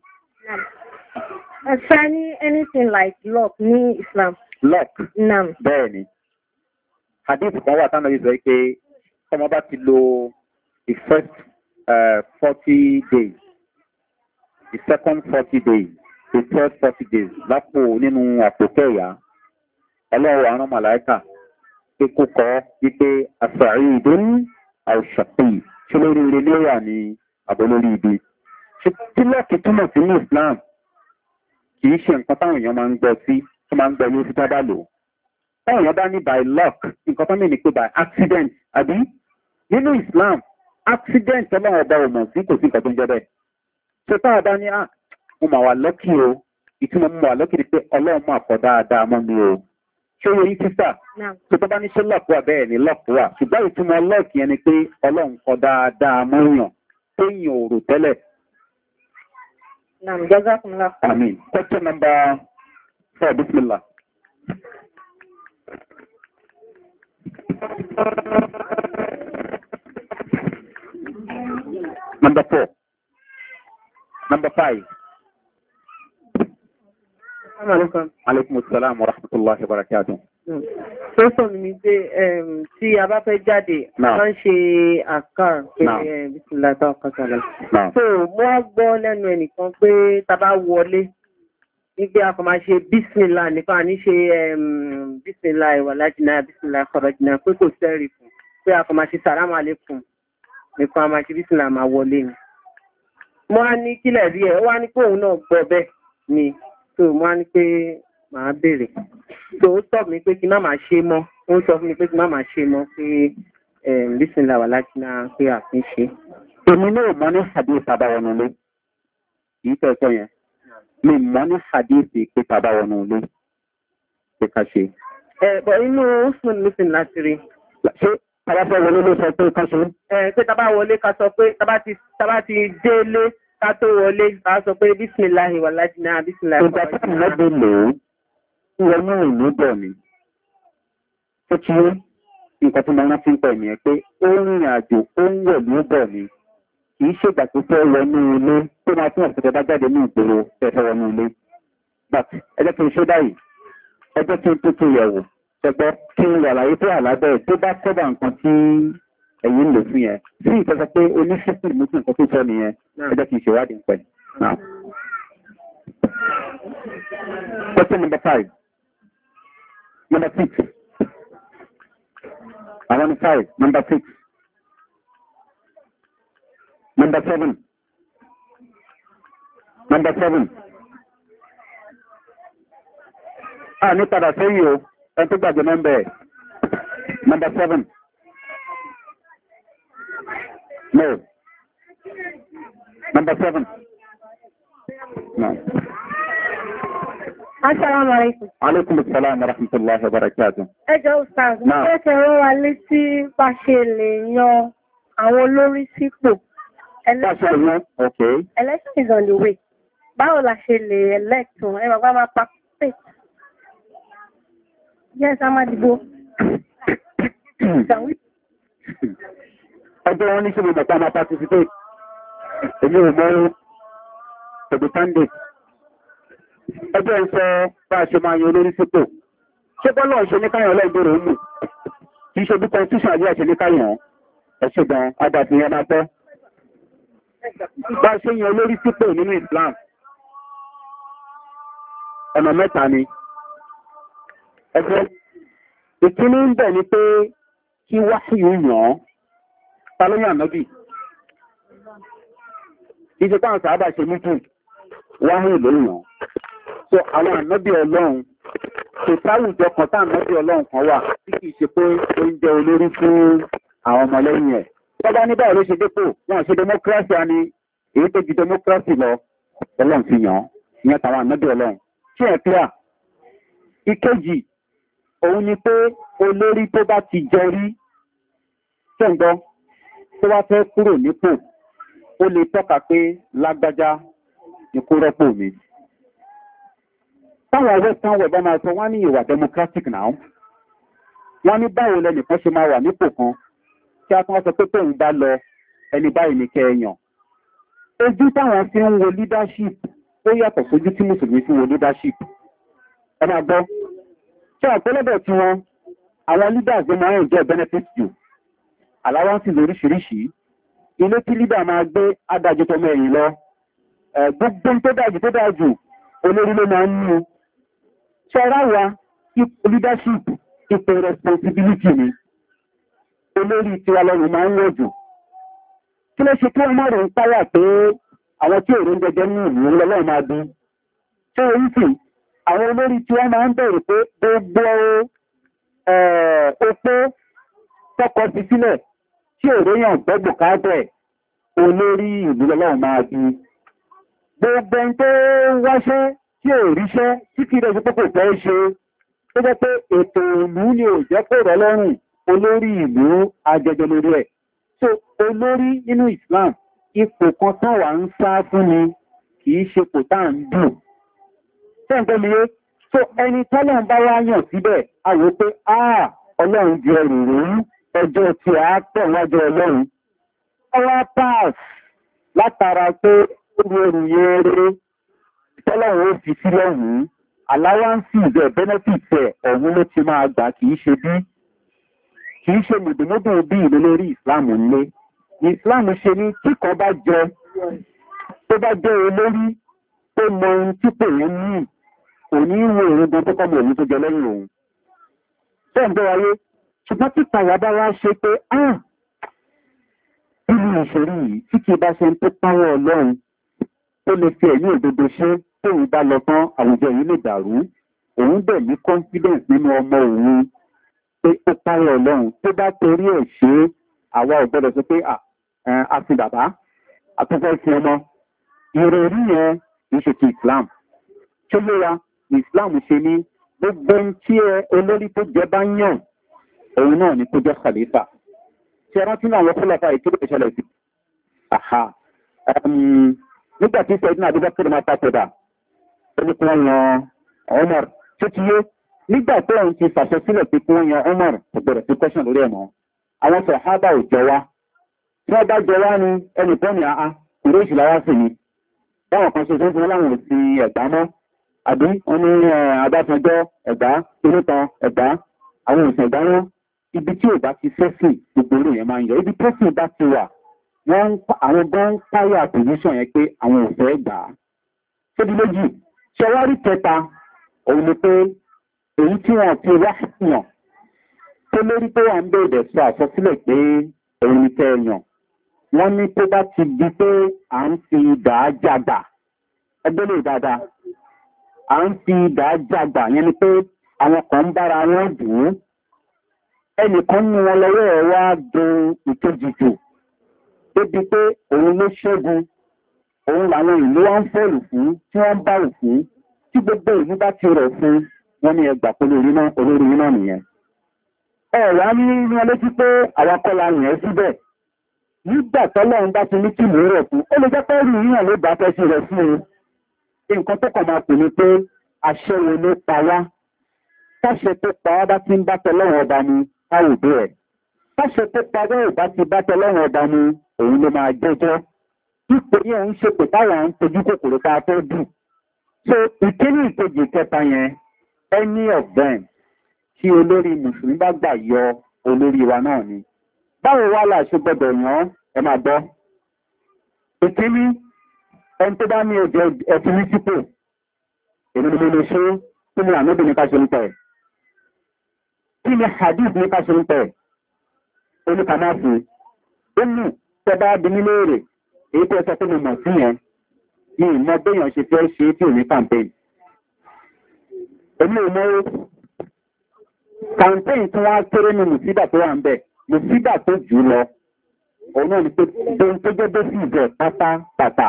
ẹ fẹ́ ní anything like love ní islam lock. bẹ́ẹ̀ ni hadith kan wà tánà yìí sọ pé ọmọ bá ti lo the first eh, forty uh, days the second forty days the third forty days lápò nínú àpòkẹ́ ìyá ọlọ́wọ́ àrùn màláìkà pé kó kọ́ wípé àṣàrí ìdún àṣàpì ṣé lórí ilé léwà ní àbólórí ibi ṣe tí lọ́ọ̀kì túmọ̀ sí ní islam kì í ṣe nǹkan táwọn èèyàn máa ń gbọ́ sí tó máa ń gbẹ yóò fi lò ó táwọn ní by luck nǹkan tó mìíràn pé by accident àbí nínú islam accident ọlọ́run ọba òmò sí kò sí nǹkan tó ń jẹ́ bẹ́ẹ̀ tó tá a bá ní à ah, mo mà wà lọ́kì o ìtumọ̀ mo wà lọ́kì ni pé ọlọ́run mà kọ́ dáadáa mọ́ mi o ṣé o yí sísà tó tó bá ní ṣé lọ́ọ̀kù wà bẹ́ẹ̀ ni lọ́ọ̀kù wà ṣùgbọ́n ìtumọ̀ lọ́ọ̀kì yẹn ni pé ọlọ́run kọ́ dáadáa mọ́ yàn tó yàn òrò tẹ́lẹ̀. Naam, jazakumullah. Amin. Question number طيب بسم الله number four number five السلام عليكم عليكم السلام ورحمة الله وبركاته tó sọ̀rọ̀ mi pé tí a bá fẹ́ jáde máa ń ṣe àkàr pé bisimilá tó kọsàlẹ̀ so mo gbọ́ lẹ́nu ẹnìkan pé tá a bá wọlé nígbé akọ̀ máa ṣe bísìnlá nípa ní ṣe bísìnlá ìwà lájìnà bísìnlá kọ̀rọ̀jìnà pé kò sẹ́rì fún pé akọ̀ máa ṣe sàrámà lẹ́kùn nípa máa ṣe bísìnlá máa wọlé ni. mo á ní kílẹ̀ rí ẹ̀ wá ní pé òun náà gbọ́ bẹ́ẹ̀ ni tó mo á ní pé màá béèrè tó ó sọ mi pé kí má máa ṣe mọ́ ó sọ fún mi pé kí má máa ṣe mọ́ pé bísìnlá wà lájìnà pé àfin ṣe. èmi náà mọ ní sàbí ìsàbà ọ̀nà lé kì í tẹ̀ mi mọ́ ní hadithi pé tàbá wọnú ilé pé ká ṣe. ẹ bọ inú sùn nísìn láti rí. ṣé tàbá fẹ́ wọlé ló sọ pé ká ṣe. ẹ pé tàbá wọlé ká sọ pé tàbá ti délé ká tó wọlé ká sọ pé bísíláhi wà lájìnà bísíláhi wà ìgbà tí wọ́n dé lò ó tí wọ́n mú ìlú bọ̀ ni. ó ti nǹkan tó máa rántí ń pẹ̀ nìyẹn pé ó ń rìn àjò ó ń wọ̀ ló bọ̀ ni kì í ṣègbà tó fẹ́ wọnú ilé tó máa tún àṣẹ bá jáde ní ìgboro fẹ́ wọnú ilé. but ẹjẹ́ kí n ṣe báyìí ẹjẹ́ kí n tútù yẹ̀wò ẹgbẹ́ kí n wà láyé tó wà lábẹ́ tó bá kọ́bà nǹkan tí ẹ̀yìn lò fún yẹn sí ìtọ́sọ pé oníṣẹ́sìn mú nǹkan tó sọ nìyẹn ẹjẹ́ kí n ṣèwádìí pẹ̀. question number five number six àwọn ní five number six. Number seven. Number seven. A ah, ní padà sẹ́yìn o, ẹni tó gbàgbé nọ́mbà ẹ̀. Number seven. No. Number seven. No. Assalamu alaikum. Alaikum assalam wa rahmatullahi wa barakatuh. Ẹ Ustaz, mo fẹ́ kẹ́ wọ́n wa létí bá ṣe lè yan àwọn olórí sípò. Election is on the way. Báwo la ṣe lè elect Ẹ bàbá máa participate. Yes, a dìbò. Ẹjọ́ wọn ní ṣe mo bàbá máa participate. Èmi ò mọ́rún pẹ̀lú candidate. Ẹjọ́ ń sọ bá a ṣe máa yan olórí sípò. Ṣé bọ́lọ̀ ṣe ní káyọ̀ ọlọ́ìgbèrè ń mú? Kì í ṣe bí constitution àbí àṣẹ ní káyọ̀ ẹ̀ gan-an, adàbí ẹ̀ máa tẹ́ bá ṣe yan olórí sípò nínú islam ọ̀nà mẹ́ta ni ẹgbẹ́ ìkíní ń bẹ̀ ni pé kí wáṣíù yàn án ta ló yàn nábì ìṣe táwọn sàábà ṣe mítù wáhìn ló yàn án so àwọn ànábì ọlọ́run kò sáwùjọ kan tá ànábì ọlọ́run kan wà tí kì í ṣe pé ó ń olórí fún àwọn ọmọlẹ́yìn ẹ̀ tọ́gbà ní báyìí ló ṣe dépò wọn ṣe democracy ni èyí tó ju democracy lọ ọlọ́run fi yàn án ìyẹn tàwọn ànábì ọlọ́run tí ẹ̀ clear ìkejì òun ni pé olórí tó bá ti jọrí tẹ̀gbọ́ tó bá fẹ́ kúrò nípò ó lè tọ́ka pé lágbájá ni kó rọ́pò mi táwọn western web bá máa sọ wọ́n ní ìwà democratic now wọ́n ní báwo lẹnìkan ṣe máa wà nípò kan kí a tún wọ́n sọ pé tóun bá lọ ẹni báyìí ní kẹyàn ojú táwọn fi ń wo leadership ó yàtọ̀ sójú tí mùsùlùmí fi wo leadership ẹ máa gbọ́ ṣé àpẹẹlẹ́bẹ̀ tí wọ́n àwọn leaders ló máa ń jẹ́ benefit jù aláwọ̀nsì lóríṣiríṣi ilé tí leader máa gbé adájú tọmọ ẹ̀yìn lọ gbogbo tó dájú tó dájú olórí ló máa ń mú ṣọ́ra wa leadership ipò responsibility ni olórí tiwa lọ́rùn máa ń wọ̀jù kí ló ṣe kí wọ́n mọ̀rọ̀ ń páyà pé àwọn tí èrò ń jẹjẹ ní ìlú lọ́lọ́run máa bí tí ó ń sì àwọn olórí tiwa máa ń bẹ̀rù pé gbogbo opó tọkọ fi sílẹ̀ tí èrò gbẹ́gbò káàbẹ̀ olórí ìlú lọ́lọ́run máa bí gbogbo ẹni tó wáṣẹ́ tí ò ríṣẹ́ tí kí lọ sí fẹ́ ṣe tó jẹ́ pé ètò ìlú ni ò jẹ́ pé rọ́lọ́rùn olórí ìlú ajẹjọ lórí ẹ̀ so olórí nínú islam ipò kan tán wà ń sá fún ni kìí ṣe kò tá ń dùn tẹ́ǹtẹ́mìyé so ẹni tọ́lọ́n bá wá yàn síbẹ̀ a wò pé àà ah, ọlọ́run di ẹrù rèé ẹjọ́ tí a pọ̀ wájú ọlọ́run ọwá pass látara pé ó rí ẹrù yẹrẹ tọ́lọ́run ó fi sílẹ̀ yìí aláwáǹsì ìbẹ̀ benefit ẹ̀ ọ̀hún ló ti máa gbà kìí ṣe bí kì í ṣe mọ̀dùmọ́dù bí ìlú lórí ìsìláàmù ńlé ìsìláàmù ṣe ní tí kan bá jẹ tó bá jẹ́ olórí tó mọ ohun tí pè é ní òní wo èrè gan tó kọ́mọ òun tó jẹ lẹ́yìn òun bẹ́ẹ̀ ń bẹ́wáyé ṣùgbọ́n tí tàwa bá wá ṣe pé ah nínú ìṣòrí yìí tí kì í bá ṣe ń tó pàwọ́ ọlọ́run tó lè fi ẹ̀yìn òdodo ṣe tóun bá lọ tán àwùjọ yìí lè dàrú òun bẹ̀ ní confidence nínú ọmọ òun pé ó pààrọ̀ ọlọ́run tó bá torí ẹ̀ ṣe é àwa ò sọ pé a fi bàbá a tún fẹ́ fi ọmọ ìròrí yẹn kì í ṣe ti islam tó yẹra islam ṣe ní gbogbo ohun tí olórí tó jẹ bá yàn òun náà ni kó jẹ́ khalifa ṣe rántí ní àwọn fúlàfà ìkéde ìṣẹ̀lẹ̀ sí nígbà tí sẹ́yìn náà adébákẹ́rẹ́ máa ó ní kí wọ́n yan omar tó ti yé nígbà tó ń ti fàṣẹ sílẹ̀ pé kí wọ́n yan umar kò gbọ́dọ̀ sí question lórí ẹ̀ mọ́ àwọn sọ̀hábà ò jọ wá tí wọ́n bá jọ wá ní ẹnìkan ní àá ìró ìṣìlá wá sí ni báwọn kan ṣoṣo fún láwọn òsì ẹ̀gbá mọ́ àbí wọn ní abáfẹjọ́ ẹ̀gbá onítan ẹ̀gbá àwọn òsì ẹ̀gbá wọn ibi tí ò bá ti sẹ́sìn gbogbo orí yẹn máa ń yọ ibi tẹ́sìn bá ti wà wọ́n àwọn gan ń páyà position yẹn pé àwọn òfẹ́ gbà á. ṣé méjì ṣe kẹta òun ni pé èyí tí wọ́n fi wá yàn tó lórí tó wà ń bèèrè sọ àsọsílẹ̀ pé òun ni kẹ́ yàn wọ́n ní tó bá ti di pé à ń fi ìdá jàgbà ẹgbẹ́ lè dáadáa à ń fi ìdá jàgbà yẹn ni pé àwọn kan ń bára wọn dùn ún ẹnìkan ní wọn lọ́wọ́ ẹ̀ wá dun ìkejì jù débi pé òun ló ṣẹ́gun òun làwọn ìlú wa fọ́ọ̀lù fún tí wọ́n bá òfin tí gbogbo ìlú bá ti rọ̀ fún un wọ́n ní ẹgbà pé olórí yín náà nìyẹn ẹ wá ní wọn létí pé àwọn akọ́la yẹn síbẹ̀ nígbà tọ́lọ́ ń bá ti ní kí mò ń rọ̀ fún ó lè jẹ́ pé rí yíyan ló bá fẹ́ sí rẹ̀ fún un nǹkan tó kàn máa pè ní pé àṣẹ wo ló so ìkíní ìkejì kẹta yẹn any of them tí olórí mùsùlùmí bá gbà yọ olórí wa náà ni báwo wá là ṣe gbọdọ̀ yàn ẹ máa gbọ́ ìkíní ẹni tó bá ní ẹ̀jẹ̀ ẹ̀tí ní sípò èmi ni mo lè ṣe tí mo àmì ní káṣe ń pẹ̀ kí ni hadith ní káṣe ń pẹ̀ oníkàmáàfin ó mú tẹ bá bí nílé èrè èyí tó ẹ sọ pé mo mọ̀ sí yẹn ní ìmọ̀ béèyàn ṣe fẹ́ ṣe tí ò ní campaign èmi ò mọ́ kàǹtẹ́yìn tí wọ́n á kéré ní mùsíbà tó wà ń bẹ̀ mùsíbà tó jù lọ òun náà ni pé bóun tó jẹ́ bó sì jẹ pátápátá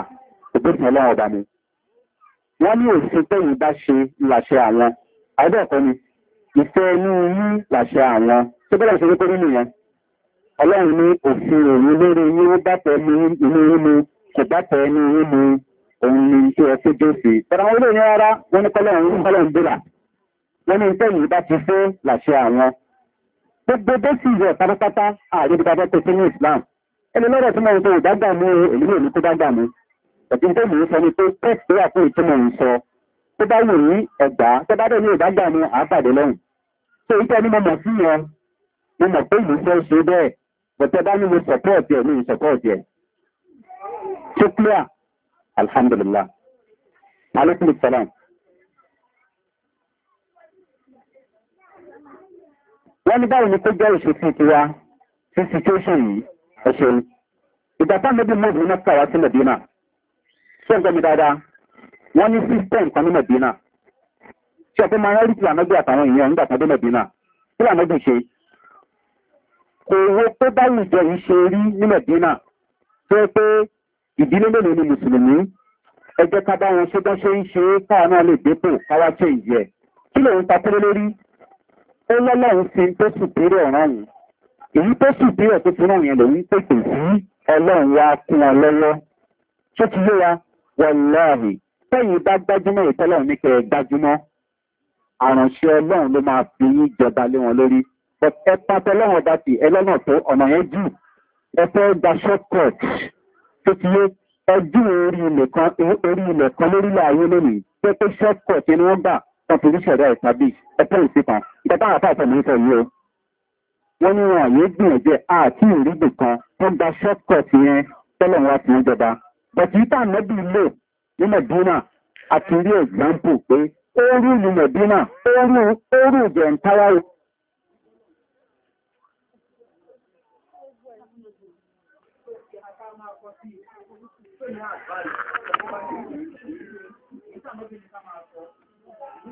òbẹ́sìn ọlọ́run ọba ni wọ́n ní òṣìṣẹ́ tẹ̀yìn bá ṣe làṣẹ àwọn àádọ́kọ́ ni ìfẹ́ inú yín làṣẹ àwọn tó bẹ́rẹ̀ ṣe wípé nínú yẹn ọlọ́run ní òfin òun lórí yín ó bá tẹ inú yín mu kò bá tẹ inú yín mu òun ni tí ẹ fi dófin tọ́ra wọn lè ní rárá wọn ní kọ́lọ́run ń bọ́lọ̀ ń bíra wọn ní nǹkan yìí bá ti fẹ́ làṣẹ àwọn. gbogbo bẹ́sìn yọ pátápátá ààrẹ bí dájọ́ pèsè ní islam ẹni lọ́rọ̀ tí mo ń sọ ìdágbà mú èmi ní èmi tó bá gbà mú ẹ̀bí tó mò ń sọ ni pé text tó wà fún ìtí mò ń sọ tó bá wù ní ẹgbà tó bá dẹ̀ ní ìdágbà mú àbàdé lọ́hùn. tó ń tẹ́ ni mo mọ̀ sí yẹn mo mọ̀ pé ìlú fẹ́ ṣe bẹ́ẹ̀ bọ̀tẹ́ bá ní mo support ẹ̀ ní wọ́n ní báwo ni kó jẹ́ òṣèṣì tiwa sí situation yìí ẹ̀ṣẹ̀ ni ìgbà tá mẹ́bí mọ́ọ̀dù náà kà wá sí mẹ̀dínà ṣé ń gbọ́ mi dáadáa wọ́n ní system kan ní mẹ̀dínà ṣé ọ̀pọ̀ máa ń rí tìlànà gbé àtàwọn èèyàn nígbà kan dé mẹ̀dínà tìlànà gbé ṣe kò wo pé báyìí jẹ́ ìṣe rí ní mẹ̀dínà tó yẹ pé ìdílé mélòó ni mùsùlùmí ẹgbẹ́ ká bá wọn ṣe bọ́n ṣe ń ṣe káà náà lè dépò káwá ṣe ìjẹ kí lòun ta kúrò lórí ó lọ́lọ́run fi tó sùpírò ọ̀ràn yìí èyí tó sùpírò tó fi ràn yẹn lòun pèpè sí ọlọ́run wa kún ọ lọ́wọ́ tó ti yé wa wọláàhì tẹ́yìn bá gbájúmọ́ ìtọ́lọ́run ní kẹ́ ẹ gbájúmọ́ àránṣẹ́ ọlọ́run ló máa fi yín jọba lé wọn lórí ẹ pàtó lọ́wọ́ ọba tì ẹ lọ́nà tó ọ̀nà yẹn jù ẹ fẹ́ gba shortcut tó ti yé ẹjú orí ilẹ̀ kan lórílẹ̀ ayé lónìí pé pé shortcut ni wọ́n gbà tọ́pìlì ṣẹ̀dá ìtàbí ẹ̀tọ́ ìsìnkàn ìtẹ́tà àtàtà mi sọ yìí o wọ́n ní wọn àyè gbìyànjẹ́ àti ìrígbì kan tó ń gba shortcut yẹn tọ́lọ̀ wá ìjọba bẹ̀tì ìta nẹ́bí lò ní mẹ̀dínà àti rí example pé ooru ní mẹ̀dínà ooru ooru jẹ́ ntara Thank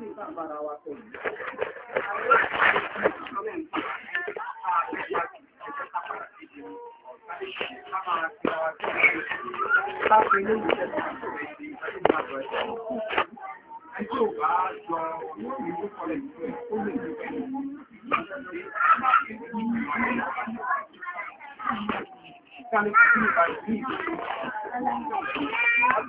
Sous-titrage Société Radio-Canada